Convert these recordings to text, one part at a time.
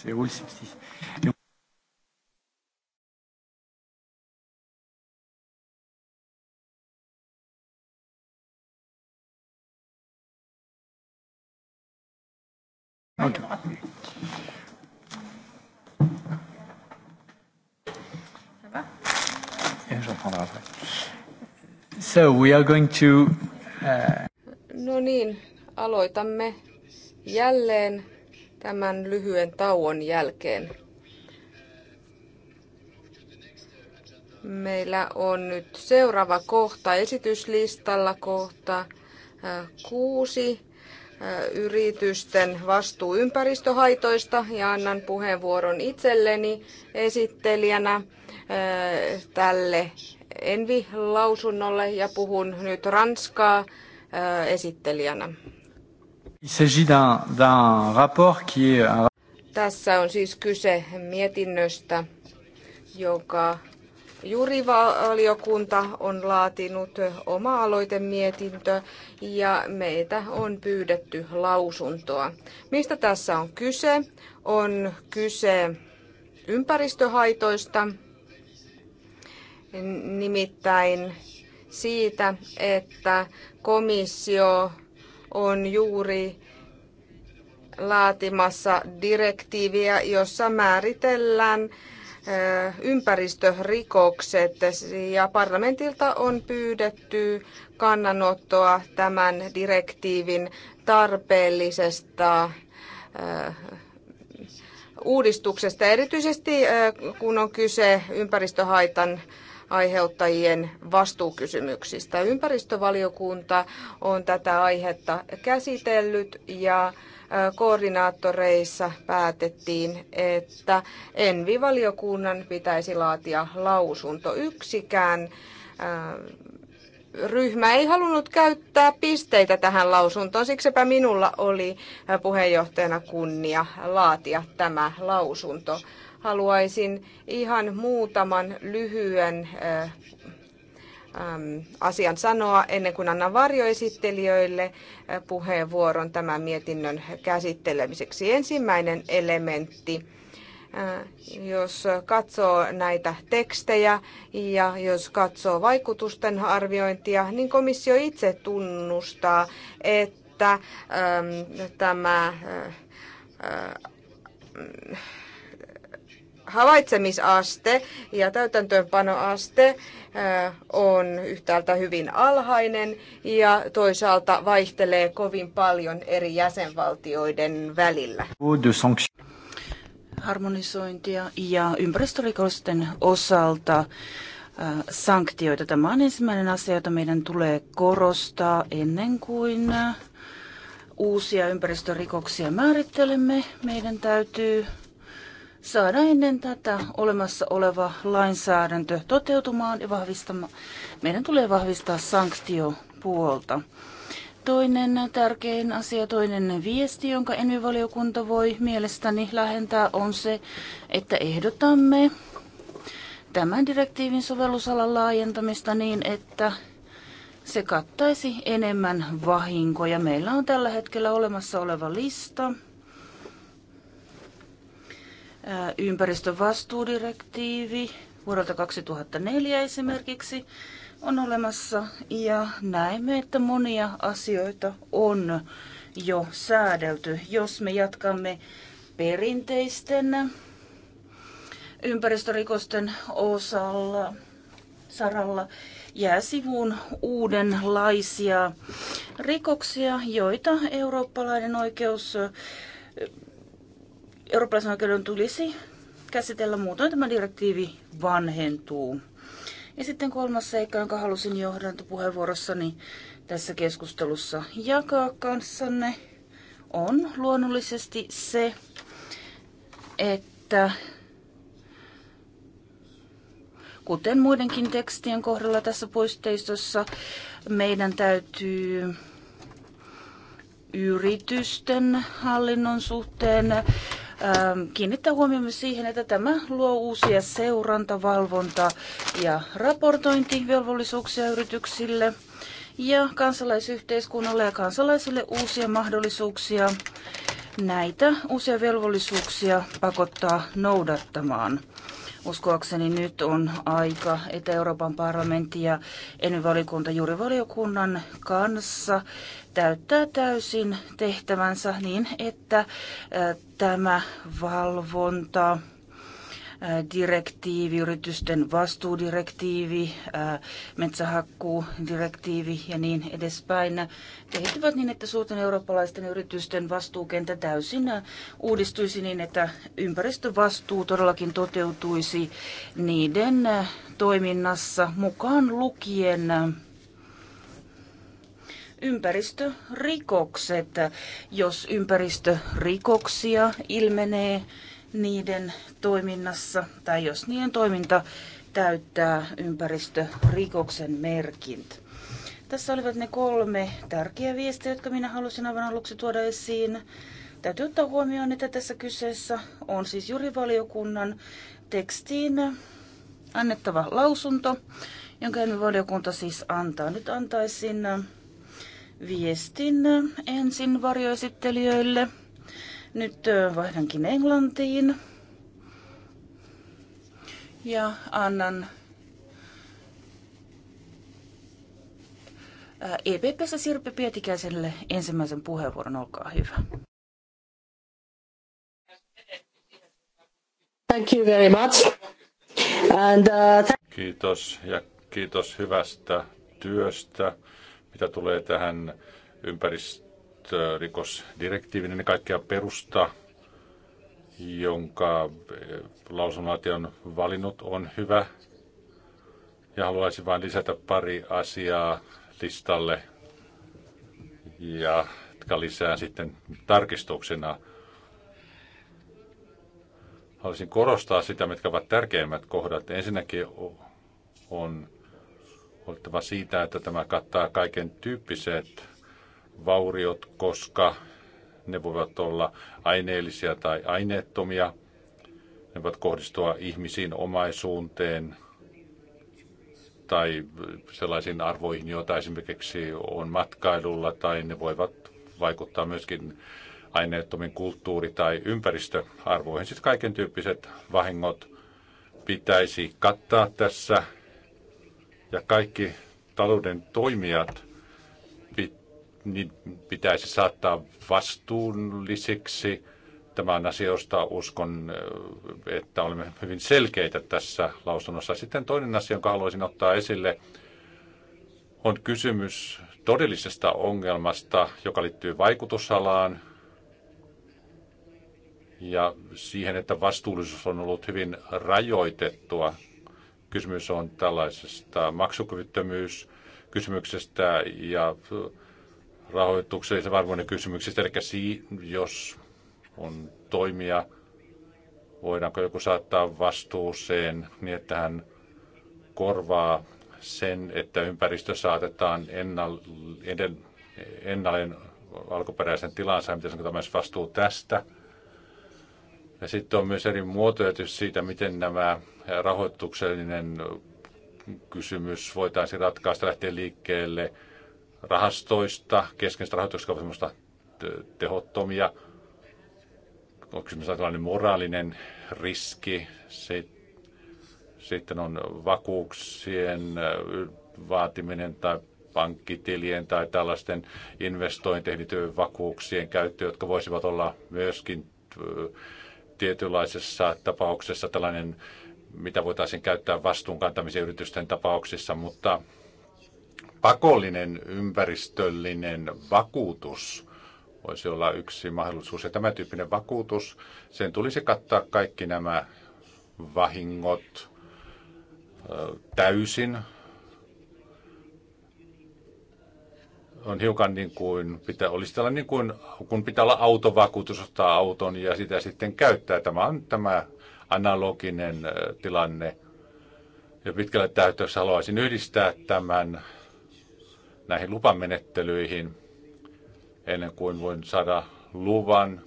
see So we are going to, uh... No niin, aloitamme jälleen tämän lyhyen tauon jälkeen. Meillä on nyt seuraava kohta esityslistalla kohta kuusi yritysten vastuu ympäristöhaitoista ja annan puheenvuoron itselleni esittelijänä tälle Envi-lausunnolle ja puhun nyt Ranskaa esittelijänä. Tässä on siis kyse mietinnöstä, joka Jurivaliokunta on laatinut oma aloitemietintö ja meitä on pyydetty lausuntoa. Mistä tässä on kyse? On kyse ympäristöhaitoista, nimittäin siitä, että komissio on juuri laatimassa direktiiviä, jossa määritellään ympäristörikokset ja parlamentilta on pyydetty kannanottoa tämän direktiivin tarpeellisesta uudistuksesta, erityisesti kun on kyse ympäristöhaitan aiheuttajien vastuukysymyksistä. Ympäristövaliokunta on tätä aihetta käsitellyt ja koordinaattoreissa päätettiin, että Envi-valiokunnan pitäisi laatia lausunto. Yksikään ryhmä ei halunnut käyttää pisteitä tähän lausuntoon, siksipä minulla oli puheenjohtajana kunnia laatia tämä lausunto haluaisin ihan muutaman lyhyen asian sanoa ennen kuin annan varjoesittelijöille puheenvuoron tämän mietinnön käsittelemiseksi. Ensimmäinen elementti jos katsoo näitä tekstejä ja jos katsoo vaikutusten arviointia, niin komissio itse tunnustaa, että ähm, tämä äh, havaitsemisaste ja täytäntöönpanoaste äh, on yhtäältä hyvin alhainen ja toisaalta vaihtelee kovin paljon eri jäsenvaltioiden välillä. Harmonisointia ja ympäristörikosten osalta äh, sanktioita. Tämä on ensimmäinen asia, jota meidän tulee korostaa ennen kuin äh, uusia ympäristörikoksia määrittelemme. Meidän täytyy saada ennen tätä olemassa oleva lainsäädäntö toteutumaan ja vahvistamaan. Meidän tulee vahvistaa sanktiopuolta. Toinen tärkein asia, toinen viesti, jonka ENVY-valiokunta voi mielestäni lähentää, on se, että ehdotamme tämän direktiivin sovellusalan laajentamista niin, että se kattaisi enemmän vahinkoja. Meillä on tällä hetkellä olemassa oleva lista ympäristövastuudirektiivi vuodelta 2004 esimerkiksi on olemassa ja näemme, että monia asioita on jo säädelty. Jos me jatkamme perinteisten ympäristörikosten osalla, saralla jää sivuun uudenlaisia rikoksia, joita eurooppalainen oikeus eurooppalaisen oikeuden tulisi käsitellä muutoin tämä direktiivi vanhentuu. Ja sitten kolmas seikka, jonka halusin johdantopuheenvuorossani tässä keskustelussa jakaa kanssanne, on luonnollisesti se, että kuten muidenkin tekstien kohdalla tässä poisteistossa, meidän täytyy yritysten hallinnon suhteen Ähm, kiinnittää huomiomme siihen, että tämä luo uusia seuranta, valvonta ja raportointivelvollisuuksia yrityksille ja kansalaisyhteiskunnalle ja kansalaisille uusia mahdollisuuksia näitä uusia velvollisuuksia pakottaa noudattamaan. Uskoakseni nyt on aika, että Euroopan parlamentti ja enyvalikunta juuri valiokunnan kanssa täyttää täysin tehtävänsä niin, että äh, tämä valvonta, äh, direktiivi, yritysten vastuudirektiivi, äh, metsähakkuudirektiivi ja niin edespäin kehittyvät niin, että suurten eurooppalaisten yritysten vastuukenttä täysin uudistuisi niin, että ympäristövastuu todellakin toteutuisi niiden toiminnassa mukaan lukien ympäristörikokset. Jos ympäristörikoksia ilmenee niiden toiminnassa tai jos niiden toiminta täyttää ympäristörikoksen merkintä. Tässä olivat ne kolme tärkeää viestiä, jotka minä halusin aivan aluksi tuoda esiin. Täytyy ottaa huomioon, että tässä kyseessä on siis jurivaliokunnan tekstiin annettava lausunto, jonka valiokunta siis antaa. Nyt antaisin viestin ensin varjoesittelijöille. Nyt vaihdankin Englantiin ja annan EPPssä Sirpe Pietikäiselle ensimmäisen puheenvuoron. Olkaa hyvä. Thank you very much. And, uh, kiitos ja kiitos hyvästä työstä mitä tulee tähän ympäristörikosdirektiivin, niin kaikkea perusta, jonka eh, lausunnointi on valinnut, on hyvä. Ja haluaisin vain lisätä pari asiaa listalle, ja jotka lisää sitten tarkistuksena. Haluaisin korostaa sitä, mitkä ovat tärkeimmät kohdat. Ensinnäkin on huolehtiva siitä, että tämä kattaa kaiken tyyppiset vauriot, koska ne voivat olla aineellisia tai aineettomia. Ne voivat kohdistua ihmisiin, omaisuuteen tai sellaisiin arvoihin, joita esimerkiksi on matkailulla, tai ne voivat vaikuttaa myöskin aineettomin kulttuuri- tai ympäristöarvoihin. Siis kaiken tyyppiset vahingot pitäisi kattaa tässä ja kaikki talouden toimijat niin pitäisi saattaa vastuullisiksi. Tämä on asia, josta uskon, että olemme hyvin selkeitä tässä lausunnossa. Sitten toinen asia, jonka haluaisin ottaa esille, on kysymys todellisesta ongelmasta, joka liittyy vaikutusalaan ja siihen, että vastuullisuus on ollut hyvin rajoitettua Kysymys on tällaisesta maksukyvyttömyyskysymyksestä ja rahoituksellisen varmuuden kysymyksistä. Eli jos on toimija, voidaanko joku saattaa vastuuseen niin, että hän korvaa sen, että ympäristö saatetaan ennalleen ennalleen alkuperäisen tilansa, miten sanotaan myös vastuu tästä – ja sitten on myös eri muotoja siitä, miten nämä rahoituksellinen kysymys voitaisiin ratkaista lähteä liikkeelle rahastoista, keskeistä rahoituksista ovat tehottomia. Onko kysymys tällainen moraalinen riski? Sitten on vakuuksien äh, vaatiminen tai pankkitilien tai tällaisten investointeihin vakuuksien käyttö, jotka voisivat olla myöskin äh, tietynlaisessa tapauksessa tällainen, mitä voitaisiin käyttää vastuunkantamisen yritysten tapauksissa, mutta pakollinen ympäristöllinen vakuutus voisi olla yksi mahdollisuus. Ja tämä tyyppinen vakuutus, sen tulisi kattaa kaikki nämä vahingot täysin on hiukan niin kuin, pitää, olisi tällainen niin kuin, kun pitää olla autovakuutus, ottaa auton ja sitä sitten käyttää. Tämä on tämä analoginen tilanne. Ja pitkälle täytössä haluaisin yhdistää tämän näihin lupamenettelyihin ennen kuin voin saada luvan.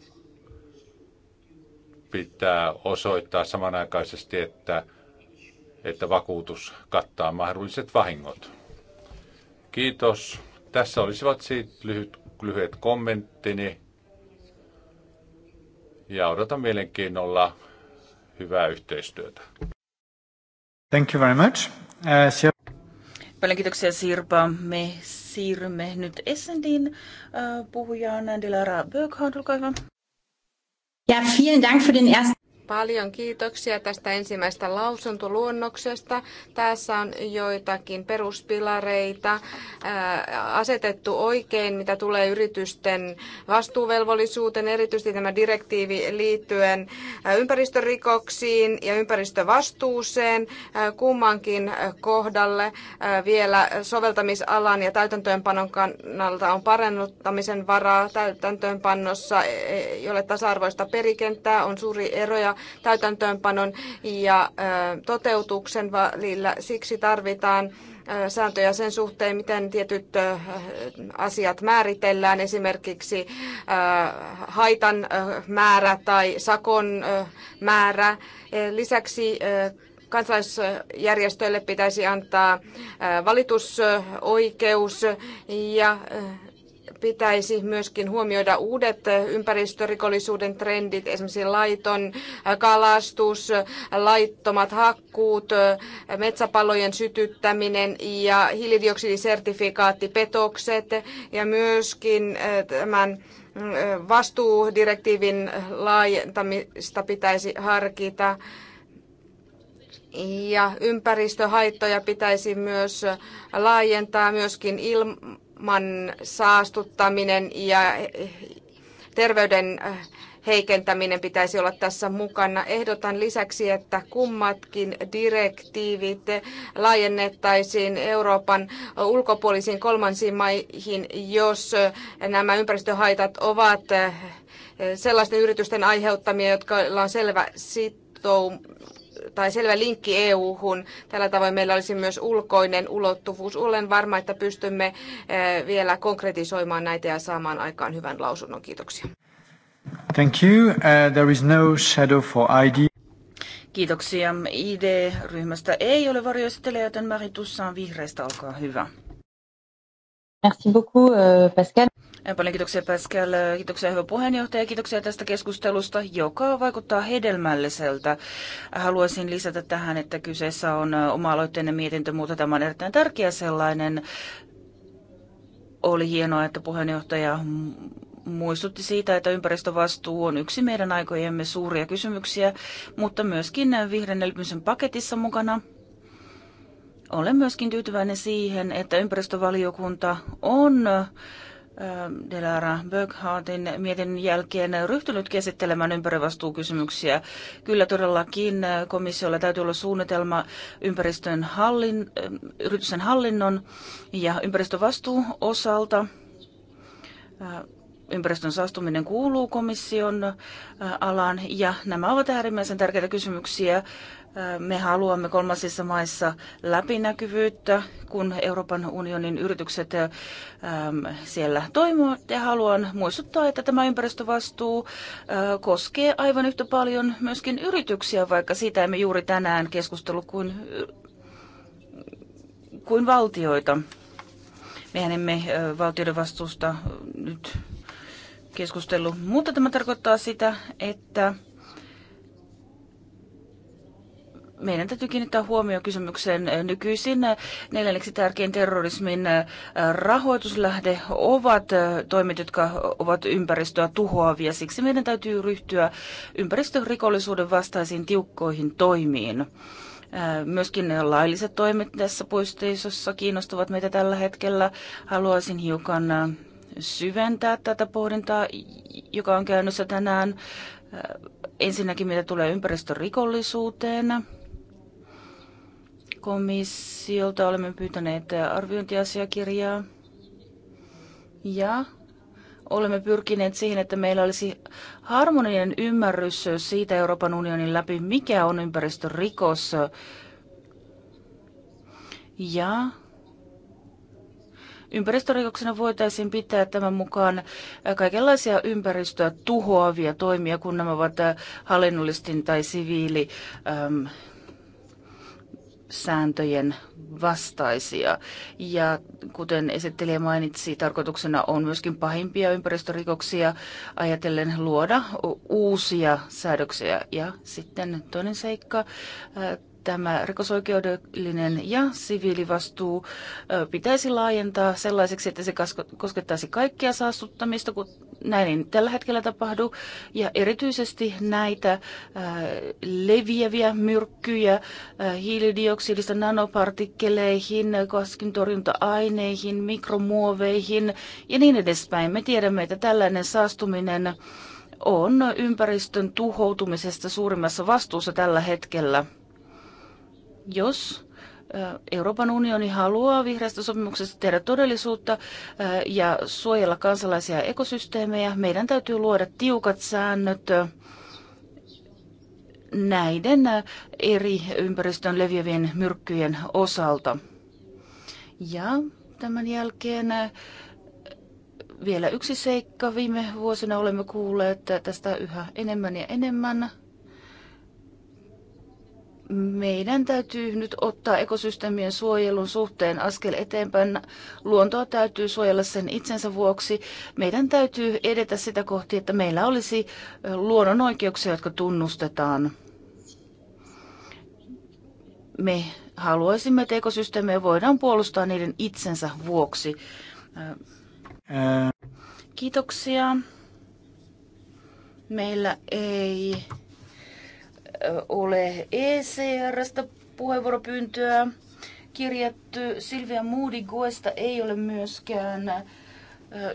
Pitää osoittaa samanaikaisesti, että, että vakuutus kattaa mahdolliset vahingot. Kiitos. Tässä olisivat siitä lyhyt, lyhyet kommenttini. Ja odotan mielenkiinnolla hyvää yhteistyötä. Thank you very much. Uh, so... Paljon kiitoksia Sirpa. Me siirrymme nyt Essendin uh, puhujaan Dilara Böckhardt, olkaa hyvä. Ja, vielen Dank für den ersten... Paljon kiitoksia tästä ensimmäistä lausuntoluonnoksesta. Tässä on joitakin peruspilareita asetettu oikein, mitä tulee yritysten vastuuvelvollisuuteen, erityisesti tämä direktiivi liittyen ympäristörikoksiin ja ympäristövastuuseen kummankin kohdalle vielä soveltamisalan ja täytäntöönpanon kannalta on parannuttamisen varaa täytäntöönpannossa, jolle tasa-arvoista perikenttää on suuri eroja täytäntöönpanon ja toteutuksen välillä. Siksi tarvitaan sääntöjä sen suhteen, miten tietyt asiat määritellään, esimerkiksi haitan määrä tai sakon määrä. E, lisäksi kansalaisjärjestöille pitäisi antaa valitusoikeus ja pitäisi myöskin huomioida uudet ympäristörikollisuuden trendit, esimerkiksi laiton äh, kalastus, laittomat hakkuut, äh, metsäpalojen sytyttäminen ja hiilidioksidisertifikaattipetokset ja myöskin äh, tämän vastuudirektiivin laajentamista pitäisi harkita. Ja ympäristöhaittoja pitäisi myös laajentaa myöskin ilm- ilman saastuttaminen ja terveyden äh, heikentäminen pitäisi olla tässä mukana. Ehdotan lisäksi, että kummatkin direktiivit laajennettaisiin Euroopan ulkopuolisiin kolmansiin maihin, jos nämä ympäristöhaitat ovat äh, sellaisten yritysten aiheuttamia, jotka on selvä sitoumus tai selvä linkki EU-hun. Tällä tavoin meillä olisi myös ulkoinen ulottuvuus. Olen varma, että pystymme eh, vielä konkretisoimaan näitä ja saamaan aikaan hyvän lausunnon. Kiitoksia. Thank you. Uh, there is no shadow for ID. Kiitoksia. ID-ryhmästä ei ole varjoesittelijä, joten Mari Tussaan vihreistä, olkaa hyvä. Merci beaucoup, euh, Pascal. Paljon kiitoksia Pascal, kiitoksia hyvä puheenjohtaja, kiitoksia tästä keskustelusta, joka vaikuttaa hedelmälliseltä. Haluaisin lisätä tähän, että kyseessä on oma-aloitteinen mietintö, mutta tämä on erittäin tärkeä sellainen. Oli hienoa, että puheenjohtaja muistutti siitä, että ympäristövastuu on yksi meidän aikojemme suuria kysymyksiä, mutta myöskin vihreän elpymisen paketissa mukana – olen myöskin tyytyväinen siihen, että ympäristövaliokunta on Delara Böghaatin mietinnön jälkeen ryhtynyt käsittelemään ympärivastuukysymyksiä. Kyllä todellakin komissiolla täytyy olla suunnitelma ympäristön hallin, yrityksen hallinnon ja ympäristövastuun osalta. Ympäristön saastuminen kuuluu komission alaan ja nämä ovat äärimmäisen tärkeitä kysymyksiä me haluamme kolmansissa maissa läpinäkyvyyttä, kun Euroopan unionin yritykset ähm, siellä toimivat. Ja haluan muistuttaa, että tämä ympäristövastuu äh, koskee aivan yhtä paljon myöskin yrityksiä, vaikka siitä emme juuri tänään keskustelu kuin, kuin valtioita. Mehän emme äh, valtioiden vastuusta nyt keskustellut, mutta tämä tarkoittaa sitä, että meidän täytyy kiinnittää huomio kysymykseen nykyisin. Neljänneksi tärkein terrorismin äh, rahoituslähde ovat äh, toimet, jotka ovat ympäristöä tuhoavia. Siksi meidän täytyy ryhtyä ympäristörikollisuuden vastaisiin tiukkoihin toimiin. Äh, myöskin ne lailliset toimet tässä puisteisossa kiinnostavat meitä tällä hetkellä. Haluaisin hiukan syventää tätä pohdintaa, joka on käynnissä tänään. Ensinnäkin mitä tulee ympäristörikollisuuteen komissiolta olemme pyytäneet arviointiasiakirjaa ja olemme pyrkineet siihen, että meillä olisi harmoninen ymmärrys siitä Euroopan unionin läpi, mikä on ympäristörikos ja Ympäristörikoksena voitaisiin pitää tämän mukaan kaikenlaisia ympäristöä tuhoavia toimia, kun nämä ovat hallinnollisesti tai siviili ähm, sääntöjen vastaisia. Ja kuten esittelijä mainitsi, tarkoituksena on myöskin pahimpia ympäristörikoksia ajatellen luoda uusia säädöksiä. Ja sitten toinen seikka, äh, tämä rikosoikeudellinen ja siviilivastuu pitäisi laajentaa sellaiseksi, että se koskettaisi kaikkia saastuttamista, kun näin ei tällä hetkellä tapahdu, ja erityisesti näitä leviäviä myrkkyjä hiilidioksidista nanopartikkeleihin, kaskintorjunta-aineihin, mikromuoveihin ja niin edespäin. Me tiedämme, että tällainen saastuminen on ympäristön tuhoutumisesta suurimmassa vastuussa tällä hetkellä jos Euroopan unioni haluaa vihreästä sopimuksesta tehdä todellisuutta ja suojella kansalaisia ja ekosysteemejä, meidän täytyy luoda tiukat säännöt näiden eri ympäristön leviävien myrkkyjen osalta. Ja tämän jälkeen vielä yksi seikka. Viime vuosina olemme kuulleet tästä yhä enemmän ja enemmän meidän täytyy nyt ottaa ekosysteemien suojelun suhteen askel eteenpäin. Luontoa täytyy suojella sen itsensä vuoksi. Meidän täytyy edetä sitä kohti, että meillä olisi luonnon oikeuksia, jotka tunnustetaan. Me haluaisimme, että ekosysteemejä voidaan puolustaa niiden itsensä vuoksi. Kiitoksia. Meillä ei ole ECRstä puheenvuoropyyntöä kirjattu. Silvia Goesta ei ole myöskään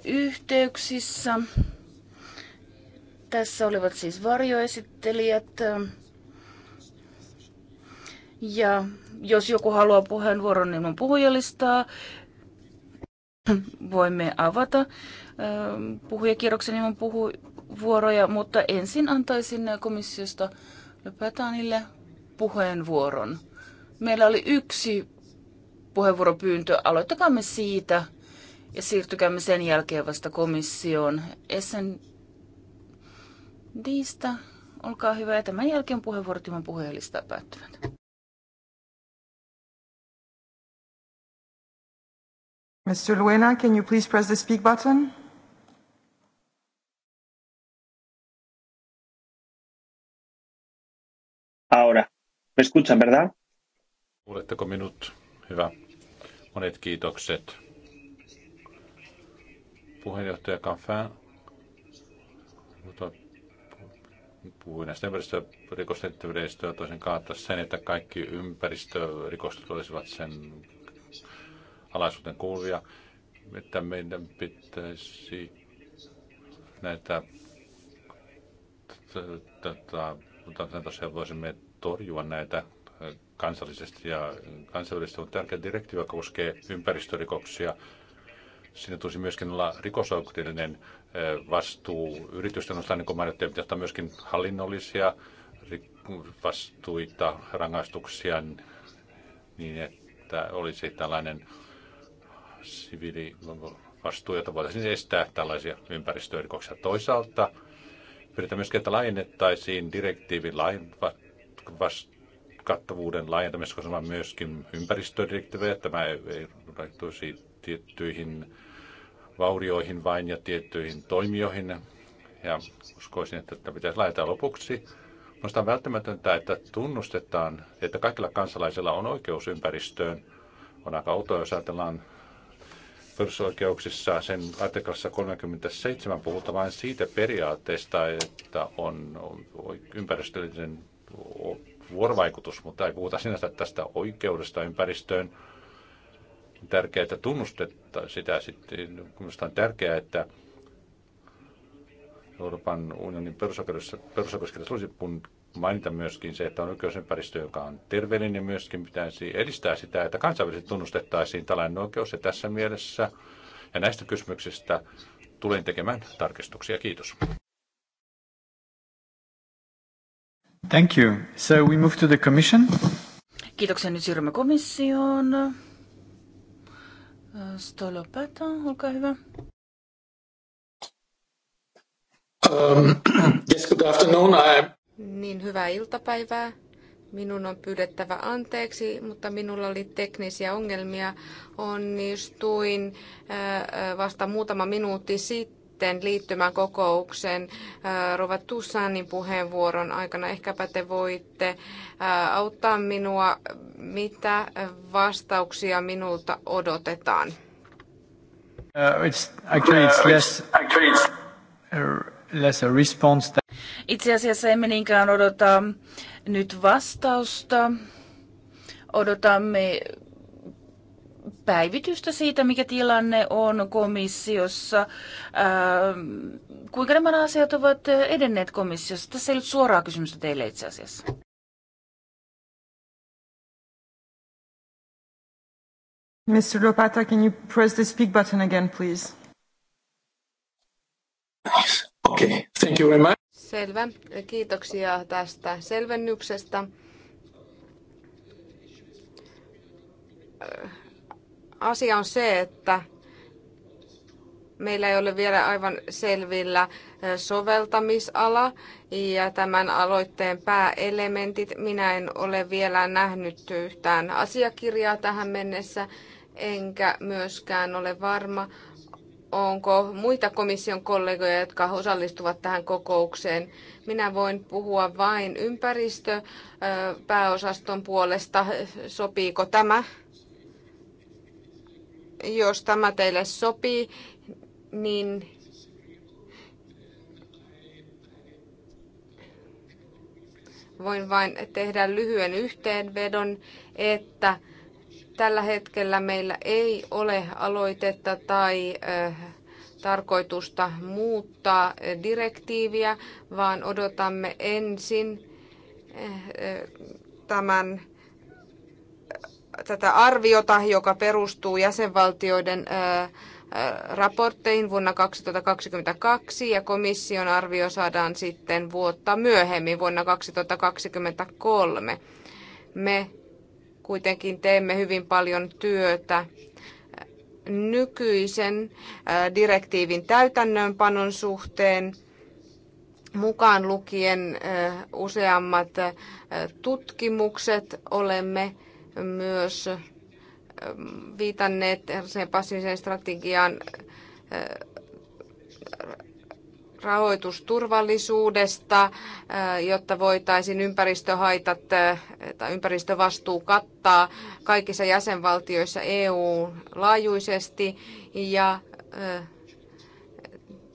yhteyksissä. Tässä olivat siis varjoesittelijät. Ja jos joku haluaa puheenvuoron ilman niin puhujalistaa, voimme avata puhujakierroksen ilman puhuvuoroja, mutta ensin antaisin komissiosta Löpätanille puheenvuoron. Meillä oli yksi puheenvuoropyyntö. Aloittakaamme siitä ja siirtykäämme sen jälkeen vasta komissioon. Essen Diista, olkaa hyvä. Ja tämän jälkeen puheenvuorot ilman puheenjohtajista päättyvät. Mr. Luena, can you please press the speak button? Ahora. Me escuchan, ¿verdad? Kuuletteko minut? Hyvä. Monet kiitokset. Puheenjohtaja Kanfään Puhuin näistä ympäristörikostehtävyydeistä ja toisen kautta sen, että kaikki ympäristörikostot olisivat sen alaisuuteen kuuluvia, että meidän pitäisi näitä tätä, tosiaan voisimme torjua näitä äh, kansallisesti ja kansainvälisesti on tärkeä direktiivi, joka koskee ympäristörikoksia. Siinä tulisi myöskin olla rikosoikeudellinen äh, vastuu yritysten osalta, niin kuin mainittiin, pitäisi olla myöskin hallinnollisia vastuita, rangaistuksia niin, että olisi tällainen siviilivastuu, jota voitaisiin estää tällaisia ympäristörikoksia. Toisaalta pyritään myöskin, että laajennettaisiin direktiivin lain kattavuuden laajentamisessa, koska on myöskin ympäristödirektiivejä. Tämä ei rajoittuisi tiettyihin vaurioihin vain ja tiettyihin toimijoihin. Ja uskoisin, että tämä pitäisi laajentaa lopuksi. Minusta on välttämätöntä, että tunnustetaan, että kaikilla kansalaisilla on oikeus ympäristöön. On aika outoa, jos ajatellaan perusoikeuksissa sen artiklassa 37 puhutaan vain siitä periaatteesta, että on ympäristöllinen vuorovaikutus, mutta ei puhuta sinänsä tästä oikeudesta ympäristöön. Tärkeää, että tunnustetta sitä sitten. Minusta on tärkeää, että Euroopan unionin perusoikeuskirjassa olisi mainita myöskin se, että on oikeusympäristö, joka on terveellinen myöskin, pitäisi edistää sitä, että kansainvälisesti tunnustettaisiin tällainen oikeus ja tässä mielessä. Ja näistä kysymyksistä tulen tekemään tarkistuksia. Kiitos. Thank you. So we move to the commission. Kiitoksia. Nyt siirrymme komissioon. Stolopeta, olkaa hyvä. Um, yes, good afternoon. I... Niin, hyvää iltapäivää. Minun on pyydettävä anteeksi, mutta minulla oli teknisiä ongelmia. Onnistuin vasta muutama minuutti sitten sitten liittymään kokoukseen äh, Rova Tussanin puheenvuoron aikana. Ehkäpä te voitte äh, auttaa minua, mitä vastauksia minulta odotetaan. Uh, uh, uh, Itse asiassa emme niinkään odota nyt vastausta. Odotamme päivitystä siitä, mikä tilanne on komissiossa, ää, ähm, kuinka nämä asiat ovat edenneet komissiossa. Tässä ei ole suoraa kysymystä teille itse asiassa. Mr. Lopata, can you press the speak button again, please? Okay, thank you very much. Selvä. Kiitoksia tästä selvennyksestä asia on se, että meillä ei ole vielä aivan selvillä soveltamisala ja tämän aloitteen pääelementit. Minä en ole vielä nähnyt yhtään asiakirjaa tähän mennessä, enkä myöskään ole varma, onko muita komission kollegoja, jotka osallistuvat tähän kokoukseen. Minä voin puhua vain ympäristöpääosaston puolesta. Sopiiko tämä? Jos tämä teille sopii, niin voin vain tehdä lyhyen yhteenvedon, että tällä hetkellä meillä ei ole aloitetta tai tarkoitusta muuttaa direktiiviä, vaan odotamme ensin tämän tätä arviota, joka perustuu jäsenvaltioiden raportteihin vuonna 2022 ja komission arvio saadaan sitten vuotta myöhemmin vuonna 2023. Me kuitenkin teemme hyvin paljon työtä nykyisen direktiivin täytännönpanon suhteen mukaan lukien useammat tutkimukset olemme myös ähm, viitanneet sen passiiviseen strategiaan äh, rahoitusturvallisuudesta, äh, jotta voitaisiin ympäristöhaitat äh, tai ympäristövastuu kattaa kaikissa jäsenvaltioissa EU-laajuisesti ja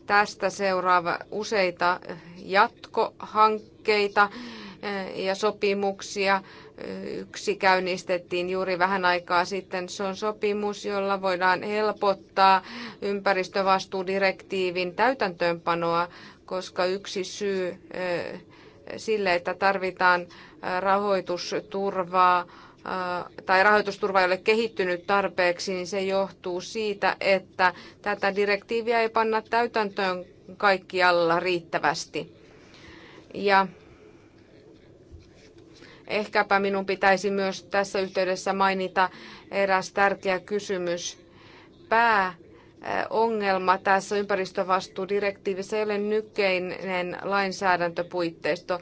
tästä seuraava useita jatkohankkeita ja sopimuksia Yksi käynnistettiin juuri vähän aikaa sitten. Se on sopimus, jolla voidaan helpottaa ympäristövastuudirektiivin täytäntöönpanoa, koska yksi syy eh, sille, että tarvitaan eh, rahoitusturvaa eh, tai rahoitusturva ei ole kehittynyt tarpeeksi, niin se johtuu siitä, että tätä direktiiviä ei panna täytäntöön kaikkialla riittävästi. Ja Ehkäpä minun pitäisi myös tässä yhteydessä mainita eräs tärkeä kysymys. Pää ongelma tässä ympäristövastuudirektiivissä ei ole nykeinen lainsäädäntöpuitteisto.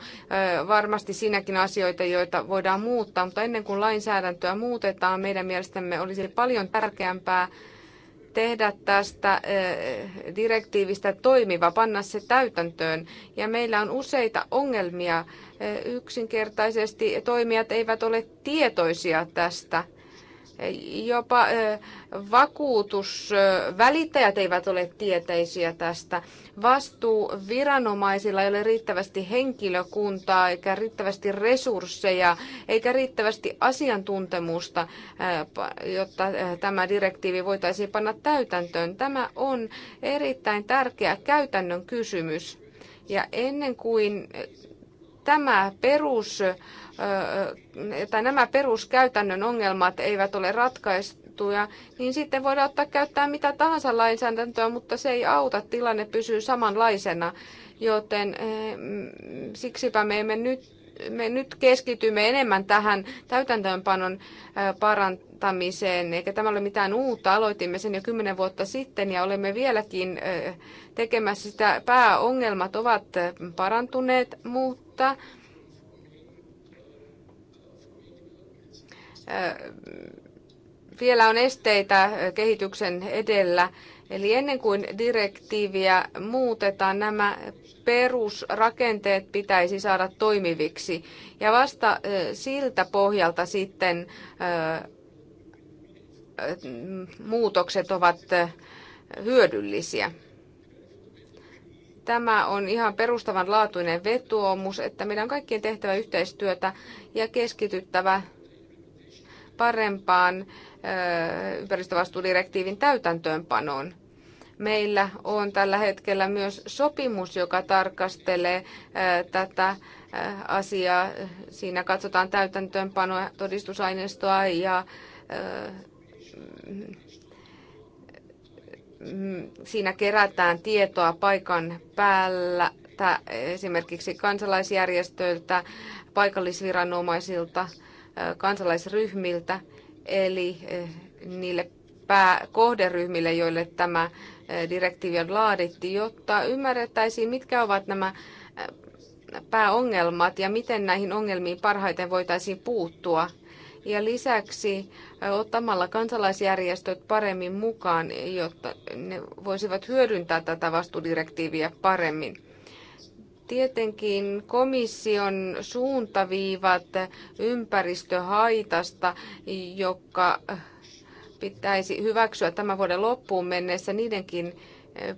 Varmasti siinäkin asioita, joita voidaan muuttaa, mutta ennen kuin lainsäädäntöä muutetaan, meidän mielestämme olisi paljon tärkeämpää tehdä tästä direktiivistä toimiva, panna se täytäntöön. Ja meillä on useita ongelmia. Yksinkertaisesti toimijat eivät ole tietoisia tästä Jopa vakuutusvälittäjät eivät ole tieteisiä tästä. Vastuu viranomaisilla ei ole riittävästi henkilökuntaa, eikä riittävästi resursseja, eikä riittävästi asiantuntemusta, jotta tämä direktiivi voitaisiin panna täytäntöön. Tämä on erittäin tärkeä käytännön kysymys. Ja ennen kuin tämä perus tai nämä peruskäytännön ongelmat eivät ole ratkaistuja, niin sitten voidaan ottaa käyttää mitä tahansa lainsäädäntöä, mutta se ei auta, tilanne pysyy samanlaisena, joten siksipä me emme nyt me nyt keskitymme enemmän tähän täytäntöönpanon parantamiseen, eikä tämä ole mitään uutta. Aloitimme sen jo kymmenen vuotta sitten ja olemme vieläkin tekemässä sitä. Pääongelmat ovat parantuneet, mutta vielä on esteitä kehityksen edellä. Eli ennen kuin direktiiviä muutetaan, nämä perusrakenteet pitäisi saada toimiviksi. Ja vasta siltä pohjalta sitten muutokset ovat hyödyllisiä. Tämä on ihan perustavanlaatuinen vetoomus, että meidän on kaikkien tehtävä yhteistyötä ja keskityttävä parempaan ympäristövastuudirektiivin täytäntöönpanoon. Meillä on tällä hetkellä myös sopimus, joka tarkastelee tätä asiaa. Siinä katsotaan täytäntöönpanoa, todistusaineistoa ja mm, siinä kerätään tietoa paikan päällä esimerkiksi kansalaisjärjestöiltä, paikallisviranomaisilta – kansalaisryhmiltä, eli niille pääkohderyhmille, joille tämä direktiivi on laadittu, jotta ymmärrettäisiin, mitkä ovat nämä pääongelmat ja miten näihin ongelmiin parhaiten voitaisiin puuttua. Ja lisäksi ottamalla kansalaisjärjestöt paremmin mukaan, jotta ne voisivat hyödyntää tätä vastuudirektiiviä paremmin. Tietenkin komission suuntaviivat ympäristöhaitasta, joka äh, pitäisi hyväksyä tämän vuoden loppuun mennessä, niidenkin äh,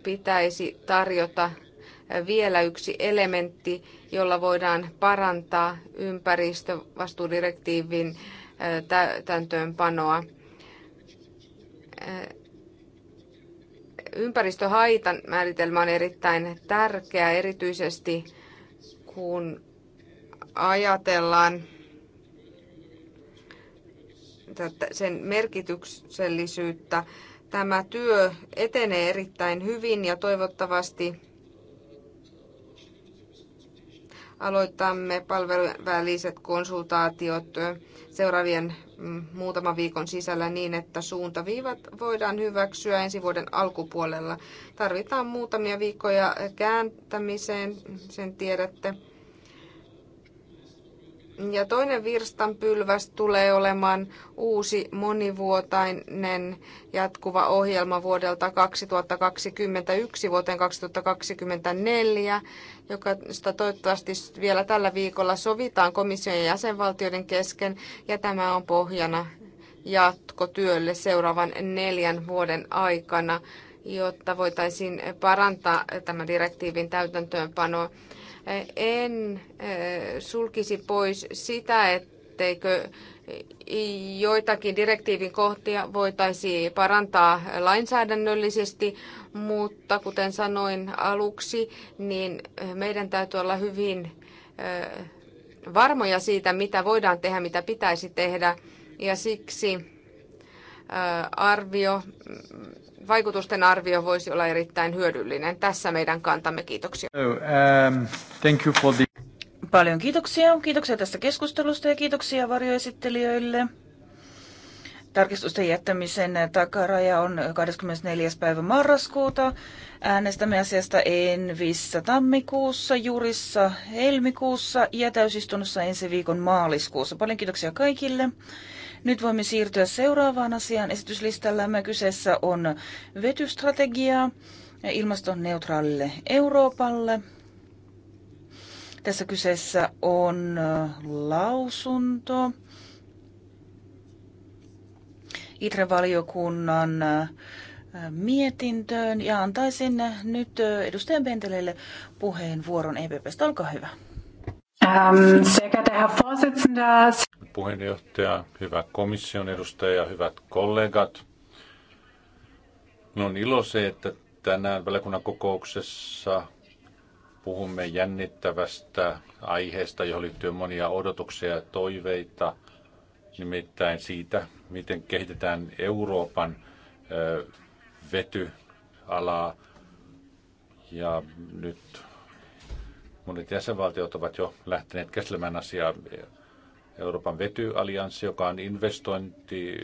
pitäisi tarjota äh, vielä yksi elementti, jolla voidaan parantaa ympäristövastuudirektiivin täytäntöönpanoa ympäristöhaitan määritelmä on erittäin tärkeä, erityisesti kun ajatellaan sen merkityksellisyyttä. Tämä työ etenee erittäin hyvin ja toivottavasti aloitamme palveluväliset konsultaatiot seuraavien Mm, muutama viikon sisällä niin, että suuntaviivat voidaan hyväksyä ensi vuoden alkupuolella. Tarvitaan muutamia viikkoja kääntämiseen, sen tiedätte. Ja toinen virstanpylväs tulee olemaan uusi monivuotainen jatkuva ohjelma vuodelta 2021 vuoteen 2024 josta toivottavasti vielä tällä viikolla sovitaan komission ja jäsenvaltioiden kesken, ja tämä on pohjana jatkotyölle seuraavan neljän vuoden aikana, jotta voitaisiin parantaa tämän direktiivin täytäntöönpanoa. En eh, sulkisi pois sitä, että etteikö joitakin direktiivin kohtia voitaisi parantaa lainsäädännöllisesti, mutta kuten sanoin aluksi, niin eh, meidän täytyy olla hyvin eh, varmoja siitä, mitä voidaan tehdä, mitä pitäisi tehdä. Ja siksi eh, arvio, mm, vaikutusten arvio voisi olla erittäin hyödyllinen. Tässä meidän kantamme. Kiitoksia. Oh, um, thank you for the... Paljon kiitoksia. Kiitoksia tästä keskustelusta ja kiitoksia varjoesittelijöille. Tarkistusten jättämisen takaraja on 24. päivä marraskuuta. Äänestämme asiasta Envissä tammikuussa, Jurissa helmikuussa ja täysistunnossa ensi viikon maaliskuussa. Paljon kiitoksia kaikille. Nyt voimme siirtyä seuraavaan asiaan esityslistallamme. Kyseessä on vetystrategia ilmaston Euroopalle. Tässä kyseessä on lausunto. ITRE-valiokunnan mietintöön ja antaisin nyt edustaja Bentelelle puheenvuoron EPPstä. Olkaa hyvä. Ähm, Puheenjohtaja, hyvä komission edustaja, hyvät kollegat. on ilo se, että tänään valiokunnan kokouksessa puhumme jännittävästä aiheesta, johon liittyy monia odotuksia ja toiveita, nimittäin siitä, miten kehitetään Euroopan vetyalaa. Ja nyt monet jäsenvaltiot ovat jo lähteneet käsittelemään asiaa. Euroopan vetyallianssi, joka on investointi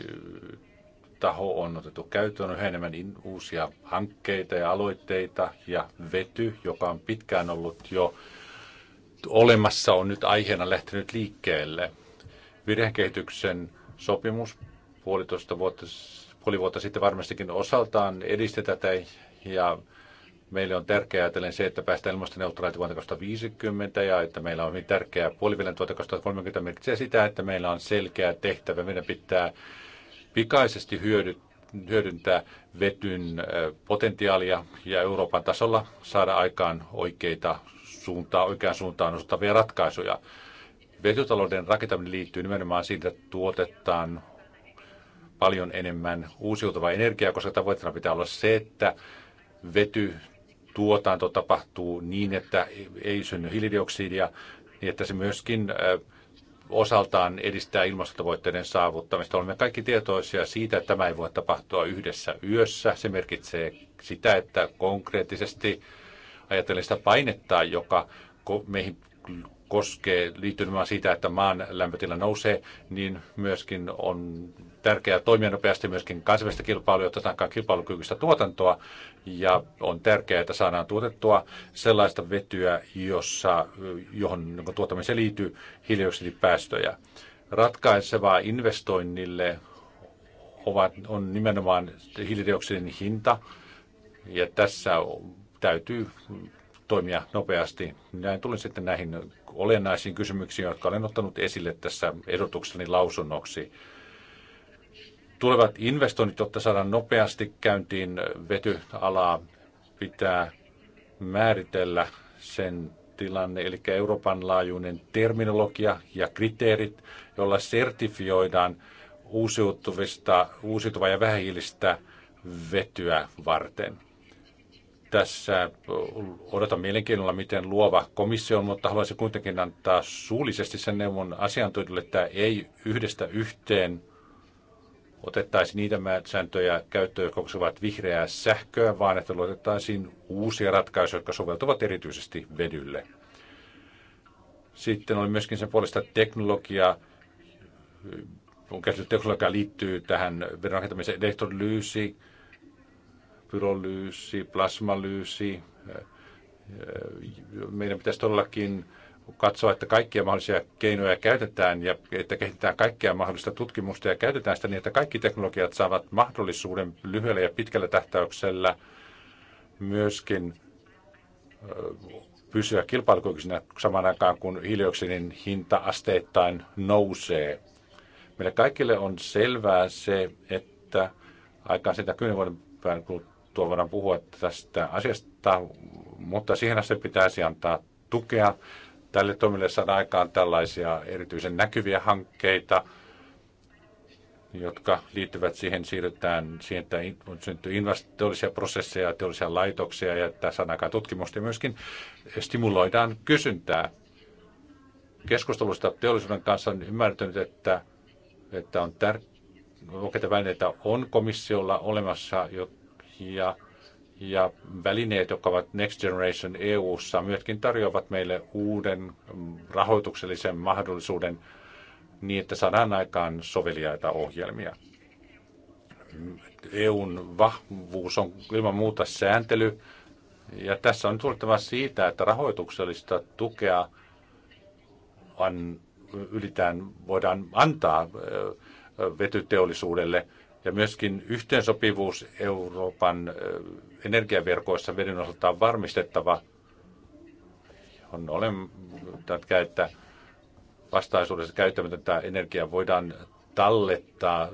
taho on otettu käyttöön yhä enemmän uusia hankkeita ja aloitteita ja vety, joka on pitkään ollut jo olemassa, on nyt aiheena lähtenyt liikkeelle. Virhekehityksen sopimus puolitoista vuotta, puoli vuotta sitten varmastikin osaltaan edisti tätä ja meille on tärkeää ajatellen se, että päästään ilmastoneutraaliin vuonna 2050 ja että meillä on hyvin tärkeää puolivälin 2030 merkitsee sitä, että meillä on selkeä tehtävä. Meidän pitää pikaisesti hyödyntää vetyn potentiaalia ja Euroopan tasolla saada aikaan oikeita suuntaa, oikean suuntaan osoittavia ratkaisuja. Vetytalouden rakentaminen liittyy nimenomaan siitä, että tuotetaan paljon enemmän uusiutuvaa energiaa, koska tavoitteena pitää olla se, että vety tuotanto tapahtuu niin, että ei synny hiilidioksidia, niin että se myöskin äh, osaltaan edistää ilmastotavoitteiden saavuttamista. Olemme kaikki tietoisia siitä, että tämä ei voi tapahtua yhdessä yössä. Se merkitsee sitä, että konkreettisesti ajatellen sitä painetta, joka meihin koskee liittymään siitä, että maan lämpötila nousee, niin myöskin on tärkeää toimia nopeasti myöskin kansainvälistä kilpailua, jotta saadaan kilpailukykyistä tuotantoa, ja on tärkeää, että saadaan tuotettua sellaista vetyä, jossa, johon jonka tuottamiseen liittyy hiilidioksidipäästöjä. Ratkaisevaa investoinnille ovat, on nimenomaan hiilidioksidin hinta, ja tässä täytyy toimia nopeasti. Näin tulin sitten näihin olennaisiin kysymyksiin, jotka olen ottanut esille tässä ehdotukseni lausunnoksi. Tulevat investoinnit, jotta saadaan nopeasti käyntiin vetyalaa, pitää määritellä sen tilanne, eli Euroopan laajuinen terminologia ja kriteerit, joilla sertifioidaan uusiutuvista, uusiutuvaa ja vähähiilistä vetyä varten. Tässä odotan mielenkiinnolla, miten luova komissio on, mutta haluaisin kuitenkin antaa suullisesti sen neuvon asiantuntijoille, että ei yhdestä yhteen otettaisiin niitä sääntöjä käyttöön, jotka koskevat vihreää sähköä, vaan että luotettaisiin uusia ratkaisuja, jotka soveltuvat erityisesti vedylle. Sitten oli myöskin sen puolesta teknologia, on teknologia liittyy tähän vedon rakentamiseen elektrolyysi, pyrolyysi, plasmalyysi. Meidän pitäisi todellakin katsoa, että kaikkia mahdollisia keinoja käytetään ja että kehitetään kaikkia mahdollista tutkimusta ja käytetään sitä niin, että kaikki teknologiat saavat mahdollisuuden lyhyellä ja pitkällä tähtäyksellä myöskin pysyä kilpailukykyisenä samaan aikaan, kun hiilioksidin hinta asteittain nousee. Meille kaikille on selvää se, että aikaan sitä kymmenen vuoden päin kuluttua voidaan puhua tästä asiasta, mutta siihen asti pitäisi antaa tukea tälle toimille saada aikaan tällaisia erityisen näkyviä hankkeita, jotka liittyvät siihen, siirrytään siihen, että syntyy teollisia prosesseja, teollisia laitoksia ja että sanakaan tutkimusta ja myöskin stimuloidaan kysyntää. Keskustelusta teollisuuden kanssa on ymmärtänyt, että, että on tärkeää, oikeita välineitä on komissiolla olemassa jo, ja ja välineet, jotka ovat Next Generation EU:ssa, myöskin tarjoavat meille uuden mm, rahoituksellisen mahdollisuuden niin, että saadaan aikaan soveliaita ohjelmia. EUn vahvuus on ilman muuta sääntely, ja tässä on tultava siitä, että rahoituksellista tukea on, ylitään voidaan antaa vetyteollisuudelle – ja myöskin yhteensopivuus Euroopan energiaverkoissa veden osalta on varmistettava. On olen että vastaisuudessa käyttämätöntä energiaa voidaan tallettaa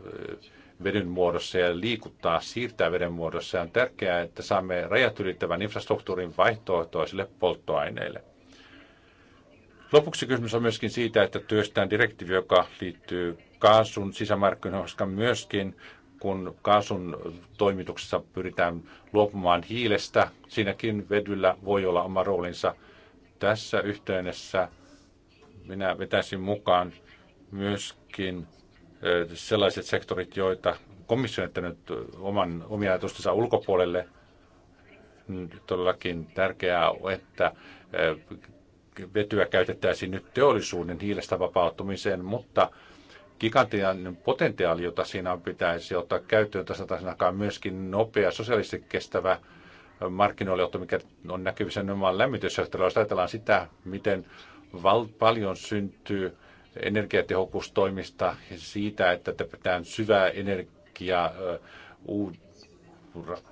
veden muodossa ja liikuttaa, siirtää veden muodossa. Ja on tärkeää, että saamme rajat ylittävän infrastruktuurin vaihtoehtoisille polttoaineille. Lopuksi kysymys on myöskin siitä, että työstään direktiivi, joka liittyy kaasun sisämarkkinoihin, koska myöskin kun kaasun toimituksessa pyritään luopumaan hiilestä, siinäkin vedyllä voi olla oma roolinsa. Tässä yhteydessä minä vetäisin mukaan myöskin sellaiset sektorit, joita komissio on jättänyt oman, omia ajatustensa ulkopuolelle. Todellakin tärkeää on, että vetyä käytettäisiin nyt teollisuuden hiilestä vapautumiseen, mutta gigantinen potentiaali, jota siinä pitäisi ottaa käyttöön. Tässä aikaan myöskin nopea, sosiaalisesti kestävä markkinoille otto, mikä on näkyvissä nimenomaan lämmitysjohtajalla. Jos ajatellaan sitä, miten val- paljon syntyy energiatehokkuustoimista ja siitä, että tämä syvää energiaa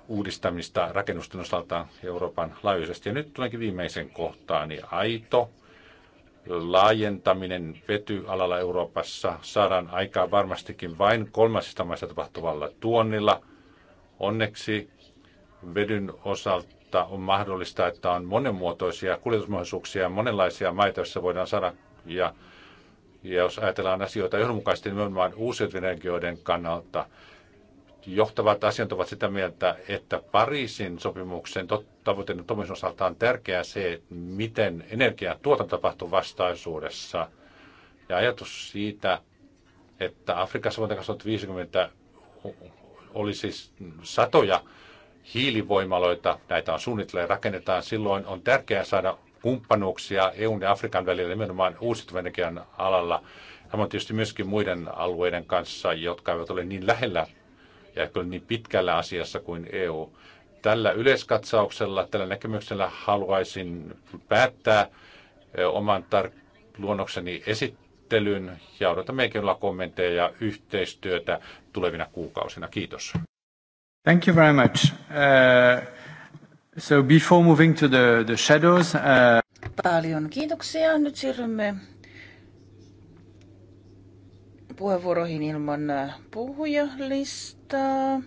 uudistamista rakennusten osalta Euroopan laajuisesti. Ja nyt tulenkin viimeisen kohtaan, niin aito laajentaminen vetyalalla Euroopassa saadaan aikaan varmastikin vain kolmasista maista tapahtuvalla tuonnilla. Onneksi vedyn osalta on mahdollista, että on monenmuotoisia kuljetusmahdollisuuksia ja monenlaisia maita, joissa voidaan saada. Ja, ja jos ajatellaan asioita johdonmukaisesti nimenomaan uusiutuvien energioiden kannalta, johtavat asiat ovat sitä mieltä, että Pariisin sopimuksen tavoitteiden tuomisen osalta on tärkeää se, miten energiatuotanto tapahtuu vastaisuudessa. Ja ajatus siitä, että Afrikassa vuonna 2050 oli siis satoja hiilivoimaloita, näitä on ja rakennetaan, silloin on tärkeää saada kumppanuuksia EUn ja Afrikan välillä nimenomaan uusiutuvan energian alalla. Samoin tietysti myöskin muiden alueiden kanssa, jotka eivät ole niin lähellä ja kyllä niin pitkällä asiassa kuin EU. Tällä yleiskatsauksella, tällä näkemyksellä haluaisin päättää oman tar- luonnokseni esittelyn ja odotamme mielenkiinnolla kommentteja ja yhteistyötä tulevina kuukausina. Kiitos. Thank you very much. Uh, so before moving to the, the shadows... Uh... Paljon kiitoksia. Nyt siirrymme puheenvuoroihin ilman uh, puhujalistaa aloittaa.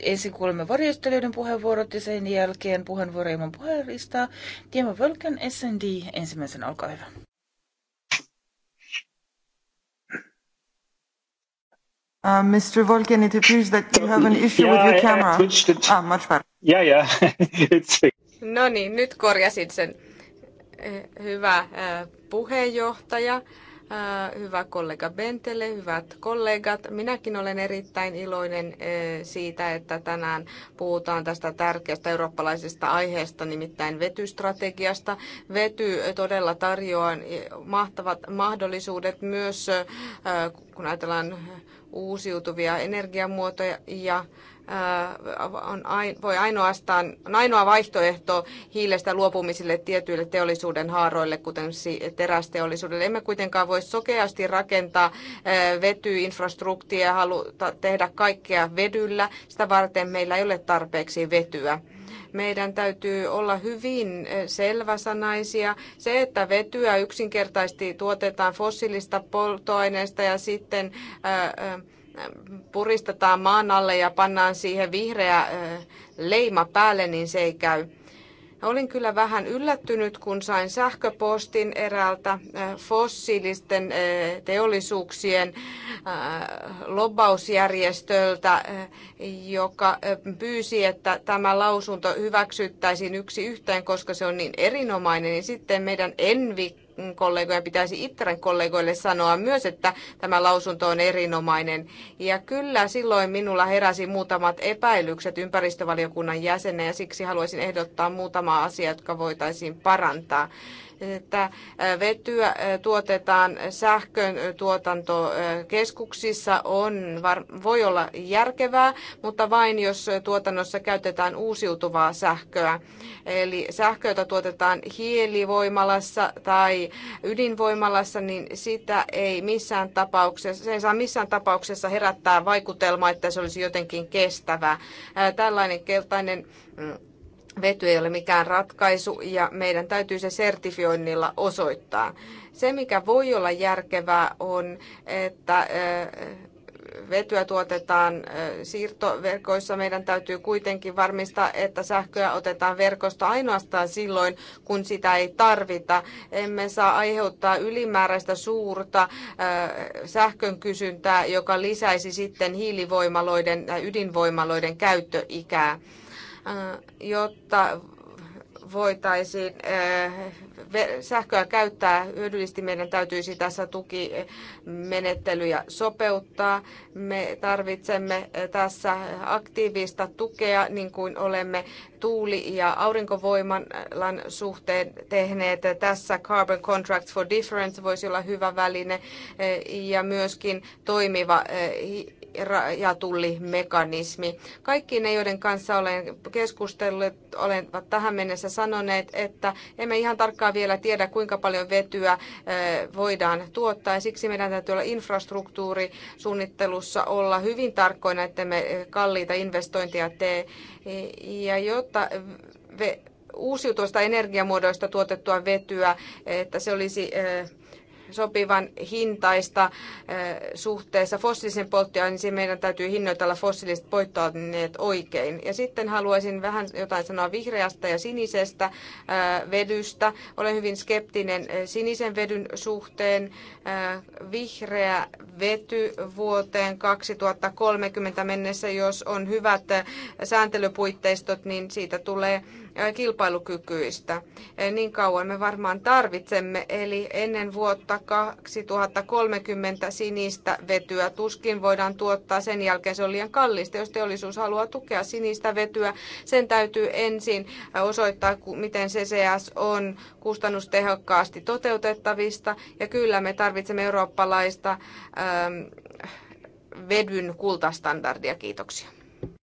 Ensin kuulemme varjostelijoiden puheenvuorot ja sen jälkeen puheenvuoro ilman puheenlistaa. Tiemo Völkän SND ensimmäisen, olkaa hyvä. Uh, Mr. Volken, it appears that you have an issue yeah, with your camera. I switched Ah, much better. Yeah, yeah. It's no niin, nyt korjasin sen. Eh, hyvä eh, puheenjohtaja. Äh, hyvä kollega Bentele, hyvät kollegat. Minäkin olen erittäin iloinen äh, siitä, että tänään puhutaan tästä tärkeästä eurooppalaisesta aiheesta, nimittäin vetystrategiasta. Vety todella tarjoaa äh, mahtavat mahdollisuudet myös, kun ajatellaan uusiutuvia energiamuotoja ja on, voi ainoastaan, on ainoa vaihtoehto hiilestä luopumisille tietyille teollisuuden haaroille, kuten terästeollisuudelle. Emme kuitenkaan voi sokeasti rakentaa vetyinfrastruktia ja haluta tehdä kaikkea vedyllä. Sitä varten meillä ei ole tarpeeksi vetyä meidän täytyy olla hyvin selväsanaisia. Se, että vetyä yksinkertaisesti tuotetaan fossiilista polttoaineesta ja sitten ää, puristetaan maan alle ja pannaan siihen vihreä leima päälle, niin se ei käy. Olin kyllä vähän yllättynyt, kun sain sähköpostin eräältä fossiilisten teollisuuksien lobbausjärjestöltä, joka pyysi, että tämä lausunto hyväksyttäisiin yksi yhteen, koska se on niin erinomainen, niin sitten meidän Envik kollegoja pitäisi Itteren kollegoille sanoa myös, että tämä lausunto on erinomainen. Ja kyllä silloin minulla heräsi muutamat epäilykset ympäristövaliokunnan jäsenen ja siksi haluaisin ehdottaa muutamaa asiaa, jotka voitaisiin parantaa että äh, vetyä äh, tuotetaan sähkön äh, tuotantokeskuksissa on, voi olla järkevää, mutta vain jos tuotannossa käytetään uusiutuvaa sähköä. Eli sähköä, jota tuotetaan hielivoimalassa tai ydinvoimalassa, niin sitä ei missään tapauksessa, se ei saa missään tapauksessa herättää vaikutelmaa, että se olisi jotenkin kestävää. Tällainen keltainen mm, Vety ei ole mikään ratkaisu ja meidän täytyy se sertifioinnilla osoittaa. Se, mikä voi olla järkevää, on, että vetyä tuotetaan siirtoverkoissa. Meidän täytyy kuitenkin varmistaa, että sähköä otetaan verkosta ainoastaan silloin, kun sitä ei tarvita. Emme saa aiheuttaa ylimääräistä suurta sähkön kysyntää, joka lisäisi sitten hiilivoimaloiden ja ydinvoimaloiden käyttöikää Äh, jotta voitaisiin äh, sähköä käyttää hyödyllisesti, meidän täytyisi tässä tukimenettelyjä sopeuttaa. Me tarvitsemme äh, tässä aktiivista tukea, niin kuin olemme tuuli- ja aurinkovoiman suhteen tehneet. Tässä Carbon Contracts for Difference voisi olla hyvä väline ja myöskin toimiva ja Kaikki ne, joiden kanssa olen keskustellut, olen tähän mennessä sanoneet, että emme ihan tarkkaan vielä tiedä, kuinka paljon vetyä voidaan tuottaa. Ja siksi meidän täytyy olla infrastruktuurisuunnittelussa olla hyvin tarkkoina, että me kalliita investointeja tee. Ja jotta uusiutuista energiamuodoista tuotettua vetyä, että se olisi sopivan hintaista suhteessa fossiilisen polttoaineisiin. Niin meidän täytyy hinnoitella fossiiliset polttoaineet oikein. Ja sitten haluaisin vähän jotain sanoa vihreästä ja sinisestä vedystä. Olen hyvin skeptinen sinisen vedyn suhteen. Vihreä vety vuoteen 2030 mennessä, jos on hyvät sääntelypuitteistot, niin siitä tulee kilpailukykyistä. Niin kauan me varmaan tarvitsemme, eli ennen vuotta 2030 sinistä vetyä tuskin voidaan tuottaa. Sen jälkeen se on liian kallista. Jos teollisuus haluaa tukea sinistä vetyä, sen täytyy ensin osoittaa, miten CCS on kustannustehokkaasti toteutettavista. Ja kyllä me tarvitsemme eurooppalaista vedyn kultastandardia. Kiitoksia.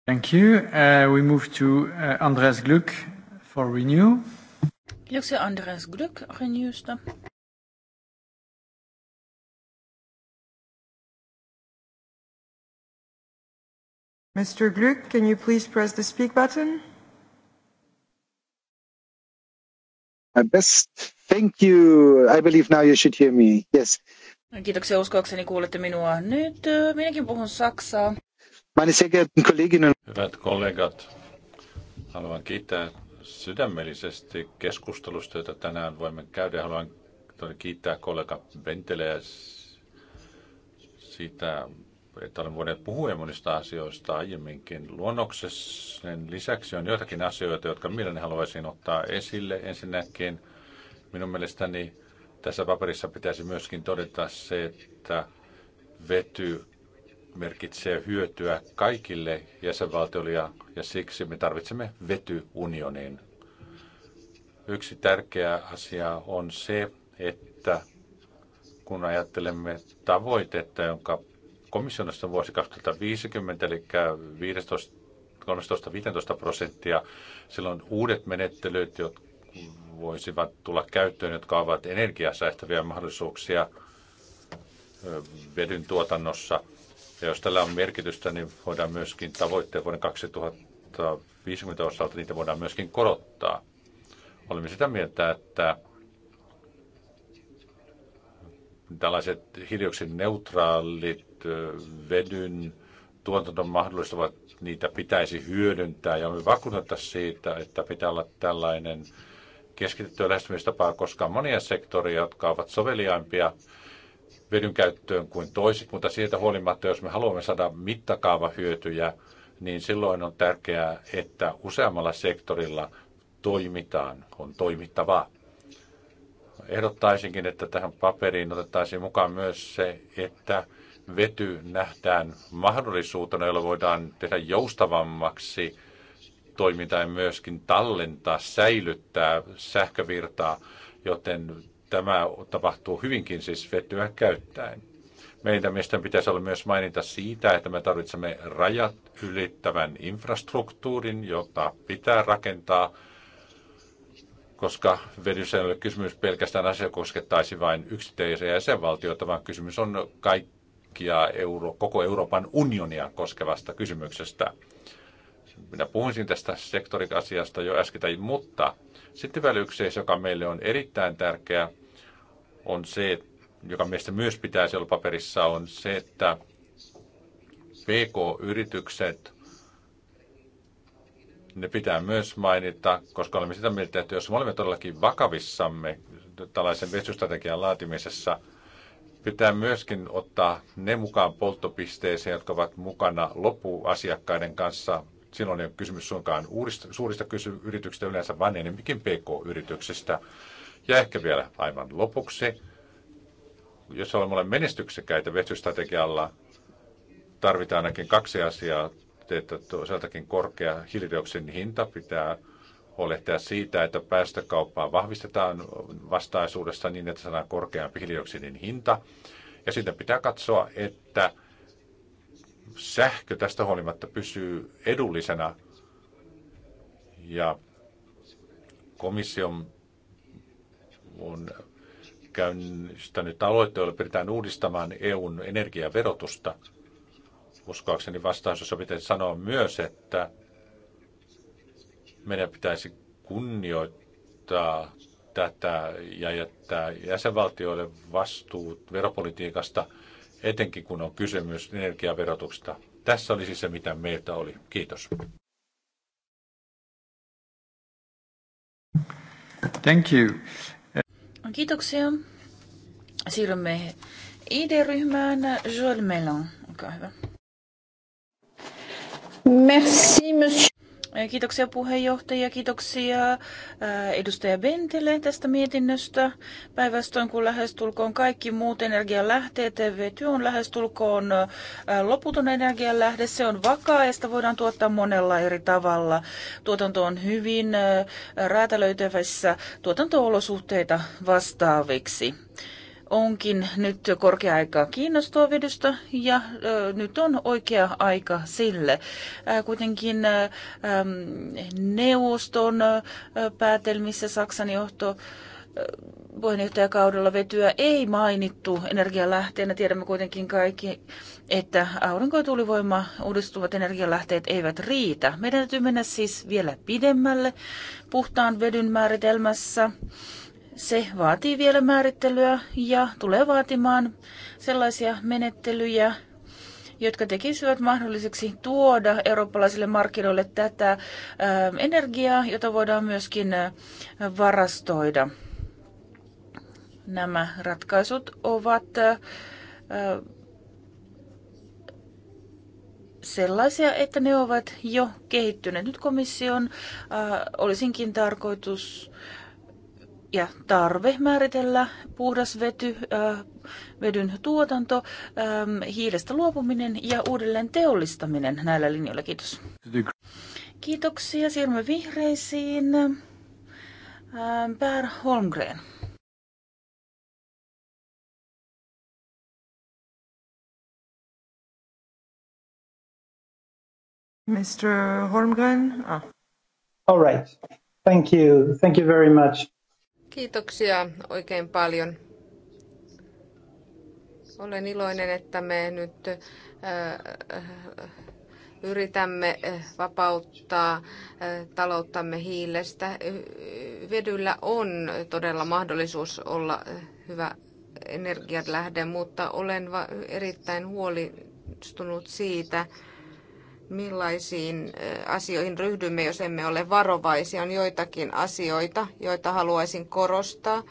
Thank you. Uh, we move to uh, Andreas Gluck for Renew. Kiitoksia Andreas Glück Renewsta. Mr. Glück, can you please press the speak button? My best. Thank you. I believe now you should hear me. Yes. Kiitoksia uskoakseni kuulette minua. Nyt minäkin puhun saksaa. Meine sehr geehrten Kolleginnen. Hyvät kollegat, haluan kiittää sydämellisesti keskustelusta, jota tänään voimme käydä. Haluan kiittää kollega Venteleä siitä, että olen voinut puhua monista asioista aiemminkin. Luonnoksessa sen lisäksi on joitakin asioita, jotka mielelläni haluaisin ottaa esille. Ensinnäkin minun mielestäni tässä paperissa pitäisi myöskin todeta se, että vety merkitsee hyötyä kaikille jäsenvaltioille ja siksi me tarvitsemme vetyunionin. Yksi tärkeä asia on se, että kun ajattelemme tavoitetta, jonka komissionista on vuosi 2050, eli 13-15 prosenttia, silloin uudet menettelyt, jotka voisivat tulla käyttöön, jotka ovat energiasäästäviä mahdollisuuksia vedyn tuotannossa – ja jos tällä on merkitystä, niin voidaan myöskin tavoitteet vuoden 2050 osalta, niitä voidaan myöskin korottaa. Olemme sitä mieltä, että tällaiset hiilidioksidin neutraalit vedyn tuotannon mahdollistavat, niitä pitäisi hyödyntää. Ja me vakuuteta siitä, että pitää olla tällainen keskitettyä lähestymistapaa, koska on monia sektoreja, jotka ovat soveliaimpia vedyn käyttöön kuin toiset, mutta siitä huolimatta, jos me haluamme saada mittakaavahyötyjä, niin silloin on tärkeää, että useammalla sektorilla toimitaan, on toimittavaa. Ehdottaisinkin, että tähän paperiin otettaisiin mukaan myös se, että vety nähdään mahdollisuutena, jolla voidaan tehdä joustavammaksi toimintaa ja myöskin tallentaa, säilyttää sähkövirtaa, joten tämä tapahtuu hyvinkin siis vetyä käyttäen. Meidän mielestäni pitäisi olla myös maininta siitä, että me tarvitsemme rajat ylittävän infrastruktuurin, jota pitää rakentaa, koska vedyssä ei ole kysymys pelkästään asia koskettaisi vain yksittäisiä jäsenvaltioita, vaan kysymys on kaikkia Euro, koko Euroopan unionia koskevasta kysymyksestä. Minä puhuisin tästä sektoriasiasta jo äsken, mutta sitten vielä yksi joka meille on erittäin tärkeä, on se, joka meistä myös pitäisi olla paperissa, on se, että PK-yritykset, ne pitää myös mainita, koska olemme sitä mieltä, että jos me olemme todellakin vakavissamme tällaisen vesystrategian laatimisessa, pitää myöskin ottaa ne mukaan polttopisteeseen, jotka ovat mukana loppuasiakkaiden kanssa Silloin ei ole kysymys suinkaan uurista, suurista kysy- yrityksistä yleensä, vaan enemmänkin pk-yrityksistä. Ja ehkä vielä aivan lopuksi, jos olemme menestyksekkäitä vetystrategialla, tarvitaan ainakin kaksi asiaa. Että sieltäkin korkea hiilidioksidin hinta pitää huolehtia siitä, että päästökauppaa vahvistetaan vastaisuudessa niin, että saadaan korkeampi hiilidioksidin hinta. Ja sitten pitää katsoa, että sähkö tästä huolimatta pysyy edullisena ja komission on käynnistänyt aloitteen, jolla pyritään uudistamaan EUn energiaverotusta. Uskoakseni jos pitäisi sanoa myös, että meidän pitäisi kunnioittaa tätä ja jättää jäsenvaltioille vastuut veropolitiikasta – etenkin kun on kyse myös energiaverotuksesta. Tässä oli siis se, mitä meiltä oli. Kiitos. Thank you. Kiitoksia. Siirrymme ID-ryhmään. Joel Melon, olkaa hyvä. Merci, monsieur. Kiitoksia puheenjohtajia, kiitoksia edustaja Bentele tästä mietinnöstä. Päinvastoin kun lähestulkoon kaikki muut energialähteet, vety on lähestulkoon loputon energialähde se on vakaa ja sitä voidaan tuottaa monella eri tavalla. Tuotanto on hyvin räätälöitävässä tuotanto-olosuhteita vastaaviksi onkin nyt korkea aika kiinnostua vedystä ja ö, nyt on oikea aika sille. Ä, kuitenkin ä, neuvoston ä, päätelmissä Saksan johto puheenjohtajakaudella vetyä ei mainittu energialähteenä. Tiedämme kuitenkin kaikki, että aurinko- ja tuulivoima uudistuvat energialähteet eivät riitä. Meidän täytyy mennä siis vielä pidemmälle puhtaan vedyn määritelmässä. Se vaatii vielä määrittelyä ja tulee vaatimaan sellaisia menettelyjä, jotka tekisivät mahdolliseksi tuoda eurooppalaisille markkinoille tätä energiaa, jota voidaan myöskin varastoida. Nämä ratkaisut ovat sellaisia, että ne ovat jo kehittyneet. Nyt komission olisinkin tarkoitus ja tarve määritellä puhdas vety, äh, vedyn tuotanto, äh, hiilestä luopuminen ja uudelleen teollistaminen näillä linjoilla. Kiitos. Kiitoksia. Siirrymme vihreisiin. Äh, per Holmgren. Mr. Holmgren? Ah. All right. Thank you. Thank you very much. Kiitoksia oikein paljon. Olen iloinen, että me nyt äh, äh, yritämme äh, vapauttaa talouttamme hiilestä. Vedyllä on todella mahdollisuus olla hyvä energian lähde, mutta olen erittäin huolestunut siitä, millaisiin asioihin ryhdymme, jos emme ole varovaisia. On joitakin asioita, joita haluaisin korostaa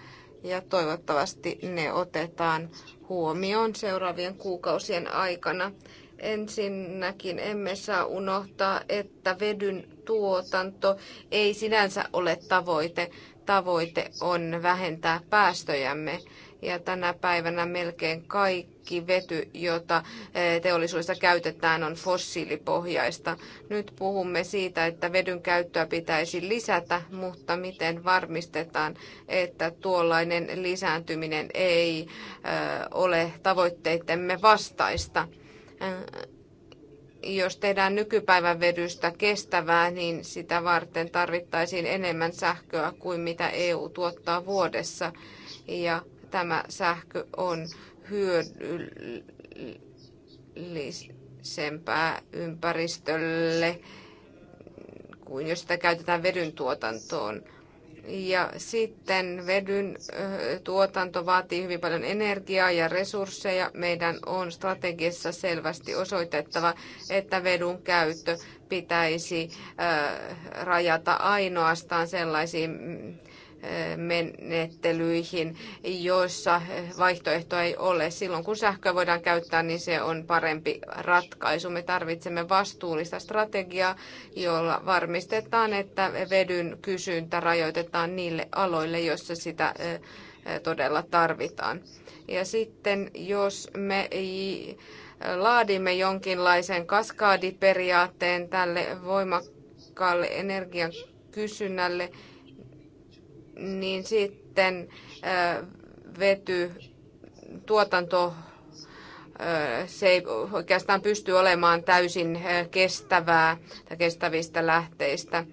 ja toivottavasti ne otetaan huomioon seuraavien kuukausien aikana. Ensinnäkin emme saa unohtaa, että vedyn tuotanto ei sinänsä ole tavoite. Tavoite on vähentää päästöjämme ja tänä päivänä melkein kaikki vety, jota eh, teollisuudessa käytetään, on fossiilipohjaista. Nyt puhumme siitä, että vedyn käyttöä pitäisi lisätä, mutta miten varmistetaan, että tuollainen lisääntyminen ei eh, ole tavoitteitemme vastaista eh, jos tehdään nykypäivän vedystä kestävää, niin sitä varten tarvittaisiin enemmän sähköä kuin mitä EU tuottaa vuodessa. Ja tämä sähkö on hyödyllisempää ympäristölle kuin jos sitä käytetään vedyn tuotantoon. Ja sitten vedyn tuotanto vaatii hyvin paljon energiaa ja resursseja. Meidän on strategiassa selvästi osoitettava, että vedun käyttö pitäisi rajata ainoastaan sellaisiin menettelyihin, joissa vaihtoehto ei ole. Silloin kun sähköä voidaan käyttää, niin se on parempi ratkaisu. Me tarvitsemme vastuullista strategiaa, jolla varmistetaan, että vedyn kysyntä rajoitetaan niille aloille, joissa sitä todella tarvitaan. Ja sitten jos me laadimme jonkinlaisen kaskaadiperiaatteen tälle voimakkaalle energian kysynnälle, niin sitten vety tuotanto se ei oikeastaan pysty olemaan täysin kestävää tai kestävistä lähteistä.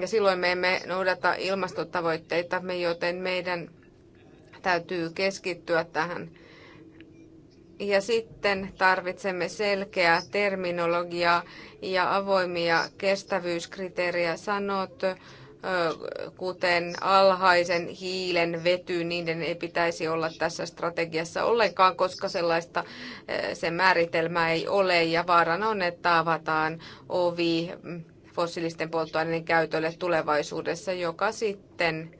Ja silloin me emme noudata ilmastotavoitteita, joten meidän täytyy keskittyä tähän. Ja sitten tarvitsemme selkeää terminologiaa ja avoimia kestävyyskriteerejä. Sanot, kuten alhaisen hiilen vety, niiden ei pitäisi olla tässä strategiassa ollenkaan, koska sellaista se määritelmä ei ole ja vaarana on, että avataan ovi mm, fossiilisten polttoaineiden käytölle tulevaisuudessa, joka sitten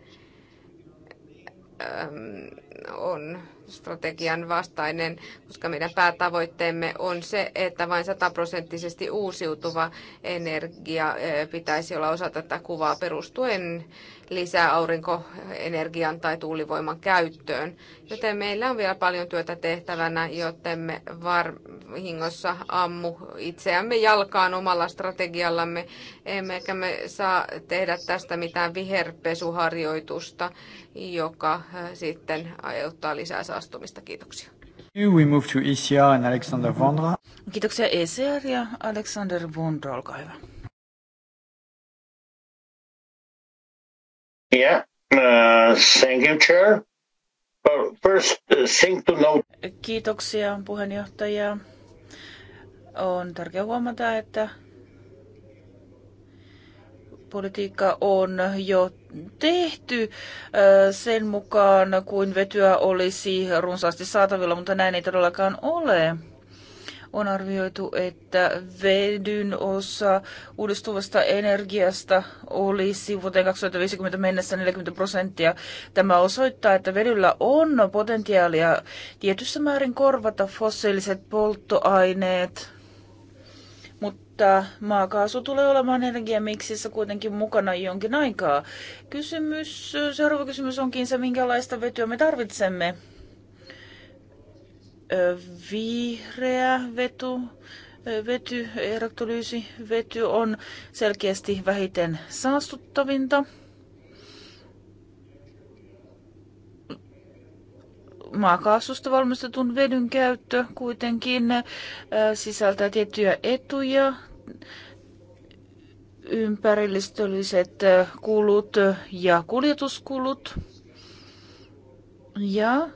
mm, on strategian vastainen, koska meidän päätavoitteemme on se, että vain sataprosenttisesti uusiutuva energia eh, pitäisi olla osa tätä kuvaa perustuen lisää aurinkoenergian tai tuulivoiman käyttöön. Joten meillä on vielä paljon työtä tehtävänä, joten me varhingossa ammu itseämme jalkaan omalla strategiallamme, emmekä me saa tehdä tästä mitään viherpesuharjoitusta joka äh, sitten aiheuttaa lisää saastumista. Kiitoksia. We move to ECR and Alexander Vondra. Kiitoksia ECR ja Alexander Vondra, olkaa hyvä. Yeah, uh, thank you, Chair. First uh, thing to note. Kiitoksia puheenjohtaja. On tärkeää huomata, että politiikka on jo tehty sen mukaan, kuin vetyä olisi runsaasti saatavilla, mutta näin ei todellakaan ole. On arvioitu, että vedyn osa uudistuvasta energiasta olisi vuoteen 2050 mennessä 40 prosenttia. Tämä osoittaa, että vedyllä on potentiaalia tietyssä määrin korvata fossiiliset polttoaineet mutta maakaasu tulee olemaan energiamiksissä kuitenkin mukana jonkin aikaa. Kysymys, seuraava kysymys onkin se, minkälaista vetyä me tarvitsemme. Vihreä vetu, vety, elektrolyysi, vety on selkeästi vähiten saastuttavinta. maakaasusta valmistetun vedyn käyttö kuitenkin sisältää tiettyjä etuja ympäristölliset kulut ja kuljetuskulut. Ja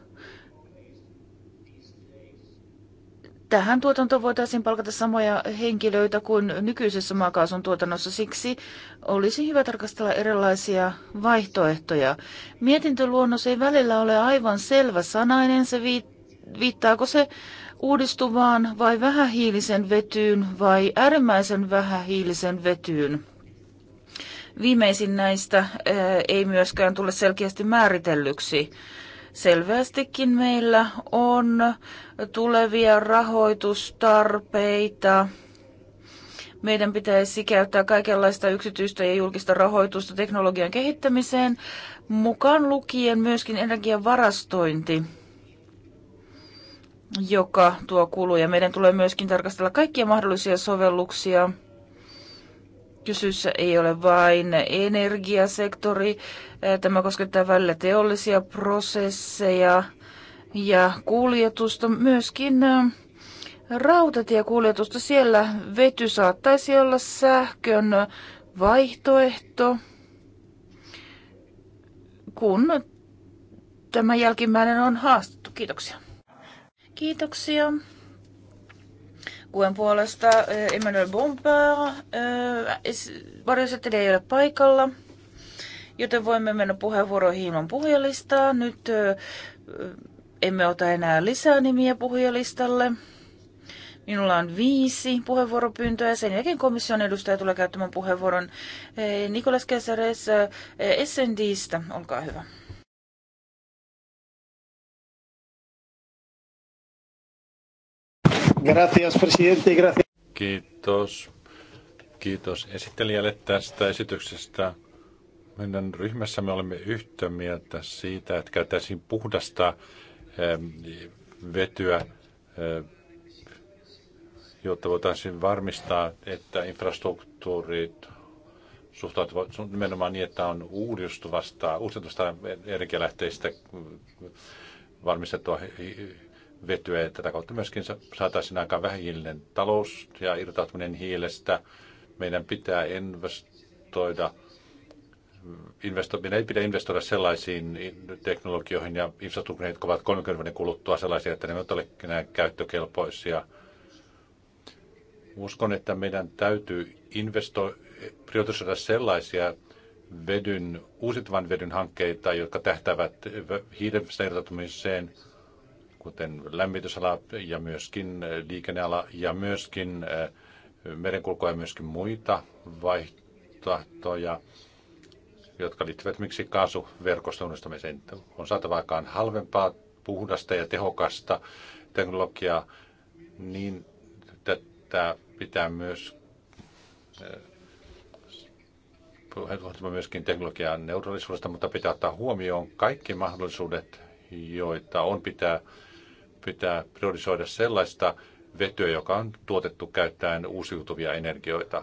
tähän tuotantoon voitaisiin palkata samoja henkilöitä kuin nykyisessä maakaasun tuotannossa. Siksi olisi hyvä tarkastella erilaisia vaihtoehtoja. Mietintöluonnos ei välillä ole aivan selvä sanainen. Se viittaako se uudistuvaan vai vähähiilisen vetyyn vai äärimmäisen vähähiilisen vetyyn. Viimeisin näistä eh, ei myöskään tule selkeästi määritellyksi. Selvästikin meillä on tulevia rahoitustarpeita. Meidän pitäisi käyttää kaikenlaista yksityistä ja julkista rahoitusta teknologian kehittämiseen, mukaan lukien myöskin energian varastointi joka tuo kuluja. Meidän tulee myöskin tarkastella kaikkia mahdollisia sovelluksia. Kysyssä ei ole vain energiasektori. Tämä koskettaa välillä teollisia prosesseja ja kuljetusta, myöskin rautatiekuljetusta. Siellä vety saattaisi olla sähkön vaihtoehto, kun tämä jälkimmäinen on haastettu. Kiitoksia. Kiitoksia. Kuen puolesta eh, Emmanuel Bomper, eh, varjoisettelijä ei ole paikalla, joten voimme mennä puheenvuoroihin ilman puhujalistaa. Nyt eh, emme ota enää lisää nimiä puhujalistalle. Minulla on viisi puheenvuoropyyntöä ja sen jälkeen komission edustaja tulee käyttämään puheenvuoron. Nikolas Käsäres SNDstä, olkaa hyvä. Gracias, presidente. Gracias. Kiitos. Kiitos esittelijälle tästä esityksestä. Meidän ryhmässä me olemme yhtä mieltä siitä, että käytäisiin puhdasta vetyä, jotta voitaisiin varmistaa, että infrastruktuurit suhtautuvat nimenomaan niin, että on uudistuvasta, uudistuvasta energialähteistä mm, varmistettua vetyä ja tätä kautta myöskin saataisiin aika vähähiilinen talous ja irtautuminen hiilestä. Meidän pitää investoida investo- meidän ei pidä investoida sellaisiin teknologioihin ja infrastruktuureihin, jotka ovat 30 vuoden kuluttua sellaisia, että ne eivät ole enää käyttökelpoisia. Uskon, että meidän täytyy investoida priorisoida sellaisia vedyn, uusiutuvan vedyn hankkeita, jotka tähtävät hiilestä irtautumiseen – kuten lämmitysala ja myöskin liikenneala ja myöskin eh, merenkulkua ja myöskin muita vaihtoehtoja, jotka liittyvät miksi kaasuverkoston uudistamiseen. On saatava aikaan halvempaa, puhdasta ja tehokasta teknologiaa, niin tätä pitää myös eh, myöskin teknologian neutraalisuudesta, mutta pitää ottaa huomioon kaikki mahdollisuudet, joita on pitää pitää priorisoida sellaista vetyä, joka on tuotettu käyttäen uusiutuvia energioita.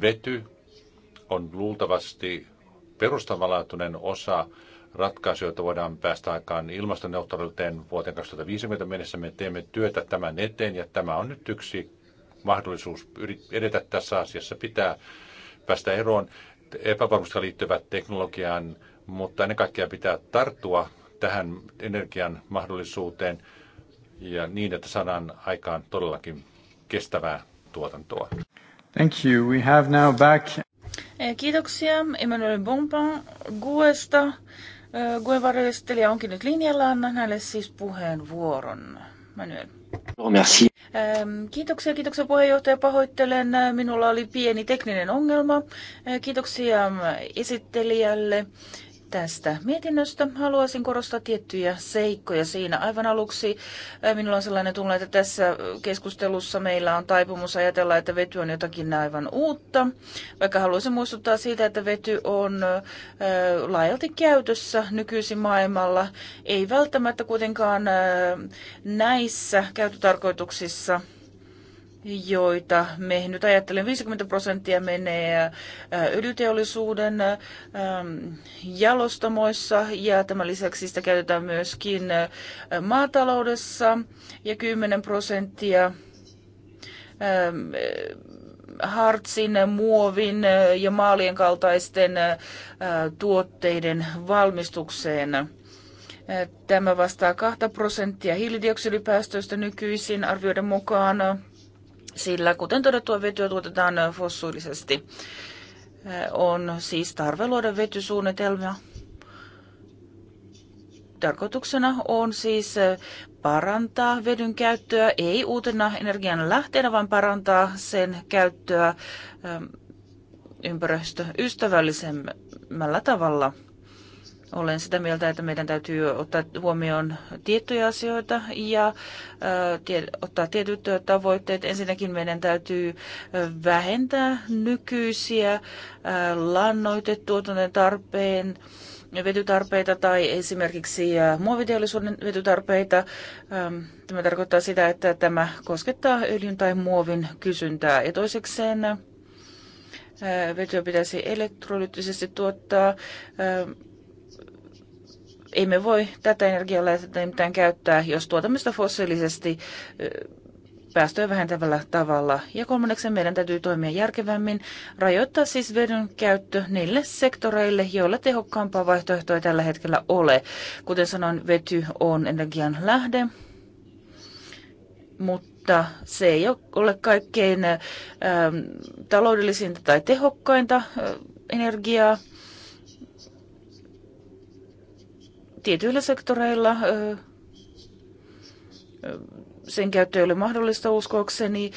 Vety on luultavasti perustavanlaatuinen osa ratkaisuja, joita voidaan päästä aikaan ilmastoneutraaliuteen vuoteen 2050 mennessä. Me teemme työtä tämän eteen ja tämä on nyt yksi mahdollisuus edetä tässä asiassa. Pitää päästä eroon epävarmuusta liittyvät teknologiaan, mutta ennen kaikkea pitää tarttua tähän energian mahdollisuuteen – ja niin, että saadaan aikaan todellakin kestävää tuotantoa. Thank you. We have now back... E, kiitoksia Emmanuel Bonpan Guesta. E, Guevarjoistelija onkin nyt linjalla. Annan hänelle siis puheenvuoron. Manuel. Oh, merci. E, kiitoksia, kiitoksia puheenjohtaja. Pahoittelen, minulla oli pieni tekninen ongelma. Kiitoksia esittelijälle tästä mietinnöstä. Haluaisin korostaa tiettyjä seikkoja siinä. Aivan aluksi minulla on sellainen tunne, että tässä keskustelussa meillä on taipumus ajatella, että vety on jotakin aivan uutta, vaikka haluaisin muistuttaa siitä, että vety on laajalti käytössä nykyisin maailmalla, ei välttämättä kuitenkaan näissä käyttötarkoituksissa – joita me nyt ajattelen, 50 prosenttia menee öljyteollisuuden jalostamoissa ja tämän lisäksi sitä käytetään myöskin maataloudessa ja 10 prosenttia hartsin, muovin ja maalien kaltaisten tuotteiden valmistukseen. Tämä vastaa 2 prosenttia hiilidioksidipäästöistä nykyisin arvioiden mukaan sillä kuten todettua vetyä tuotetaan fossiilisesti. On siis tarve luoda vetysuunnitelmia. Tarkoituksena on siis parantaa vedyn käyttöä, ei uutena energian lähteenä, vaan parantaa sen käyttöä ympäristöystävällisemmällä tavalla – olen sitä mieltä, että meidän täytyy ottaa huomioon tiettyjä asioita ja tie, ottaa tietyt tavoitteet. Ensinnäkin meidän täytyy vähentää nykyisiä lannoitetuotannon tarpeen vetytarpeita tai esimerkiksi muoviteollisuuden vetytarpeita. Tämä tarkoittaa sitä, että tämä koskettaa öljyn tai muovin kysyntää. Ja toisekseen vetyä pitäisi elektrolyyttisesti tuottaa emme voi tätä energialähdettä mitään käyttää, jos tuotamme sitä fossiilisesti päästöjä vähentävällä tavalla. Ja kolmanneksi meidän täytyy toimia järkevämmin, rajoittaa siis vedyn käyttö niille sektoreille, joilla tehokkaampaa vaihtoehtoa ei tällä hetkellä ole. Kuten sanoin, vety on energian lähde, mutta se ei ole kaikkein ä, taloudellisinta tai tehokkainta ä, energiaa. tietyillä sektoreilla sen käyttö ei ole mahdollista uskoakseni.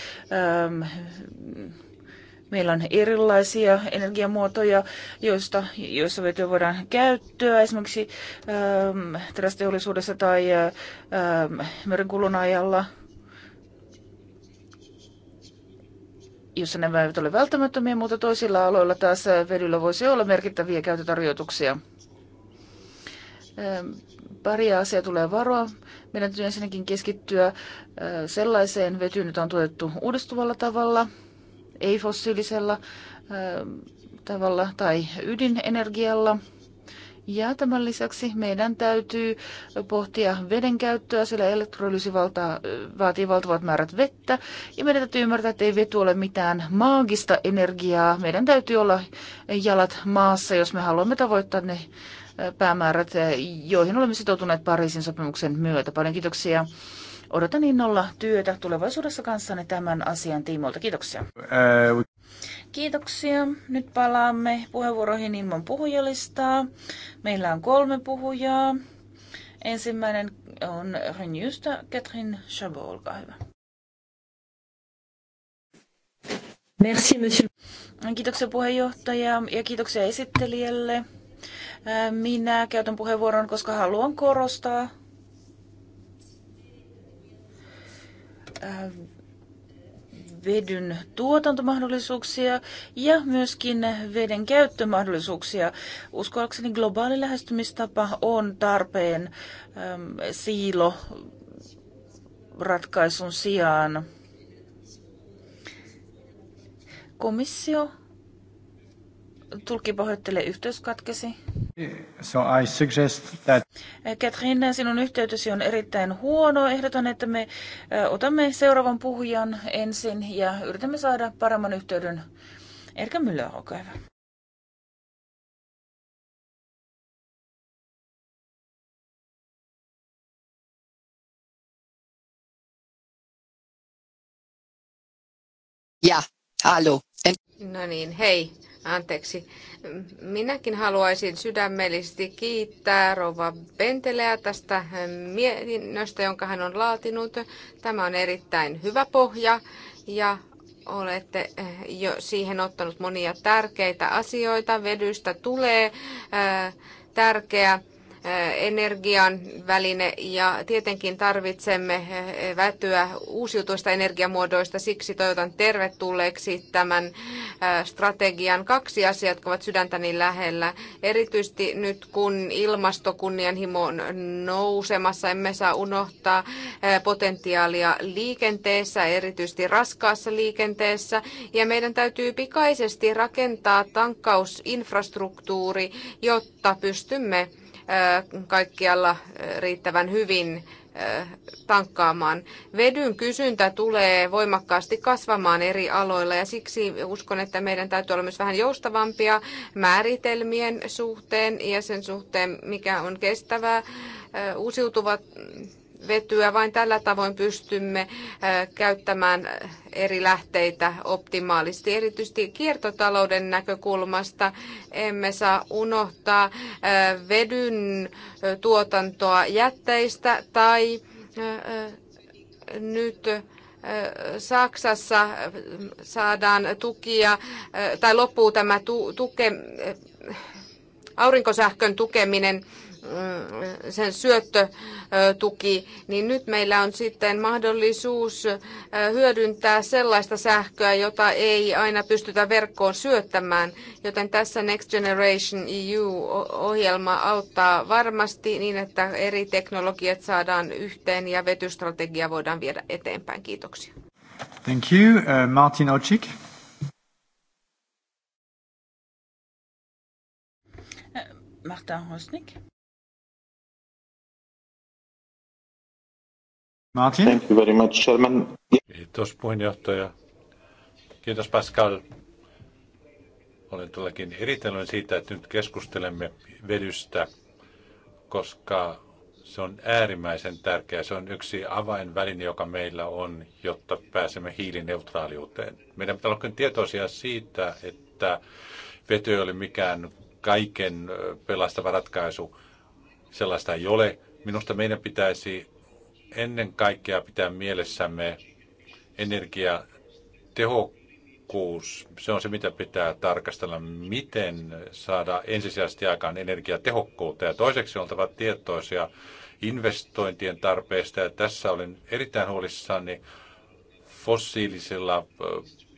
Meillä on erilaisia energiamuotoja, joista, joissa vetyä voidaan käyttöä esimerkiksi terästeollisuudessa tai merenkulun ajalla, jossa nämä eivät ole välttämättömiä, mutta toisilla aloilla taas vedyllä voisi olla merkittäviä käytötarjoituksia. Pari asiaa tulee varoa. Meidän täytyy ensinnäkin keskittyä sellaiseen vetyyn, jota on tuotettu uudistuvalla tavalla, ei-fossiilisella tavalla tai ydinenergialla. Ja tämän lisäksi meidän täytyy pohtia veden käyttöä, sillä elektrolyysi vaatii valtavat määrät vettä. Ja meidän täytyy ymmärtää, että ei vety ole mitään maagista energiaa. Meidän täytyy olla jalat maassa, jos me haluamme tavoittaa ne päämäärät, joihin olemme sitoutuneet Pariisin sopimuksen myötä. Paljon kiitoksia. Odotan innolla työtä tulevaisuudessa kanssanne tämän asian tiimoilta. Kiitoksia. Kiitoksia. Nyt palaamme puheenvuoroihin ilman puhujalistaa. Meillä on kolme puhujaa. Ensimmäinen on Renewsta Catherine Chabot, olkaa hyvä. Merci, monsieur. Kiitoksia puheenjohtaja ja kiitoksia esittelijälle. Äh, minä käytän puheenvuoron, koska haluan korostaa äh, vedyn tuotantomahdollisuuksia ja myöskin veden käyttömahdollisuuksia. Uskoakseni globaali lähestymistapa on tarpeen ähm, siilo ratkaisun sijaan. Komissio Tulkki pahoittelee, yhteys katkesi. So I suggest that... Eh, Catherine, sinun yhteytesi on erittäin huono. Ehdotan, että me eh, otamme seuraavan puhujan ensin ja yritämme saada paremman yhteyden. Erkä Myllö, olkaa hyvä. Ja, hallo. En... No niin, hei. Anteeksi. Minäkin haluaisin sydämellisesti kiittää Rova Benteleä tästä mietinnöstä, jonka hän on laatinut. Tämä on erittäin hyvä pohja ja olette jo siihen ottanut monia tärkeitä asioita. Vedystä tulee tärkeä energian väline ja tietenkin tarvitsemme vätyä uusiutuista energiamuodoista. Siksi toivotan tervetulleeksi tämän strategian kaksi asiaa, jotka ovat sydäntäni lähellä. Erityisesti nyt kun ilmastokunnianhimo on nousemassa, emme saa unohtaa potentiaalia liikenteessä, erityisesti raskaassa liikenteessä. Ja meidän täytyy pikaisesti rakentaa tankkausinfrastruktuuri, jotta pystymme kaikkialla riittävän hyvin tankkaamaan. Vedyn kysyntä tulee voimakkaasti kasvamaan eri aloilla ja siksi uskon, että meidän täytyy olla myös vähän joustavampia määritelmien suhteen ja sen suhteen, mikä on kestävää. Uusiutuvat vetyä. Vain tällä tavoin pystymme äh, käyttämään äh, eri lähteitä optimaalisesti. Erityisesti kiertotalouden näkökulmasta emme saa unohtaa äh, vedyn tuotantoa jätteistä tai nyt Saksassa saadaan tukia, tai loppuu tämä tuke, aurinkosähkön tukeminen sen syöttötuki, niin nyt meillä on sitten mahdollisuus hyödyntää sellaista sähköä, jota ei aina pystytä verkkoon syöttämään. Joten tässä Next Generation EU-ohjelma auttaa varmasti niin, että eri teknologiat saadaan yhteen ja vetystrategia voidaan viedä eteenpäin. Kiitoksia. Thank you. Uh, Martin Ocik. Martin Rosnick. Martin? Thank you very much, Chairman. Kiitos puheenjohtaja. Kiitos Pascal. Olen todellakin eritellyt siitä, että nyt keskustelemme vedystä, koska se on äärimmäisen tärkeä. Se on yksi avainväline, joka meillä on, jotta pääsemme hiilineutraaliuteen. Meidän pitää olla tietoisia siitä, että vety ei ole mikään kaiken pelastava ratkaisu. Sellaista ei ole. Minusta meidän pitäisi ennen kaikkea pitää mielessämme energiatehokkuus. Se on se, mitä pitää tarkastella, miten saada ensisijaisesti aikaan energiatehokkuutta. Ja toiseksi on oltava tietoisia investointien tarpeesta. Ja tässä olen erittäin huolissani fossiilisilla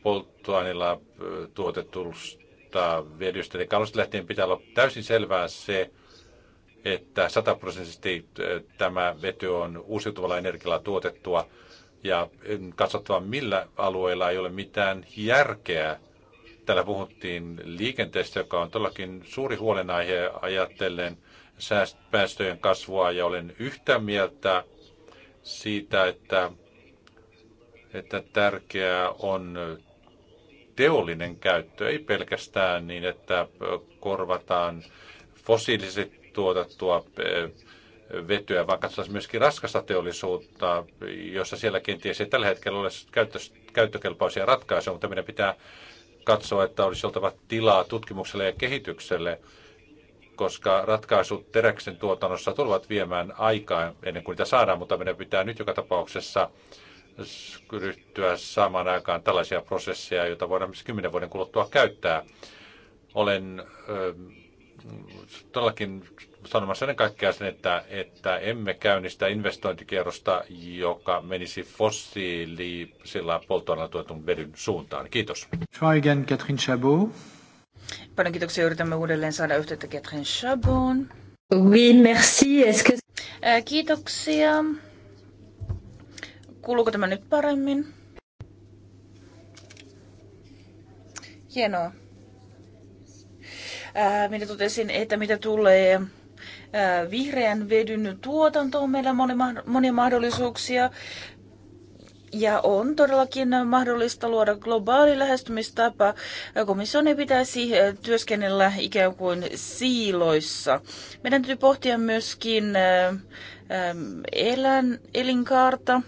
polttoaineilla tuotetusta vedystä. Eli alusta lähtien pitää olla täysin selvää se, että sataprosenttisesti tämä vety on uusiutuvalla energialla tuotettua ja katsottava, millä alueilla ei ole mitään järkeä. Täällä puhuttiin liikenteestä, joka on todellakin suuri huolenaihe ajatellen päästöjen kasvua ja olen yhtä mieltä siitä, että, että tärkeää on teollinen käyttö, ei pelkästään niin, että korvataan fossiiliset tuotettua eh, vetyä, vaikka katsotaan myöskin raskasta teollisuutta, jossa siellä kenties ei tällä hetkellä ole käyttökelpoisia ratkaisuja, mutta meidän pitää katsoa, että olisi oltava tilaa tutkimukselle ja kehitykselle, koska ratkaisut teräksen tuotannossa tulevat viemään aikaa ennen kuin niitä saadaan, mutta meidän pitää nyt joka tapauksessa ryhtyä saamaan aikaan tällaisia prosesseja, joita voidaan myös kymmenen vuoden kuluttua käyttää. Olen todellakin sanomassa ennen kaikkea sen, että, että emme käynnistä investointikierrosta, joka menisi fossiilisilla polttoaineilla tuetun vedyn suuntaan. Kiitos. Try again, Catherine Chabot. Paljon kiitoksia. Yritämme uudelleen saada yhteyttä Catherine Chabon. Oui, merci. Que... Kiitoksia. Kuuluuko tämä nyt paremmin? Hienoa. Äh, minä totesin, että mitä tulee äh, vihreän vedyn tuotantoon, meillä on monia mahdollisuuksia. Ja on todellakin mahdollista luoda globaali lähestymistapa. Komission ei pitäisi äh, työskennellä ikään kuin siiloissa. Meidän täytyy pohtia myöskin ähm, elän, elinkaarta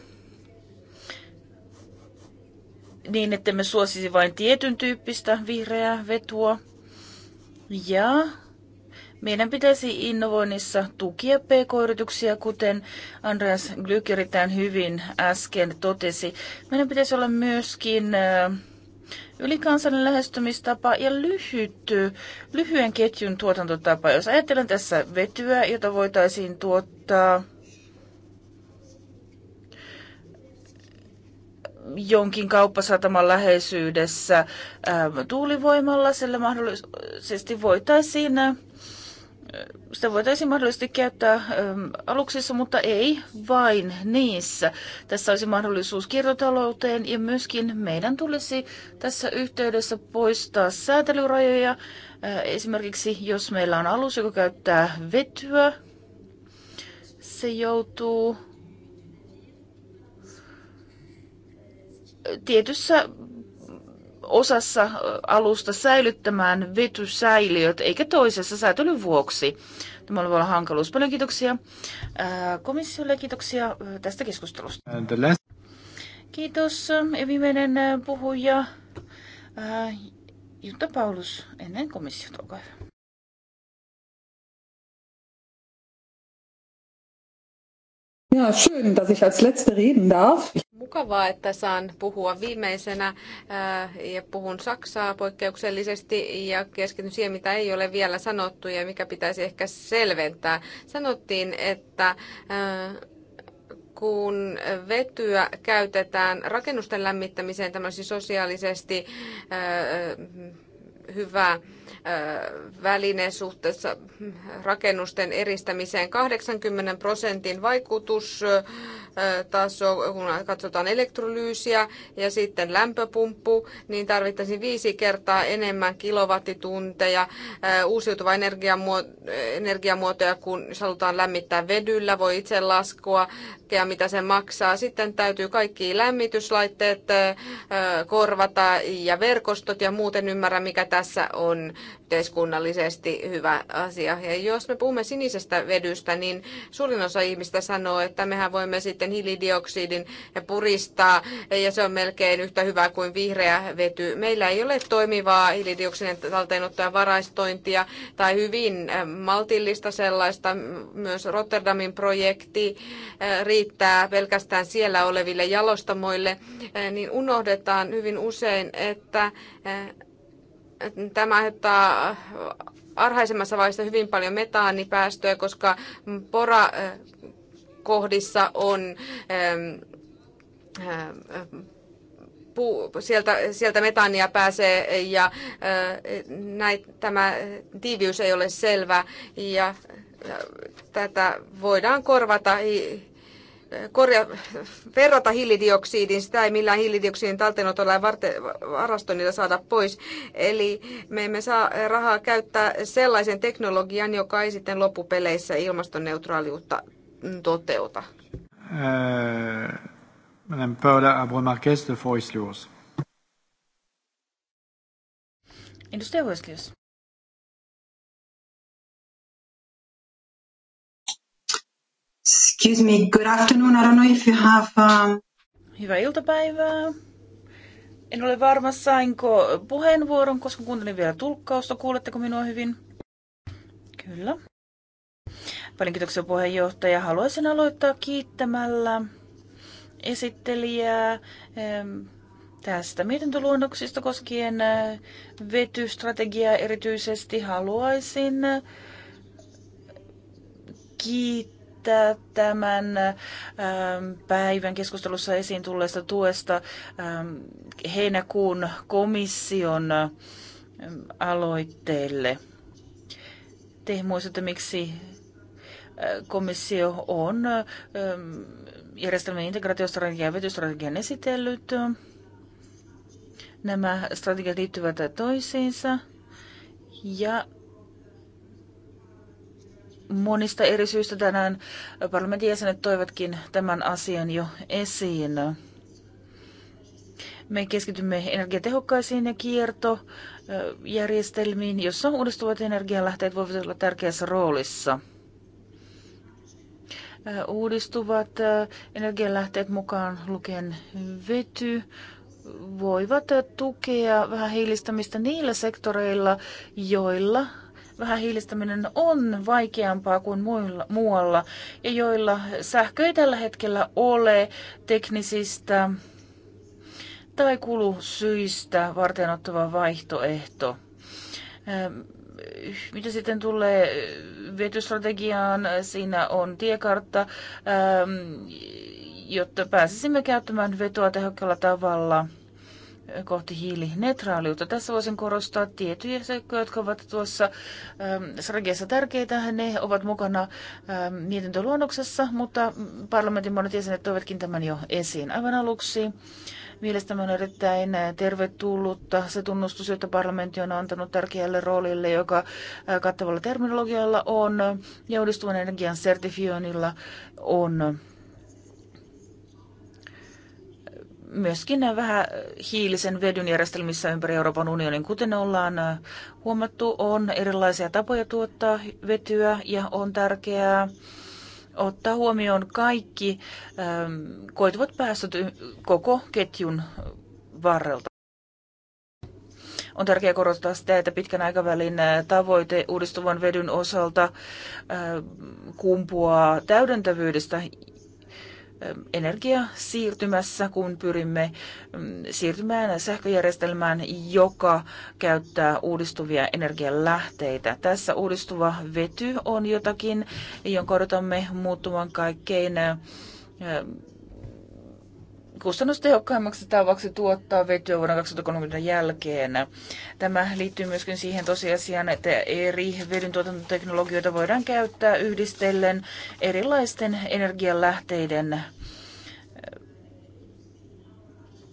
niin, että me suosisi vain tietyn tyyppistä vihreää vetua. Ja meidän pitäisi innovoinnissa tukia pk-yrityksiä, kuten Andreas Glyk erittäin hyvin äsken totesi. Meidän pitäisi olla myöskin ylikansallinen lähestymistapa ja lyhyt, lyhyen ketjun tuotantotapa. Jos ajatellaan tässä vetyä, jota voitaisiin tuottaa jonkin kauppasataman läheisyydessä ähm, tuulivoimalla. Sillä mahdollisesti voitaisiin, äh, sitä voitaisiin mahdollisesti käyttää ähm, aluksissa, mutta ei vain niissä. Tässä olisi mahdollisuus kiertotalouteen ja myöskin meidän tulisi tässä yhteydessä poistaa säätelyrajoja. Äh, esimerkiksi jos meillä on alus, joka käyttää vetyä, se joutuu tietyssä osassa alusta säilyttämään vetysäiliöt, eikä toisessa säätelyn vuoksi. Tämä oli vielä hankaluus. Paljon kiitoksia komissiolle kiitoksia tästä keskustelusta. Kiitos. Ja viimeinen puhuja Jutta Paulus ennen komissiota. Olkaa hyvä. Ja, schön, dass ich als letzte reden darf. Mukavaa, että saan puhua viimeisenä äh, ja puhun Saksaa poikkeuksellisesti ja keskityn siihen, mitä ei ole vielä sanottu ja mikä pitäisi ehkä selventää. Sanottiin, että äh, kun vetyä käytetään rakennusten lämmittämiseen, tämä olisi sosiaalisesti äh, hyvä väline suhteessa rakennusten eristämiseen. 80 prosentin vaikutus taso, kun katsotaan elektrolyysiä ja sitten lämpöpumppu, niin tarvittaisiin viisi kertaa enemmän kilowattitunteja äh, uusiutuvaa energiamuotoja, kun halutaan lämmittää vedyllä, voi itse laskua, mitä se maksaa. Sitten täytyy kaikki lämmityslaitteet äh, korvata ja verkostot ja muuten ymmärrä, mikä tässä on yhteiskunnallisesti hyvä asia. Ja jos me puhumme sinisestä vedystä, niin suurin osa ihmistä sanoo, että mehän voimme sitten hiilidioksidin puristaa ja se on melkein yhtä hyvä kuin vihreä vety. Meillä ei ole toimivaa hiilidioksidin talteenottoa varaistointia tai hyvin ähm, maltillista sellaista. Myös Rotterdamin projekti äh, riittää pelkästään siellä oleville jalostamoille, äh, niin unohdetaan hyvin usein, että äh, tämä aiheuttaa arhaisemmassa vaiheessa hyvin paljon metaanipäästöjä, koska pora kohdissa on ähm, ähm, puu, sieltä, sieltä metaania pääsee ja näin, tämä tiiviys ei ole selvä ja tätä voidaan korvata korja, verrata hiilidioksidin, sitä ei millään hiilidioksidin talteenotolla ja varastoinnilla saada pois. Eli me emme saa rahaa käyttää sellaisen teknologian, joka ei sitten loppupeleissä ilmastoneutraaliutta toteuta. Ää, äh, Madame Paula Abromarquez, the floor Edustaja Huiskius. Excuse me, good afternoon. I don't know if you have... Um... Hyvää iltapäivää. En ole varma, sainko puheenvuoron, koska kuuntelin vielä tulkkausta. Kuuletteko minua hyvin? Kyllä. Paljon kiitoksia puheenjohtaja. Haluaisin aloittaa kiittämällä esittelijää tästä mietintöluonnoksista koskien äh, vetystrategiaa erityisesti haluaisin äh, kiittää kiittää tämän ähm, päivän keskustelussa esiin tulleesta tuesta ähm, heinäkuun komission ähm, aloitteelle. Te muistatte, miksi äh, komissio on järjestelmän integraatiostrategian ja vetystrategian esitellyt. Nämä strategiat liittyvät toisiinsa ja monista eri syistä tänään parlamentin jäsenet toivatkin tämän asian jo esiin. Me keskitymme energiatehokkaisiin ja kiertojärjestelmiin, jossa uudistuvat energialähteet voivat olla tärkeässä roolissa. Uudistuvat energialähteet mukaan lukien vety, voivat tukea vähän hiilistämistä niillä sektoreilla, joilla vähähiilistäminen on vaikeampaa kuin muilla, muualla, ja joilla sähkö ei tällä hetkellä ole teknisistä tai kulusyistä ottava vaihtoehto. Ähm, mitä sitten tulee vetystrategiaan, siinä on tiekartta, ähm, jotta pääsisimme käyttämään vetoa tehokkaalla tavalla kohti hiilineutraaliutta. Tässä voisin korostaa tiettyjä seikkoja, jotka ovat tuossa ähm, strategiassa tärkeitä. Ne ovat mukana äm, mietintöluonnoksessa, mutta parlamentin monet jäsenet toivatkin tämän jo esiin. Aivan aluksi mielestäni on erittäin tervetullutta se tunnustus, jota parlamentti on antanut tärkeälle roolille, joka äh, kattavalla terminologialla on ja uudistuvan energian sertifioinnilla on myöskin vähän hiilisen vedyn järjestelmissä ympäri Euroopan unionin, kuten ollaan huomattu, on erilaisia tapoja tuottaa vetyä ja on tärkeää ottaa huomioon kaikki ähm, koituvat päästöt koko ketjun varrelta. On tärkeää korostaa sitä, että pitkän aikavälin äh, tavoite uudistuvan vedyn osalta äh, kumpuaa täydentävyydestä energiasiirtymässä, kun pyrimme mm, siirtymään sähköjärjestelmään, joka käyttää uudistuvia energialähteitä. Tässä uudistuva vety on jotakin, jonka odotamme muuttuvan kaikkein kustannustehokkaimmaksi tavaksi tuottaa vetyä vuonna 2030 jälkeen. Tämä liittyy myöskin siihen tosiasiaan, että eri vedyntuotantoteknologioita voidaan käyttää yhdistellen erilaisten energialähteiden eh,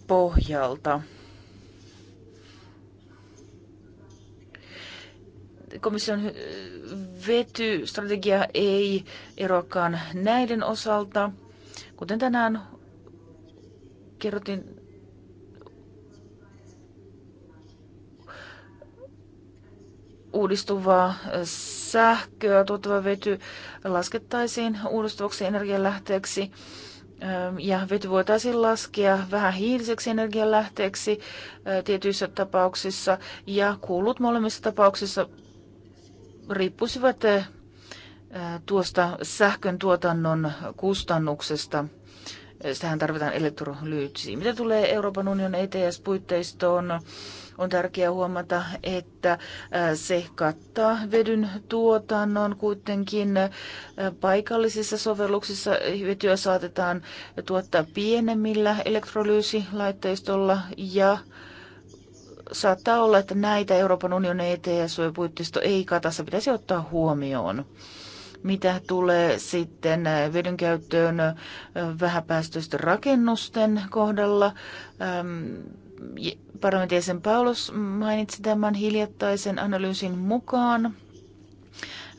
pohjalta. Komission eh, vetystrategia ei erokaan näiden osalta. Kuten tänään kerrotin uudistuvaa sähköä tuottava vety laskettaisiin uudistuvaksi energialähteeksi ja vety voitaisiin laskea vähän hiiliseksi energialähteeksi tietyissä tapauksissa ja kulut molemmissa tapauksissa riippuisivat tuosta sähkön tuotannon kustannuksesta. Tähän tarvitaan elektrolyytsiä. Mitä tulee Euroopan unionin ETS-puitteistoon, on tärkeää huomata, että äh, se kattaa vedyn tuotannon kuitenkin äh, paikallisissa sovelluksissa. Vetyä saatetaan tuottaa pienemmillä elektrolyysilaitteistolla ja saattaa olla, että näitä Euroopan unionin ETS-puitteisto ei katassa pitäisi ottaa huomioon. Mitä tulee sitten äh, vedyn käyttöön äh, vähäpäästöisten rakennusten kohdalla, ähm, parlamentin Paulus mainitsi tämän hiljattaisen analyysin mukaan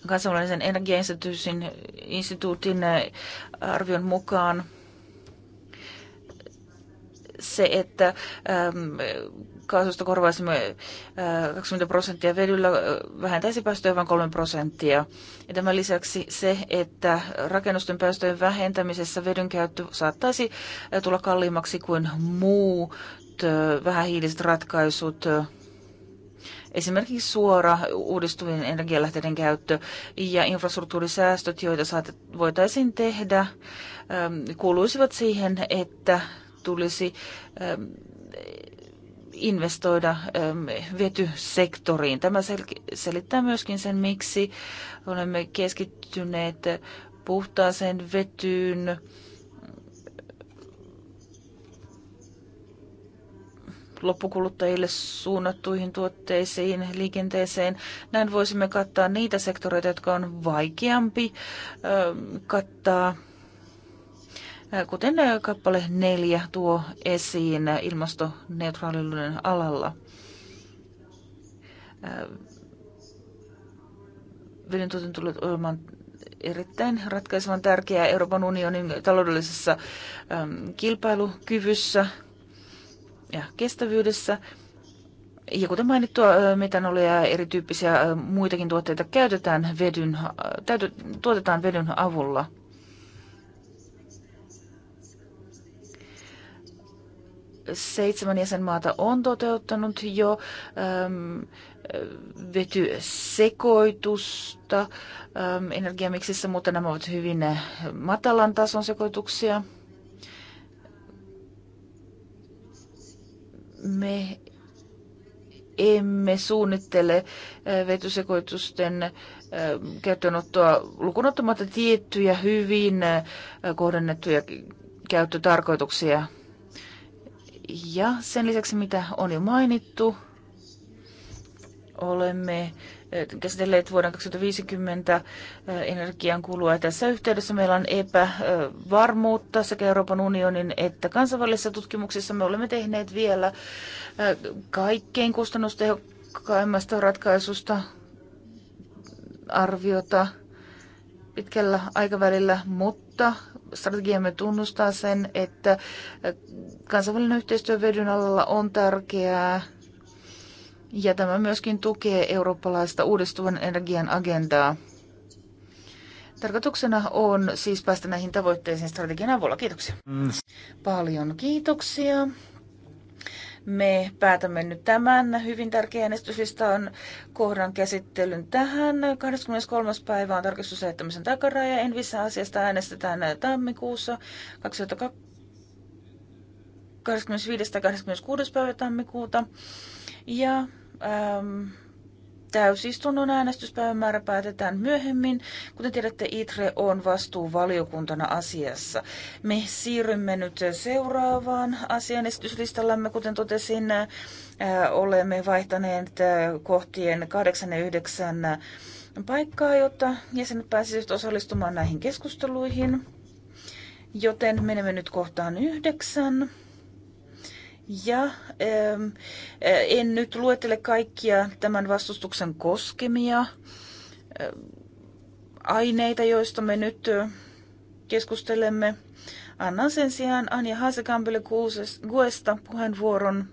kansainvälisen energiainstituutin instituutin äh, arvion mukaan se, että ähm, kaasusta korvaisimme 20 prosenttia vedyllä, vähentäisi päästöjä vain 3 prosenttia. Ja tämän lisäksi se, että rakennusten päästöjen vähentämisessä vedyn käyttö saattaisi tulla kalliimmaksi kuin muut vähähiiliset ratkaisut, esimerkiksi suora uudistuvien energialähteiden käyttö ja infrastruktuurisäästöt, joita voitaisiin tehdä, kuuluisivat siihen, että tulisi investoida ähm, vetysektoriin. Tämä sel- selittää myöskin sen, miksi olemme keskittyneet puhtaaseen vetyyn, loppukuluttajille suunnattuihin tuotteisiin, liikenteeseen. Näin voisimme kattaa niitä sektoreita, jotka on vaikeampi ähm, kattaa Äh, kuten äh, kappale neljä tuo esiin ilmastoneutraaliluuden alalla. Äh, tuotin tulee olemaan erittäin ratkaisevan tärkeää Euroopan unionin taloudellisessa ähm, kilpailukyvyssä ja kestävyydessä. Ja kuten mainittua, metanolia ja erityyppisiä muitakin tuotteita käytetään vedyn, tuotetaan vedyn avulla – seitsemän jäsenmaata on toteuttanut jo äm, vetysekoitusta äm, energiamiksissä, mutta nämä ovat hyvin matalan tason sekoituksia. Me emme suunnittele äh, vetysekoitusten äh, käyttöönottoa lukunottamatta tiettyjä hyvin äh, kohdennettuja käyttötarkoituksia ja sen lisäksi, mitä on jo mainittu, olemme eh, käsitelleet vuoden 2050 eh, energian kulua. Tässä yhteydessä meillä on epävarmuutta sekä Euroopan unionin että kansainvälisissä tutkimuksissa. Me olemme tehneet vielä eh, kaikkein kustannustehokkaimmasta ratkaisusta arviota pitkällä aikavälillä, mutta strategiamme tunnustaa sen, että kansainvälinen yhteistyö vedyn alalla on tärkeää ja tämä myöskin tukee eurooppalaista uudistuvan energian agendaa. Tarkoituksena on siis päästä näihin tavoitteisiin strategian avulla. Kiitoksia. Mm. Paljon kiitoksia me päätämme nyt tämän. Hyvin tärkeä äänestyslista on kohdan käsittelyn tähän. 23. päivä on tarkistusjättämisen takaraja. Envissä asiasta äänestetään tammikuussa 2025. 25. 26. päivä tammikuuta. Ja ähm, Täysistunnon määrä päätetään myöhemmin. Kuten tiedätte, ITRE on vastuuvaliokuntana asiassa. Me siirrymme nyt seuraavaan asian esityslistallamme. Kuten totesin, äh, olemme vaihtaneet äh, kohtien 8 ja 9 äh, paikkaa, jotta jäsenet pääsisivät osallistumaan näihin keskusteluihin. Joten menemme nyt kohtaan yhdeksän. Ja eh, en nyt luettele kaikkia tämän vastustuksen koskemia eh, aineita, joista me nyt eh, keskustelemme. Annan sen sijaan Anja Hasekampille Guesta puheenvuoron.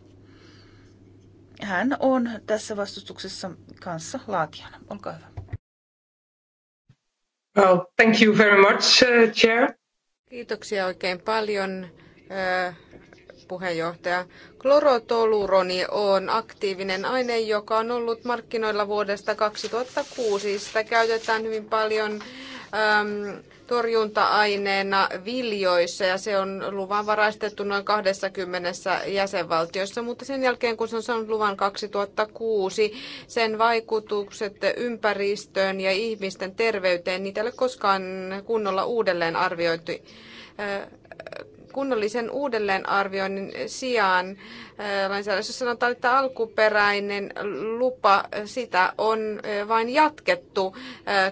Hän on tässä vastustuksessa kanssa laatijana. Olkaa hyvä. Well, thank you very much, uh, Chair. Kiitoksia oikein paljon, uh, puheenjohtaja. Klorotoluroni on aktiivinen aine, joka on ollut markkinoilla vuodesta 2006. Sitä käytetään hyvin paljon äm, torjunta-aineena viljoissa ja se on luvan varastettu noin 20 jäsenvaltiossa, mutta sen jälkeen kun se on saanut luvan 2006, sen vaikutukset ympäristöön ja ihmisten terveyteen, niitä ei ole koskaan kunnolla uudelleen arvioitu. Äh, kunnollisen uudelleenarvioinnin sijaan lainsäädännössä sanotaan, että alkuperäinen lupa, sitä on vain jatkettu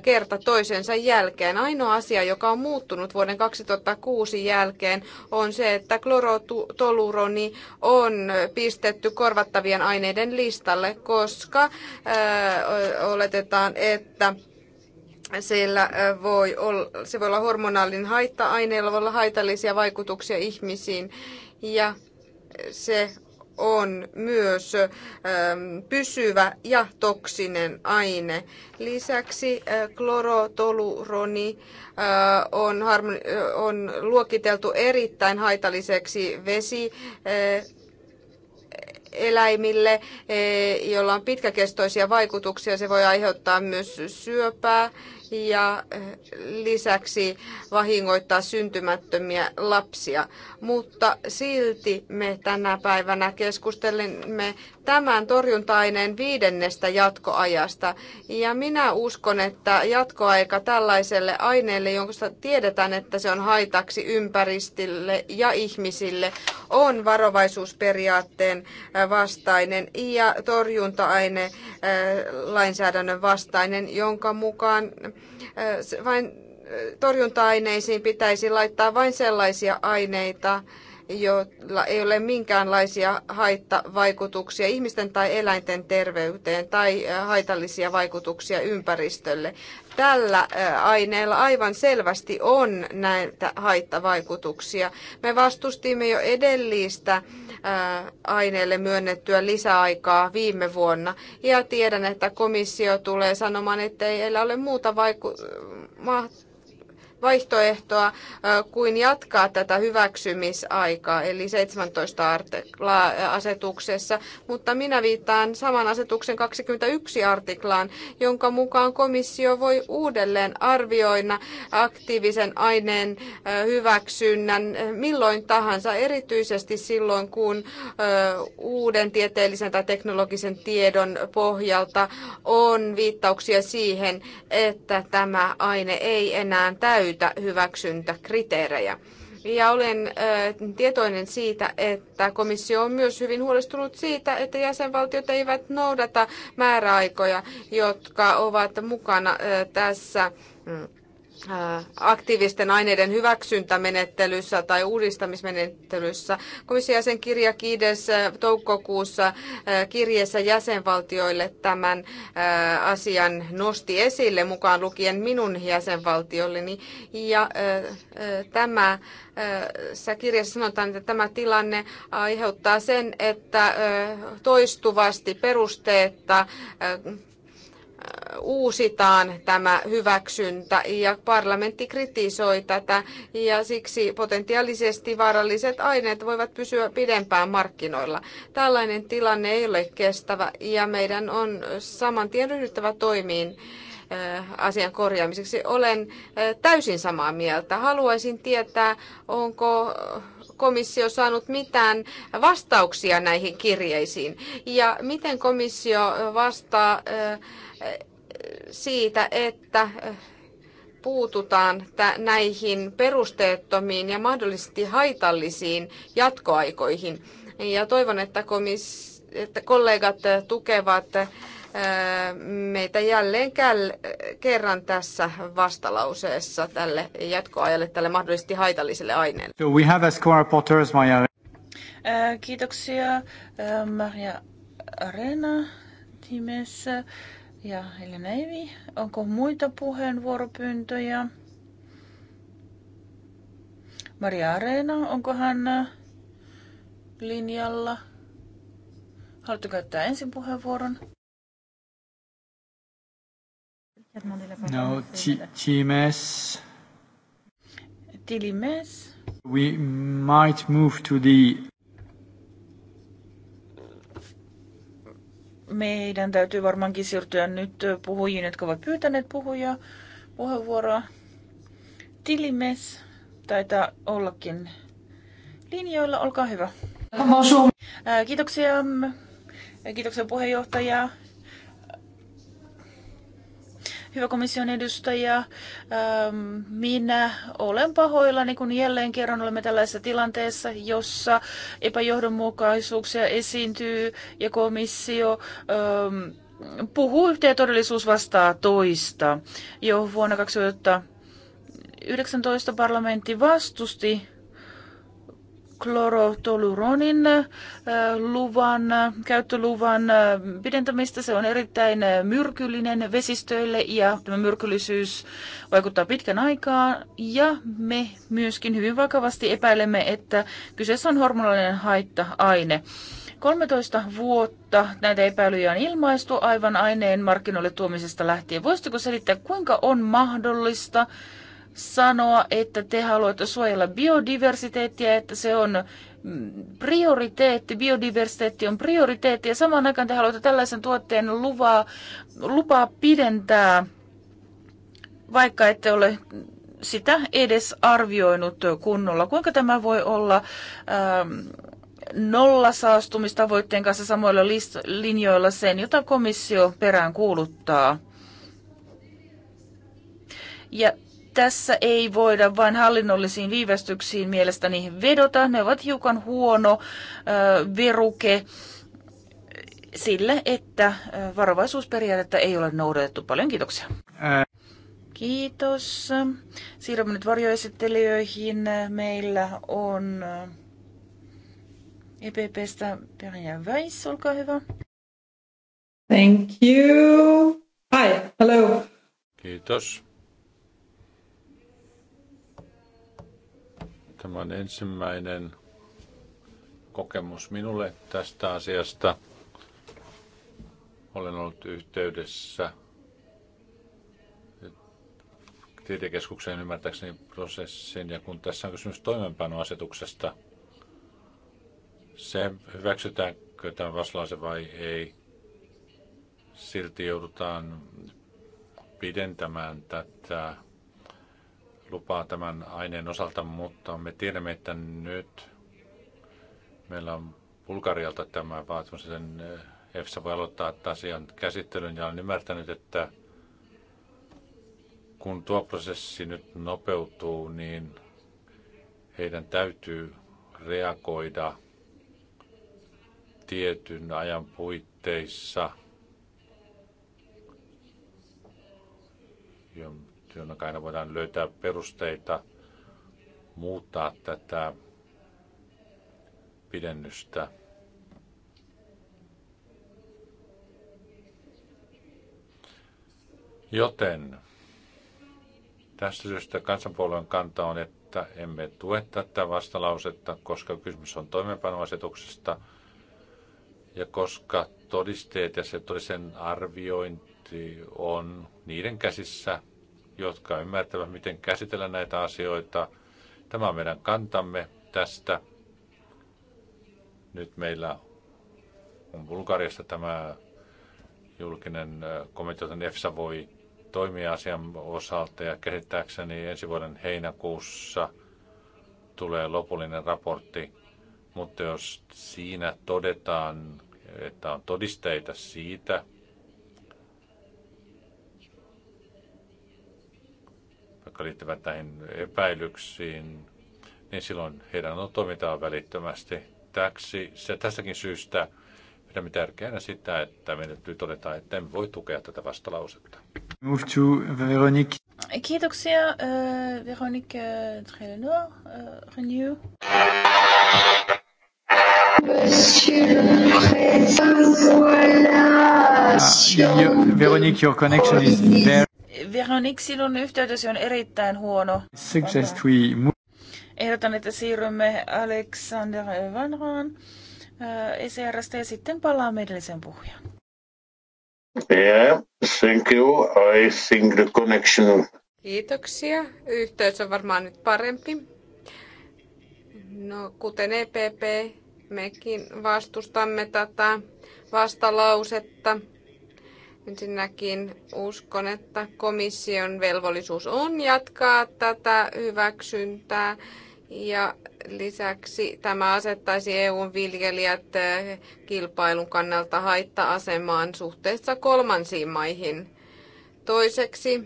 kerta toisensa jälkeen. Ainoa asia, joka on muuttunut vuoden 2006 jälkeen, on se, että klorotoluroni on pistetty korvattavien aineiden listalle, koska oletetaan, että siellä voi olla, se voi olla hormonaalinen haitta-aineella, voi olla haitallisia vaikutuksia ihmisiin ja se on myös pysyvä ja toksinen aine. Lisäksi klorotoluroni on, on luokiteltu erittäin haitalliseksi vesi eläimille, e, jolla on pitkäkestoisia vaikutuksia. Se voi aiheuttaa myös syöpää ja eh, lisäksi vahingoittaa syntymättömiä lapsia. Mutta silti me tänä päivänä keskustelemme tämän torjunta-aineen viidennestä jatkoajasta. Ja minä uskon, että jatkoaika tällaiselle aineelle, jonka tiedetään, että se on haitaksi ympäristölle ja ihmisille, on varovaisuusperiaatteen eh, vastainen ja torjunta-aine eh, lainsäädännön vastainen, jonka mukaan vain torjunta-aineisiin pitäisi laittaa vain sellaisia aineita, joilla ei ole minkäänlaisia haittavaikutuksia ihmisten tai eläinten terveyteen tai haitallisia vaikutuksia ympäristölle. Tällä aineella aivan selvästi on näitä haittavaikutuksia. Me vastustimme jo edellistä aineelle myönnettyä lisäaikaa viime vuonna. Ja tiedän, että komissio tulee sanomaan, että ei ole muuta vaiku- vaihtoehtoa kuin jatkaa tätä hyväksymisaikaa, eli 17 artikla asetuksessa, mutta minä viittaan saman asetuksen 21 artiklaan, jonka mukaan komissio voi uudelleen arvioida aktiivisen aineen hyväksynnän milloin tahansa, erityisesti silloin, kun uuden tieteellisen tai teknologisen tiedon pohjalta on viittauksia siihen, että tämä aine ei enää täysin muita hyväksyntäkriteerejä. Ja olen tietoinen siitä, että komissio on myös hyvin huolestunut siitä, että jäsenvaltiot eivät noudata määräaikoja, jotka ovat mukana tässä mm, aktiivisten aineiden hyväksyntämenettelyssä tai uudistamismenettelyssä. Komission jäsen kirja Kiides toukokuussa kirjeessä jäsenvaltioille tämän asian nosti esille, mukaan lukien minun jäsenvaltiolleni. Ja tämä Sä kirjassa sanotaan, että tämä tilanne aiheuttaa sen, että toistuvasti perusteetta uusitaan tämä hyväksyntä ja parlamentti kritisoi tätä ja siksi potentiaalisesti vaaralliset aineet voivat pysyä pidempään markkinoilla. Tällainen tilanne ei ole kestävä ja meidän on saman tien ryhdyttävä toimiin äh, asian korjaamiseksi. Olen äh, täysin samaa mieltä. Haluaisin tietää, onko komissio saanut mitään vastauksia näihin kirjeisiin? Ja miten komissio vastaa siitä, että puututaan näihin perusteettomiin ja mahdollisesti haitallisiin jatkoaikoihin? Ja toivon, että, että kollegat tukevat meitä jälleen kerran tässä vastalauseessa tälle jatkoajalle, tälle mahdollisesti haitalliselle aineelle. We have as co-rapporteurs Maria. Kiitoksia Maria Arena tiimissä ja Helena Evi. Onko muita puheenvuoropyyntöjä? Maria Areena, onko hän linjalla? Haluatko käyttää ensin puheenvuoron? No, TMS. TiliMES. We might move to the meidän täytyy varmaankin siirtyä nyt puhujiin, jotka ovat pyytäneet puhuja puheenvuoroa. Tilimes taitaa ollakin linjoilla, olkaa hyvä. Kiitoksia. Kiitoksia puheenjohtaja. Hyvä komission edustaja, ähm, minä olen niin kun jälleen kerran olemme tällaisessa tilanteessa, jossa epäjohdonmukaisuuksia esiintyy ja komissio ähm, puhuu yhteen ja todellisuus vastaa toista. Jo vuonna 2019 parlamentti vastusti klorotoluronin äh, luvan, käyttöluvan äh, pidentämistä. Se on erittäin äh, myrkyllinen vesistöille ja tämä myrkyllisyys vaikuttaa pitkän aikaa. Ja me myöskin hyvin vakavasti epäilemme, että kyseessä on hormonallinen haitta-aine. 13 vuotta näitä epäilyjä on ilmaistu aivan aineen markkinoille tuomisesta lähtien. Voisitko selittää, kuinka on mahdollista, sanoa, että te haluatte suojella biodiversiteettiä, että se on mm, prioriteetti, biodiversiteetti on prioriteetti ja samaan aikaan te haluatte tällaisen tuotteen lupaa, lupaa pidentää, vaikka ette ole sitä edes arvioinut kunnolla. Kuinka tämä voi olla ähm, nollasaastumistavoitteen kanssa samoilla list- linjoilla sen, jota komissio perään kuuluttaa? Ja tässä ei voida vain hallinnollisiin viivästyksiin mielestäni vedota. Ne ovat hiukan huono veruke sille, että varovaisuusperiaatetta ei ole noudatettu. Paljon kiitoksia. Kiitos. Siirrymme nyt varjoesittelijöihin. Meillä on EPPstä Perja Weiss, olkaa hyvä. Thank you. Hi, hello. Kiitos. Tämä on ensimmäinen kokemus minulle tästä asiasta. Olen ollut yhteydessä tiedekeskukseen ymmärtääkseni prosessin, ja kun tässä on kysymys toimenpanoasetuksesta, se hyväksytäänkö tämä vastalause vai ei, silti joudutaan pidentämään tätä lupaa tämän aineen osalta, mutta me tiedämme, että nyt meillä on Bulgarialta tämä vaatimus, sen eh, EFSA voi aloittaa asian käsittelyn ja olen ymmärtänyt, että kun tuo prosessi nyt nopeutuu, niin heidän täytyy reagoida tietyn ajan puitteissa, jonka aina voidaan löytää perusteita muuttaa tätä pidennystä. Joten tästä syystä kansanpuolueen kanta on, että emme tue tätä vastalausetta, koska kysymys on toimeenpanoasetuksesta ja koska todisteet ja se todisen arviointi on niiden käsissä, jotka ymmärtävät, miten käsitellä näitä asioita. Tämä on meidän kantamme tästä. Nyt meillä on Bulgariassa tämä julkinen komitea, että EFSA voi toimia asian osalta ja käsittääkseni ensi vuoden heinäkuussa tulee lopullinen raportti, mutta jos siinä todetaan, että on todisteita siitä, jotka liittyvät näihin epäilyksiin, niin silloin heidän on toimitaan välittömästi. Täksi, se, tästäkin syystä pidämme tärkeänä sitä, että me nyt todetaan, että emme voi tukea tätä vastalausetta. Move to Veronique. Kiitoksia, uh, äh, Veronique Trelenor, äh, uh, äh, Renew. Monsieur le Président, voilà. Ah, your, Véronique, your connection is very... Veronik, sinun yhteytesi on erittäin huono. Suggest we... Ehdotan, että siirrymme Alexander Vanhaan äh, ECRstä ja sitten palaamme edelliseen puhujaan. Yeah, thank you. I think the connection... Kiitoksia. Yhteys on varmaan nyt parempi. No, kuten EPP, mekin vastustamme tätä vastalausetta Ensinnäkin uskon, että komission velvollisuus on jatkaa tätä hyväksyntää ja lisäksi tämä asettaisi EUn viljelijät eh, kilpailun kannalta haitta-asemaan suhteessa kolmansiin maihin. Toiseksi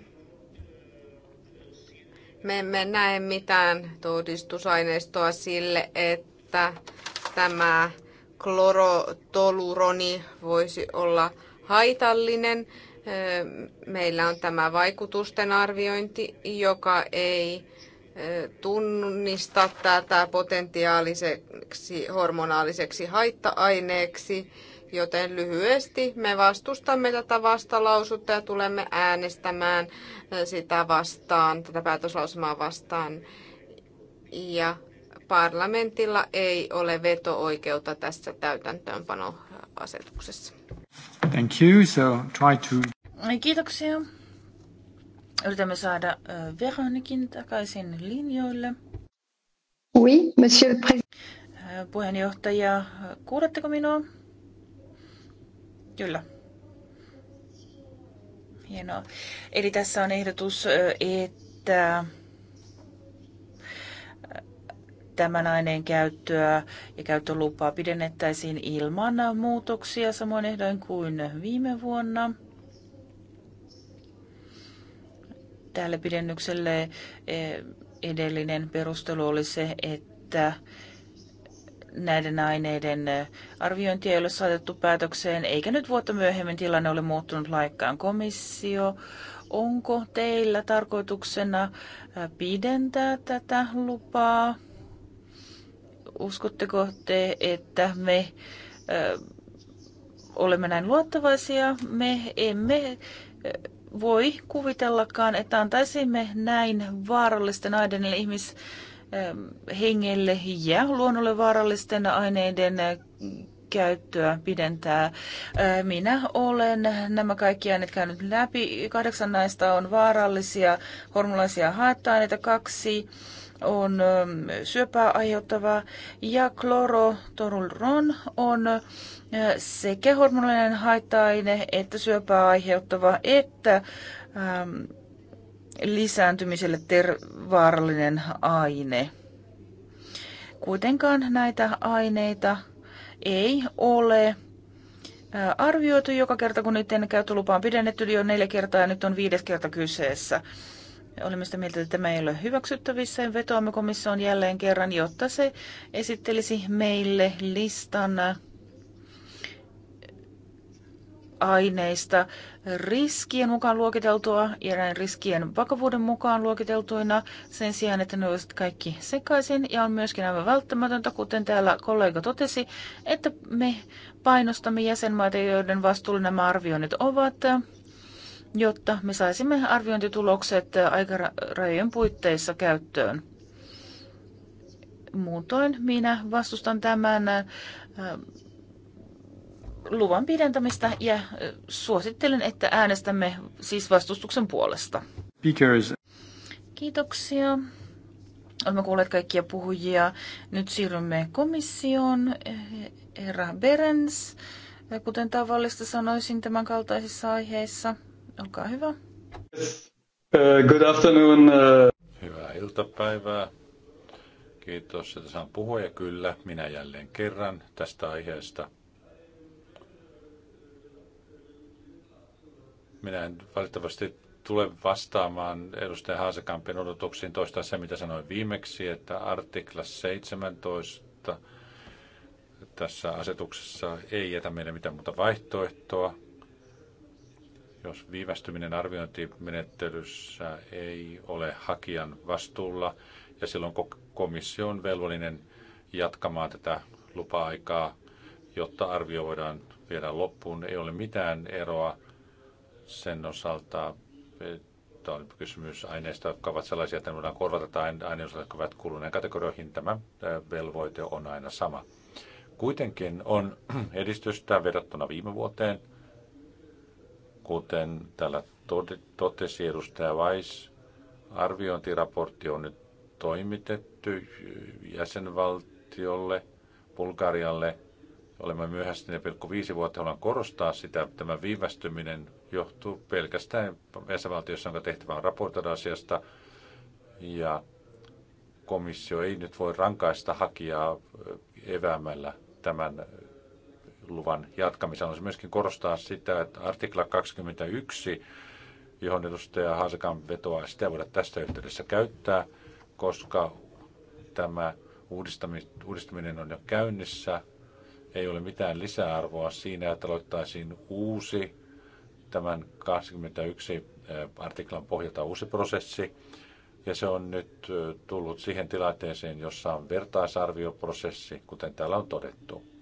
me emme näe mitään todistusaineistoa sille, että tämä klorotoluroni voisi olla haitallinen. Meillä on tämä vaikutusten arviointi, joka ei tunnista tätä potentiaaliseksi hormonaaliseksi haitta-aineeksi, joten lyhyesti me vastustamme tätä vastalausutta, ja tulemme äänestämään sitä vastaan, tätä päätöslausumaa vastaan. Ja parlamentilla ei ole veto-oikeutta tässä täytäntöönpanoasetuksessa. Thank you, so try to... Kiitoksia. Yritämme saada Veronikin takaisin linjoille. Oui, monsieur le président. Puheenjohtaja, kuuletteko minua? Kyllä. Hienoa. Eli tässä on ehdotus, että tämän aineen käyttöä ja käyttölupaa pidennettäisiin ilman muutoksia samoin ehdoin kuin viime vuonna. Tälle pidennykselle e, edellinen perustelu oli se, että näiden aineiden arviointia ei ole saatettu päätökseen, eikä nyt vuotta myöhemmin tilanne ole muuttunut laikkaan komissio. Onko teillä tarkoituksena pidentää tätä lupaa? Uskotteko te, että me ö, olemme näin luottavaisia? Me emme voi kuvitellakaan, että antaisimme näin vaarallisten aineiden ihmishengelle hengelle ja luonnolle vaarallisten aineiden käyttöä pidentää. Minä olen nämä kaikki aineet käynyt läpi. Kahdeksan näistä on vaarallisia haetaan haettaineita, kaksi on ähm, syöpää aiheuttavaa ja klorotorulron on äh, sekä hormonallinen haitta-aine että syöpää aiheuttava että ähm, lisääntymiselle ter- vaarallinen aine. Kuitenkaan näitä aineita ei ole äh, arvioitu joka kerta, kun niiden käyttölupa on pidennetty jo niin neljä kertaa ja nyt on viides kerta kyseessä. Olemme sitä mieltä, että tämä ei ole hyväksyttävissä. Vetoamme komissioon jälleen kerran, jotta se esittelisi meille listan aineista riskien mukaan luokiteltua ja näin riskien vakavuuden mukaan luokiteltuina sen sijaan, että ne olisivat kaikki sekaisin. Ja on myöskin aivan välttämätöntä, kuten täällä kollega totesi, että me painostamme jäsenmaita, joiden vastuulla nämä arvioinnit ovat jotta me saisimme arviointitulokset aikarajojen puitteissa käyttöön. Muutoin minä vastustan tämän äh, luvan pidentämistä ja äh, suosittelen, että äänestämme siis vastustuksen puolesta. Speakers. Kiitoksia. Olemme kuulleet kaikkia puhujia. Nyt siirrymme komissioon. Herra Berens, kuten tavallista sanoisin tämän kaltaisissa aiheissa. Olkaa hyvä. Yes. Uh, äh, good afternoon. Uh... Hyvää iltapäivää. Kiitos, että saan puhua ja kyllä, minä jälleen kerran tästä aiheesta. Minä en valitettavasti tule vastaamaan edustaja Haasekampin odotuksiin toista se, mitä sanoin viimeksi, että artikla 17 tässä asetuksessa ei jätä meille mitään muuta vaihtoehtoa. Jos viivästyminen arviointimenettelyssä ei ole hakijan vastuulla, ja silloin komissio on velvollinen jatkamaan tätä lupa-aikaa, jotta arvio voidaan viedä loppuun. Ei ole mitään eroa sen osalta, että on kysymys aineista, jotka ovat sellaisia, että ne voidaan korvata, tai aineista, jotka ovat kuluneen kategorioihin. Tämä velvoite on aina sama. Kuitenkin on edistystä verrattuna viime vuoteen – Kuten täällä totesi edustaja Vais, arviointiraportti on nyt toimitettu jäsenvaltiolle, Bulgarialle. Olemme myöhässä 4,5 vuotta. Haluan korostaa sitä, että tämä viivästyminen johtuu pelkästään jäsenvaltiossa, jonka tehtävä on raportoida asiasta. Ja komissio ei nyt voi rankaista hakijaa eväämällä tämän luvan jatkamisen. Haluaisin myöskin korostaa sitä, että artikla 21, johon edustaja Haasekan vetoaa, sitä voida tästä yhteydessä käyttää, koska tämä uudistaminen on jo käynnissä. Ei ole mitään lisäarvoa siinä, että aloittaisiin uusi tämän 21 äh, artiklan pohjalta uusi prosessi. Ja se on nyt äh, tullut siihen tilanteeseen, jossa on vertaisarvioprosessi, kuten täällä on todettu.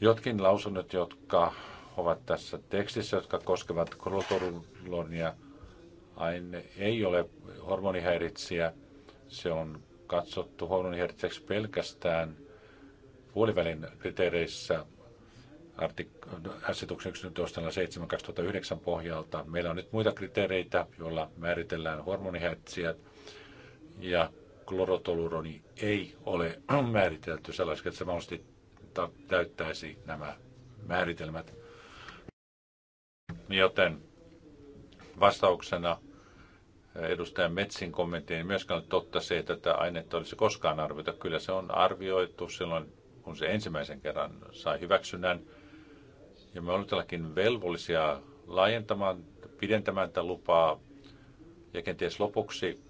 Jotkin lausunnot, jotka ovat tässä tekstissä, jotka koskevat klotoronia, aine ei ole hormonihäiritsijä. Se on katsottu hormonihäiritseksi pelkästään puolivälin kriteereissä asetuksen 11.7.2009 pohjalta. Meillä on nyt muita kriteereitä, joilla määritellään hormonihäiritsijät ja klorotoluroni ei ole määritelty sellaiseksi, että se mahdollisesti jotta täyttäisi nämä määritelmät. Joten vastauksena edustajan Metsin kommenttiin ei myöskään ole totta se, että tätä ainetta olisi koskaan arvioitu. Kyllä se on arvioitu silloin, kun se ensimmäisen kerran sai hyväksynnän. Ja me olemme tälläkin velvollisia laajentamaan, pidentämään tätä lupaa. Ja kenties lopuksi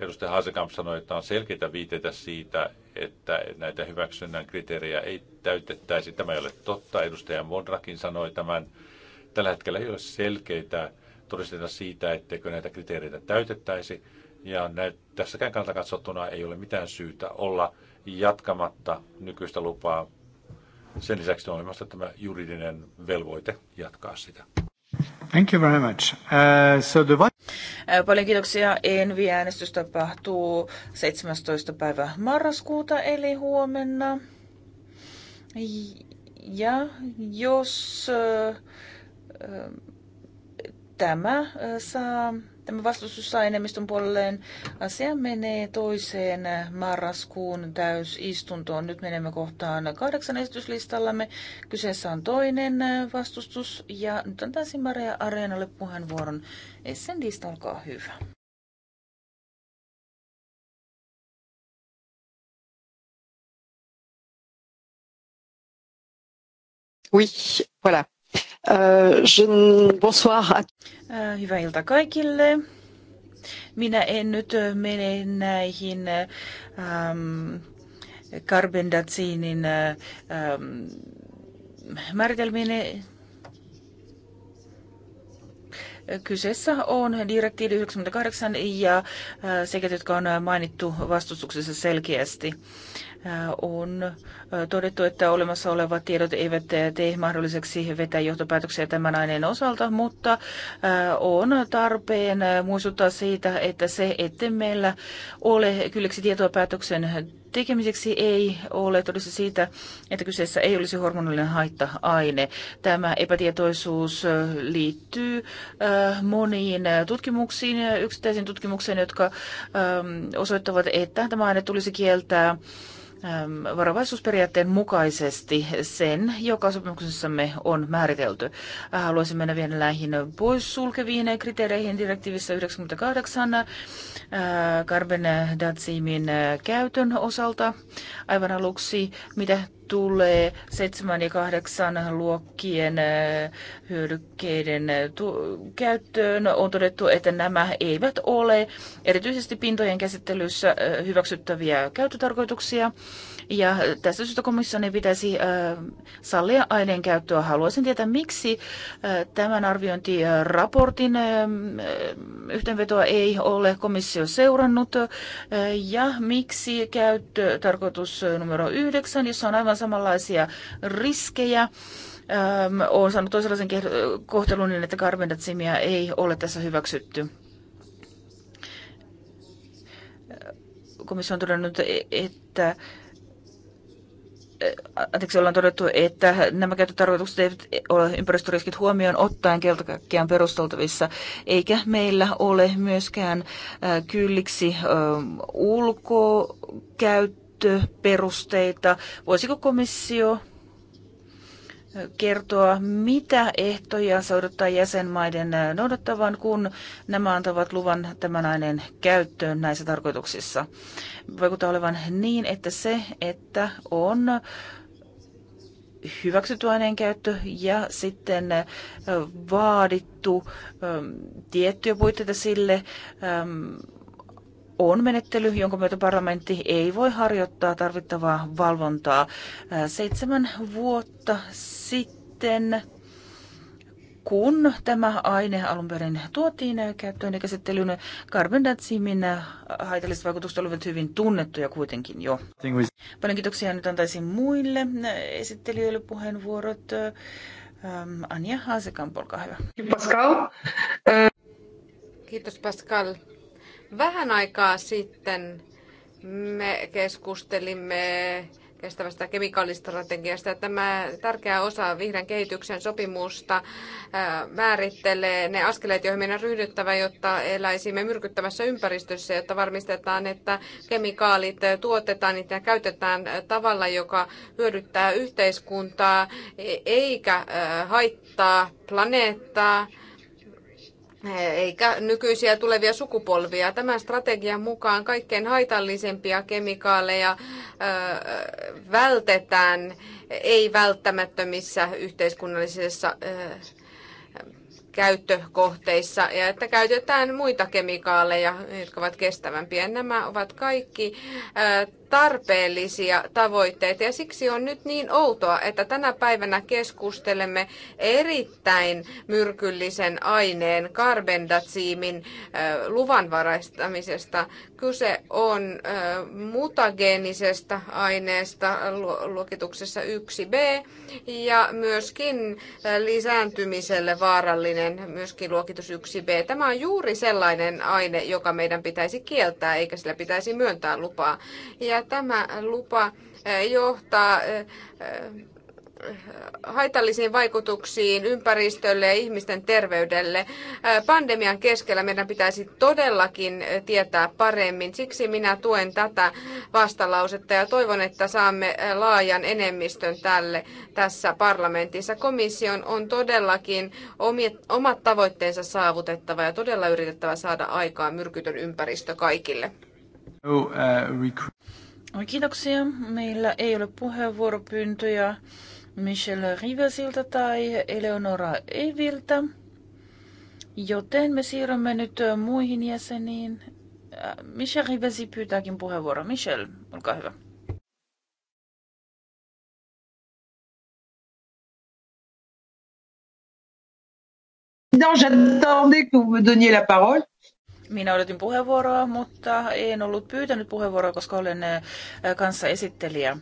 edustaja Haasekamp sanoi, että on selkeitä viiteitä siitä, että näitä hyväksynnän kriteerejä ei täytettäisi. Tämä ei ole totta. Edustaja Monrakin sanoi tämän. Tällä hetkellä ei ole selkeitä todisteita siitä, etteikö näitä kriteereitä täytettäisi. Ja näitä, tässäkään kannalta katsottuna ei ole mitään syytä olla jatkamatta nykyistä lupaa. Sen lisäksi on olemassa tämä juridinen velvoite jatkaa sitä. Thank you very much. Uh, so the... Paljon kiitoksia. Envi-äänestys tapahtuu 17. päivä marraskuuta eli huomenna. Ja jos äh, äh, tämä saa Tämä vastustus saa enemmistön puolelleen. Asia menee toiseen marraskuun täysistuntoon. Nyt menemme kohtaan kahdeksan esityslistallamme. Kyseessä on toinen vastustus ja nyt antaisin Maria Areenalle puheenvuoron. Essendistä, olkaa hyvä. Oui, voilà. Euh, bonsoir. Äh, hyvää iltaa kaikille. Minä en nyt äh, mene näihin ähm, karbendatsiinin ähm, määritelmiin. Kyseessä on direktiivi 98 ja äh, sekä, jotka on mainittu vastustuksessa selkeästi. Äh, on todettu, että olemassa olevat tiedot eivät tee mahdolliseksi vetää johtopäätöksiä tämän aineen osalta, mutta on tarpeen muistuttaa siitä, että se, että meillä ole kylliksi tietoa päätöksen tekemiseksi ei ole todista siitä, että kyseessä ei olisi hormonallinen haitta-aine. Tämä epätietoisuus liittyy moniin tutkimuksiin, yksittäisiin tutkimuksiin, jotka osoittavat, että tämä aine tulisi kieltää Ähm, varovaisuusperiaatteen mukaisesti sen, joka sopimuksessamme on määritelty. Äh, haluaisin mennä vielä näihin poissulkeviin kriteereihin direktiivissä 98 äh, Carbon Datsimin äh, käytön osalta. Aivan aluksi, mitä tulee seitsemän ja kahdeksan luokkien äh, hyödykkeiden äh, käyttöön. On todettu, että nämä eivät ole erityisesti pintojen käsittelyssä äh, hyväksyttäviä käyttötarkoituksia. Ja tässä syystä komissioni pitäisi äh, sallia aineen käyttöä. Haluaisin tietää, miksi äh, tämän arviointiraportin äh, yhteenvetoa ei ole komissio seurannut äh, ja miksi käyttö tarkoitus numero yhdeksän, jossa on aivan samanlaisia riskejä, äh, on saanut toisenlaisen kohtelun niin, että karbendatsimia ei ole tässä hyväksytty. Komissio on todennut, että Äh, anteeksi, ollaan todettu, että nämä käyttötarkoitukset eivät ole ympäristöriskit huomioon ottaen keltakaikkiaan perusteltavissa, eikä meillä ole myöskään äh, kylliksi äh, ulkokäyttöperusteita. Voisiko komissio kertoa, mitä ehtoja se jäsenmaiden noudattavan, kun nämä antavat luvan tämän aineen käyttöön näissä tarkoituksissa. Vaikuttaa olevan niin, että se, että on hyväksytty aineen käyttö ja sitten vaadittu tiettyjä puitteita sille, on menettely, jonka myötä parlamentti ei voi harjoittaa tarvittavaa valvontaa. Seitsemän vuotta sitten, kun tämä aine alun perin tuotiin käyttöön ja käsittelyyn, karbendatsimin haitalliset vaikutukset olivat hyvin tunnettuja kuitenkin jo. Paljon kiitoksia nyt antaisin muille esittelijöille puheenvuorot. Ähm, Anja Haasekamp, olkaa hyvä. Pascal. Äh. Kiitos Pascal. Vähän aikaa sitten me keskustelimme kestävästä kemikaalistrategiasta. Tämä tärkeä osa vihreän kehityksen sopimusta määrittelee ne askeleet, joihin meidän on ryhdyttävä, jotta eläisimme myrkyttävässä ympäristössä, jotta varmistetaan, että kemikaalit tuotetaan, niitä käytetään tavalla, joka hyödyttää yhteiskuntaa e-, eikä haittaa planeettaa eikä nykyisiä tulevia sukupolvia. Tämän strategian mukaan kaikkein haitallisimpia kemikaaleja vältetään ei-välttämättömissä yhteiskunnallisissa käyttökohteissa ja että käytetään muita kemikaaleja, jotka ovat kestävämpiä. Nämä ovat kaikki tarpeellisia tavoitteita ja siksi on nyt niin outoa, että tänä päivänä keskustelemme erittäin myrkyllisen aineen karbendatsiimin luvanvaraistamisesta. Kyse on mutageenisesta aineesta luokituksessa 1b ja myöskin lisääntymiselle vaarallinen myöskin luokitus 1b. Tämä on juuri sellainen aine, joka meidän pitäisi kieltää eikä sillä pitäisi myöntää lupaa. Ja tämä lupa eh, johtaa eh, eh, haitallisiin vaikutuksiin ympäristölle ja ihmisten terveydelle. Pandemian keskellä meidän pitäisi todellakin tietää paremmin. Siksi minä tuen tätä vastalausetta ja toivon, että saamme laajan enemmistön tälle tässä parlamentissa. Komission on todellakin omat tavoitteensa saavutettava ja todella yritettävä saada aikaa myrkytön ympäristö kaikille. Uh, Kiitoksia. Meillä ei ole puheenvuoropyyntöjä Michelle Rivesiltä tai Eleonora Eviltä, joten me siirrymme nyt muihin jäseniin. Michelle Riversi pyytääkin puheenvuoroa. Michelle, olkaa hyvä. Non, j'attendais que vous me donniez la parole. Minä odotin puheenvuoroa, mutta en ollut pyytänyt puheenvuoroa, koska olen kanssa esittelijä.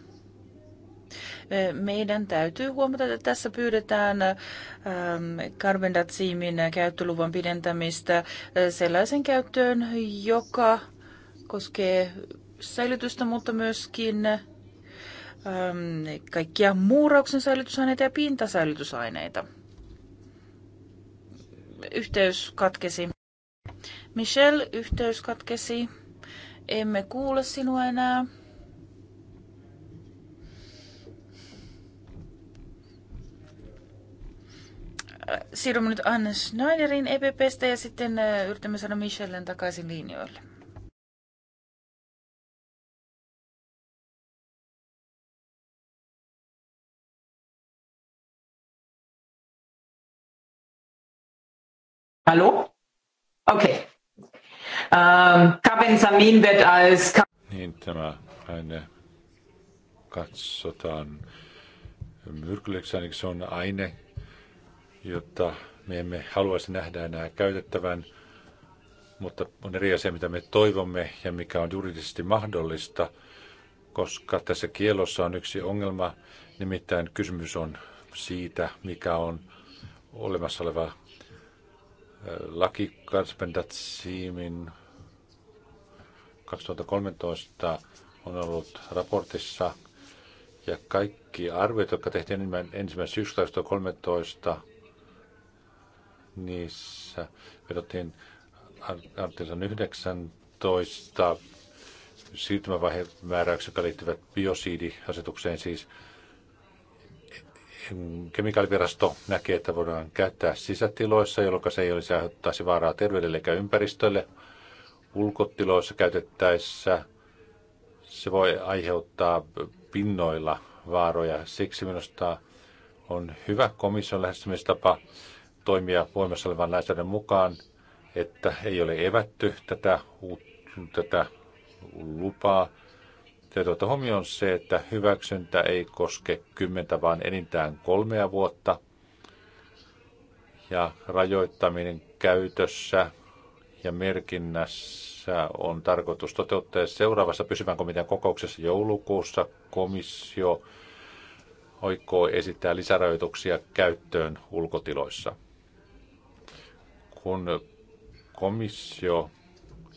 Meidän täytyy huomata, että tässä pyydetään karbendatsiimin käyttöluvan pidentämistä sellaisen käyttöön, joka koskee säilytystä, mutta myöskin kaikkia muurauksen säilytysaineita ja pintasäilytysaineita. Yhteys katkesi. Michelle yhteys katkesi. Emme kuule sinua enää. Siirrymme nyt Anne Schneiderin EPPstä ja sitten äh, yritämme saada Michellen takaisin linjoille. Hallo? Okay ähm, Kabensamin wird als... Niin tämä aine katsotaan myrkylliseksi, ainakin se on aine, jota me emme haluaisi nähdä enää käytettävän, mutta on eri asia, mitä me toivomme ja mikä on juridisesti mahdollista, koska tässä kielossa on yksi ongelma, nimittäin kysymys on siitä, mikä on olemassa oleva äh, laki Karspendatsiimin 2013 on ollut raportissa ja kaikki arviot, jotka tehtiin ensimmäisen syksyn 2013, niissä vedottiin artikla 19 siirtymävaihemääräykset, jotka liittyvät biosiidiasetukseen siis. Kemikaalivirasto näkee, että voidaan käyttää sisätiloissa, jolloin se ei olisi aiheuttaisi vaaraa terveydelle eikä ympäristölle ulkotiloissa käytettäessä se voi aiheuttaa pinnoilla vaaroja. Siksi minusta on hyvä komission lähestymistapa toimia voimassa olevan lainsäädännön mukaan, että ei ole evätty tätä, tätä lupaa. Täytyy huomioon se, että hyväksyntä ei koske kymmentä, vaan enintään kolmea vuotta. Ja rajoittaminen käytössä ja merkinnässä on tarkoitus toteuttaa seuraavassa pysyvän komitean kokouksessa joulukuussa komissio oikoo esittää lisärajoituksia käyttöön ulkotiloissa. Kun komissio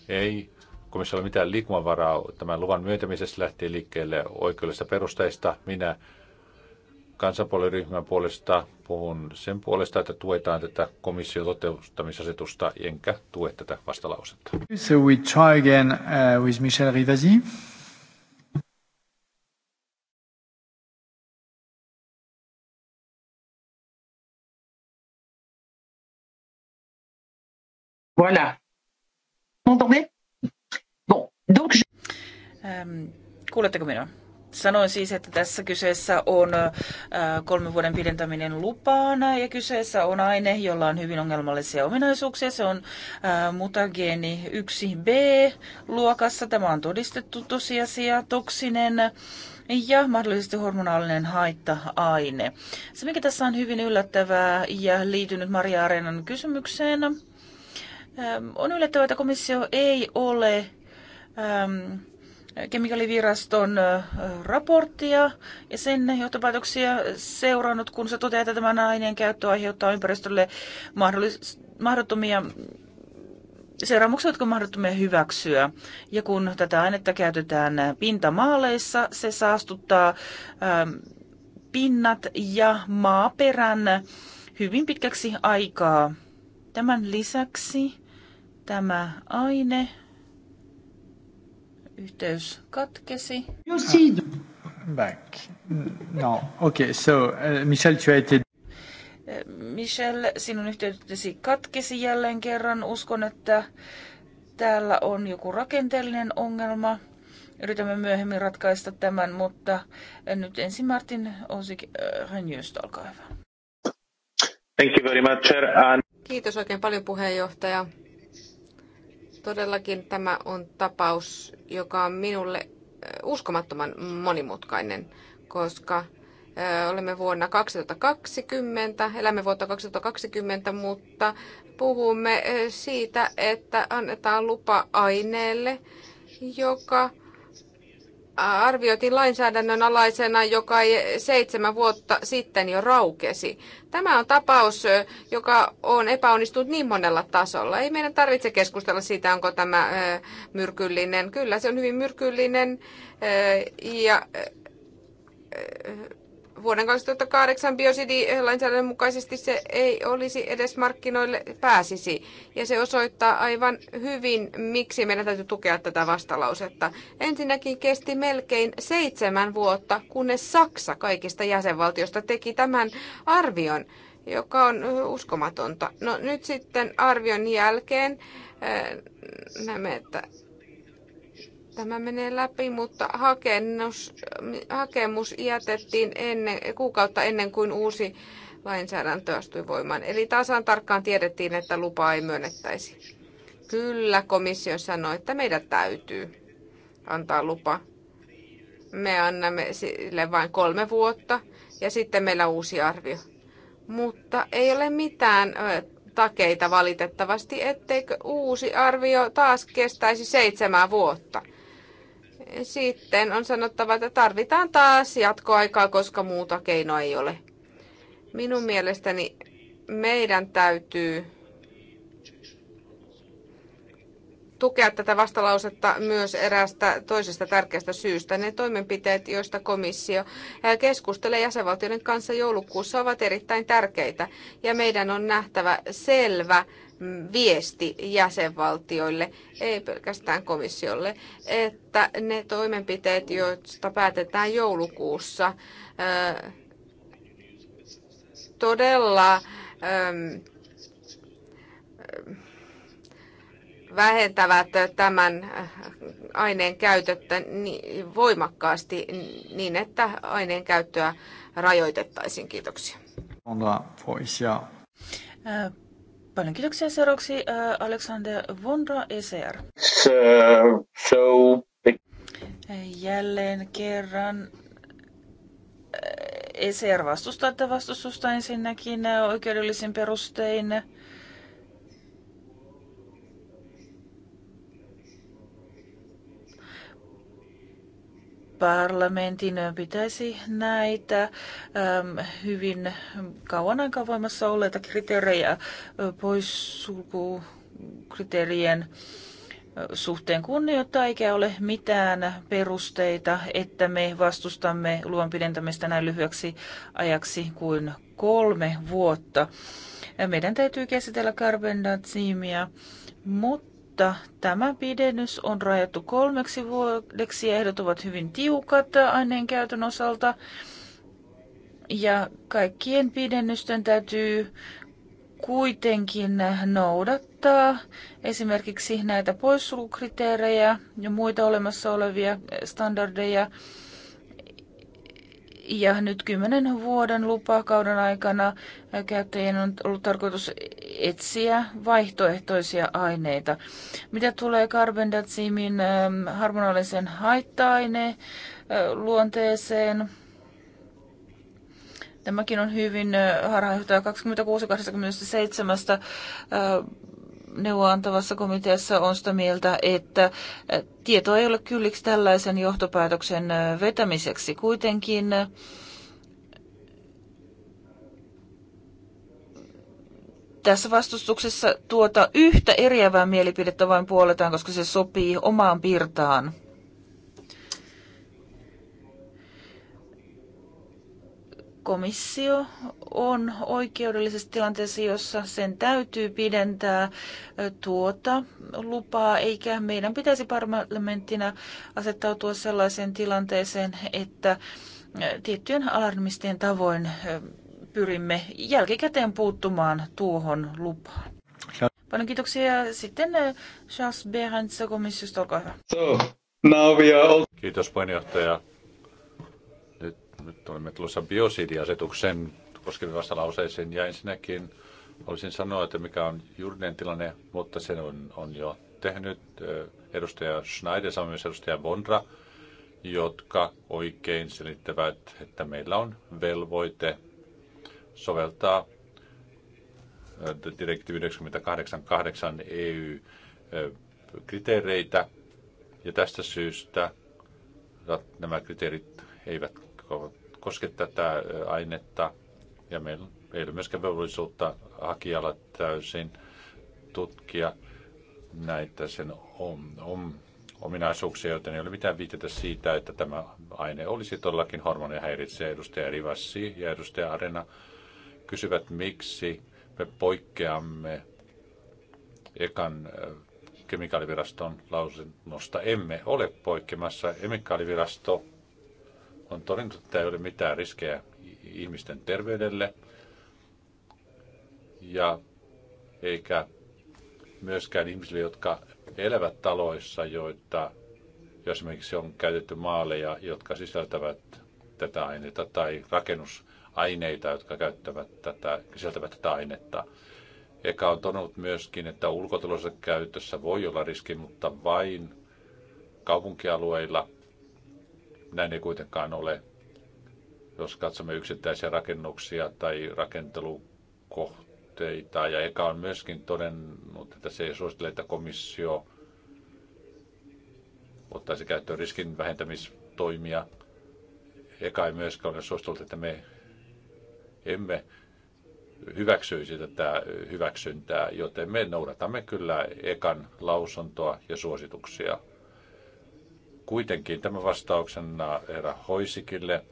ei ole mitään liikkumavaraa tämän luvan myöntämisessä lähtien liikkeelle oikeudellisista perusteista, minä kansanpuoliryhmän puolesta puhun sen puolesta, että tuetaan tätä komission toteuttamisasetusta, enkä tue tätä vastalausetta. So we try again uh, with Michel Rivasi. Voilà. M'entendez? Bon, donc je... Um, kuuletteko minua? Sanoin siis, että tässä kyseessä on kolmen vuoden pidentäminen lupaan ja kyseessä on aine, jolla on hyvin ongelmallisia ominaisuuksia. Se on mutageeni 1B-luokassa. Tämä on todistettu tosiasia, toksinen ja mahdollisesti hormonaalinen haitta-aine. Se, mikä tässä on hyvin yllättävää ja liitynyt Maria Areenan kysymykseen, on yllättävää, että komissio ei ole kemikaaliviraston raporttia ja sen johtopäätöksiä seurannut, kun se toteaa, että tämän aineen käyttö aiheuttaa ympäristölle mahdollis- mahdottomia seuraamuksia, jotka on mahdottomia hyväksyä. Ja kun tätä ainetta käytetään pintamaaleissa, se saastuttaa pinnat ja maaperän hyvin pitkäksi aikaa. Tämän lisäksi tämä aine Yhteys katkesi. Back. No, okay, so uh, Michel, tu été... Eh, Michel, sinun yhteytesi katkesi jälleen kerran. Uskon, että täällä on joku rakenteellinen ongelma. Yritämme myöhemmin ratkaista tämän, mutta eh, nyt ensin Martin Osik Renjöstä, eh, olkaa hyvä. Thank you very much, sir. And... Kiitos oikein paljon puheenjohtaja. Todellakin tämä on tapaus, joka on minulle äh, uskomattoman monimutkainen, koska äh, olemme vuonna 2020, elämme vuotta 2020, mutta puhumme äh, siitä, että annetaan lupa aineelle, joka arvioitiin lainsäädännön alaisena, joka seitsemän vuotta sitten jo raukesi. Tämä on tapaus, joka on epäonnistunut niin monella tasolla. Ei meidän tarvitse keskustella siitä, onko tämä myrkyllinen. Kyllä, se on hyvin myrkyllinen ja Vuoden 2008 biosidilainsäädännön mukaisesti se ei olisi edes markkinoille pääsisi. Ja se osoittaa aivan hyvin, miksi meidän täytyy tukea tätä vastalausetta. Ensinnäkin kesti melkein seitsemän vuotta, kunnes Saksa kaikista jäsenvaltioista teki tämän arvion joka on uskomatonta. No nyt sitten arvion jälkeen eh, näemme, että tämä menee läpi, mutta hakemus, hakemus jätettiin ennen, kuukautta ennen kuin uusi lainsäädäntö astui voimaan. Eli tasan tarkkaan tiedettiin, että lupaa ei myönnettäisi. Kyllä, komissio sanoi, että meidän täytyy antaa lupa. Me annamme sille vain kolme vuotta ja sitten meillä uusi arvio. Mutta ei ole mitään takeita valitettavasti, etteikö uusi arvio taas kestäisi seitsemän vuotta sitten on sanottava, että tarvitaan taas jatkoaikaa, koska muuta keinoa ei ole. Minun mielestäni meidän täytyy tukea tätä vastalausetta myös eräästä toisesta tärkeästä syystä. Ne toimenpiteet, joista komissio keskustelee jäsenvaltioiden kanssa joulukuussa, ovat erittäin tärkeitä ja meidän on nähtävä selvä viesti jäsenvaltioille, ei pelkästään komissiolle, että ne toimenpiteet, joista päätetään joulukuussa, todella vähentävät tämän aineen käytettä voimakkaasti niin, että aineen käyttöä rajoitettaisiin. Kiitoksia. Paljon kiitoksia. Seuraavaksi äh, Alexander Vondra, ECR. So, so... Jälleen kerran äh, ECR vastustaa että vastustusta ensinnäkin äh, oikeudellisin perustein. parlamentin pitäisi näitä ähm, hyvin kauan aikaa voimassa olleita kriteerejä äh, poissulkukriteerien äh, suhteen kunnioittaa, eikä ole mitään perusteita, että me vastustamme luon pidentämistä näin lyhyeksi ajaksi kuin kolme vuotta. Meidän täytyy käsitellä karbendatsiimia, mutta mutta tämä pidennys on rajattu kolmeksi vuodeksi ja ehdot ovat hyvin tiukat aineen käytön osalta. Ja kaikkien pidennysten täytyy kuitenkin noudattaa esimerkiksi näitä poissulukriteerejä ja muita olemassa olevia standardeja ja nyt kymmenen vuoden lupakauden aikana käyttäjien on ollut tarkoitus etsiä vaihtoehtoisia aineita. Mitä tulee karbendatsiimin ähm, harmonaalisen haitta aine, äh, luonteeseen, tämäkin on hyvin äh, harhaanjohtaja 26-27 neuvoa antavassa komiteassa on sitä mieltä, että tietoa ei ole kylliksi tällaisen johtopäätöksen vetämiseksi. Kuitenkin tässä vastustuksessa tuota yhtä eriävää mielipidettä vain puoletaan, koska se sopii omaan pirtaan. komissio on oikeudellisessa tilanteessa, jossa sen täytyy pidentää tuota lupaa, eikä meidän pitäisi parlamenttina asettautua sellaiseen tilanteeseen, että tiettyjen alarmistien tavoin pyrimme jälkikäteen puuttumaan tuohon lupaan. Paljon kiitoksia. Sitten Charles Behrens komissiosta, olkaa hyvä. So, now we are all... Kiitos puheenjohtaja nyt olemme tulossa biosidiasetuksen koskevassa lauseeseen ja ensinnäkin olisin sanoa, että mikä on juridinen tilanne, mutta sen on, on jo tehnyt edustaja Schneider, samoin myös edustaja Bondra, jotka oikein selittävät, että meillä on velvoite soveltaa direktiivi 988 EU-kriteereitä, ja tästä syystä nämä kriteerit eivät jotka ovat koske tätä ainetta. Ja meillä ei ole myöskään velvollisuutta hakijalla täysin tutkia näitä sen om, om, ominaisuuksia, joten ei ole mitään viitetä siitä, että tämä aine olisi todellakin hormonia häiritsee. Edustaja Rivassi ja edustaja Arena kysyvät, miksi me poikkeamme ekan kemikaaliviraston lausunnosta. Emme ole poikkeamassa. Kemikaalivirasto on todennut, että ei ole mitään riskejä ihmisten terveydelle ja eikä myöskään ihmisille, jotka elävät taloissa, joita jos esimerkiksi on käytetty maaleja, jotka sisältävät tätä aineita tai rakennusaineita, jotka käyttävät tätä, sisältävät tätä ainetta. Eka on todennut myöskin, että ulkotilossa käytössä voi olla riski, mutta vain kaupunkialueilla näin ei kuitenkaan ole, jos katsomme yksittäisiä rakennuksia tai rakentelukohteita. Ja Eka on myöskin todennut, että se ei suosittele, että komissio ottaisi käyttöön riskin vähentämistoimia. Eka ei myöskään ole suositellut, että me emme hyväksyisi tätä hyväksyntää, joten me noudatamme kyllä ekan lausuntoa ja suosituksia. Kuitenkin tämä vastauksena herra Hoisikille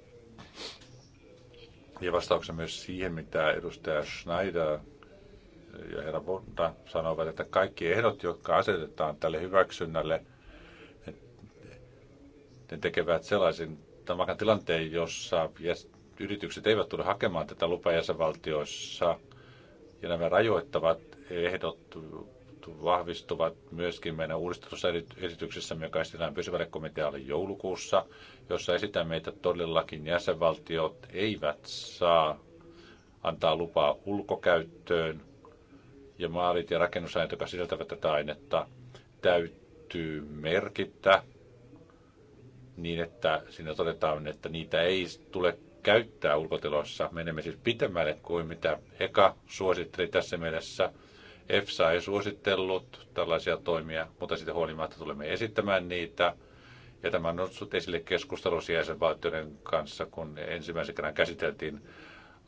ja vastauksena myös siihen, mitä edustaja Schneider ja herra Bonda sanovat, että kaikki ehdot, jotka asetetaan tälle hyväksynnälle, ne tekevät sellaisen tämän tilanteen, jossa yritykset eivät tule hakemaan tätä lupaa jäsenvaltioissa, ja nämä rajoittavat ehdot vahvistuvat myöskin meidän uudistetussa esityksessämme, joka esitetään pysyvälle komitealle joulukuussa, jossa esitämme, että todellakin jäsenvaltiot eivät saa antaa lupaa ulkokäyttöön ja maalit ja rakennusaineet, jotka sisältävät tätä ainetta, täytyy merkitä niin, että siinä todetaan, että niitä ei tule käyttää ulkotiloissa. Menemme siis pitemmälle kuin mitä Eka suositteli tässä mielessä – EFSA ei suositellut tällaisia toimia, mutta sitten huolimatta tulemme esittämään niitä. Ja tämä on noussut esille keskustelussa jäsenvaltioiden kanssa, kun ensimmäisen kerran käsiteltiin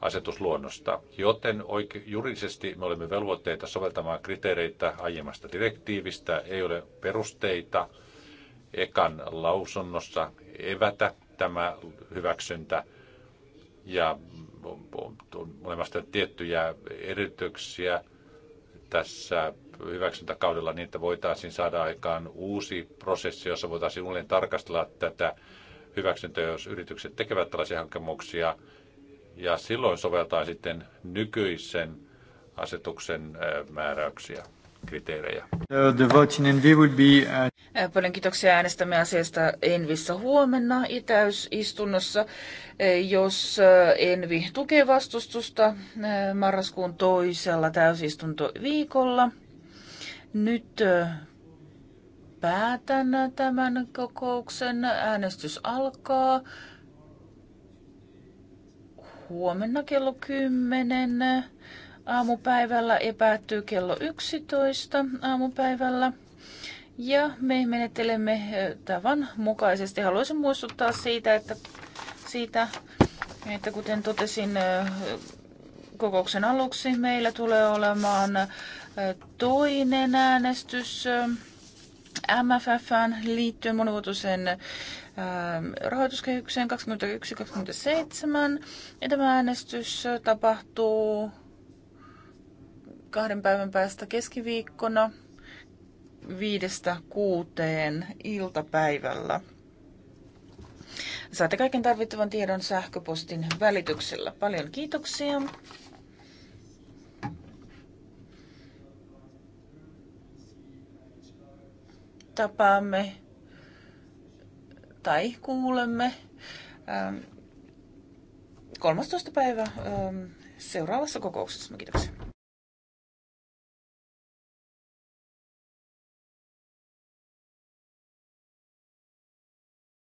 asetusluonnosta. Joten oike- juridisesti me olemme velvoitteita soveltamaan kriteereitä aiemmasta direktiivistä, ei ole perusteita ekan lausunnossa evätä tämä hyväksyntä. Ja on olemassa tiettyjä edellytyksiä tässä hyväksyntäkaudella niin, että voitaisiin saada aikaan uusi prosessi, jossa voitaisiin uudelleen tarkastella tätä hyväksyntää, jos yritykset tekevät tällaisia hakemuksia. Ja silloin soveltaa sitten nykyisen asetuksen määräyksiä kriteerejä. Uh, paljon kiitoksia äänestämme asiasta Envissä huomenna itäysistunnossa. Jos Envi tukee vastustusta marraskuun toisella täysistuntoviikolla, nyt päätän tämän kokouksen. Äänestys alkaa huomenna kello 10 aamupäivällä ja päättyy kello 11 aamupäivällä. Ja me menettelemme tavan mukaisesti. Haluaisin muistuttaa siitä, että, siitä, että kuten totesin kokouksen aluksi, meillä tulee olemaan toinen äänestys MfF:n liittyen monivuotoisen rahoituskehykseen 21-27. Ja tämä äänestys tapahtuu kahden päivän päästä keskiviikkona viidestä kuuteen iltapäivällä. Saatte kaiken tarvittavan tiedon sähköpostin välityksellä. Paljon kiitoksia. Tapaamme tai kuulemme 13. Ähm, päivä ähm, seuraavassa kokouksessa. Kiitoksia.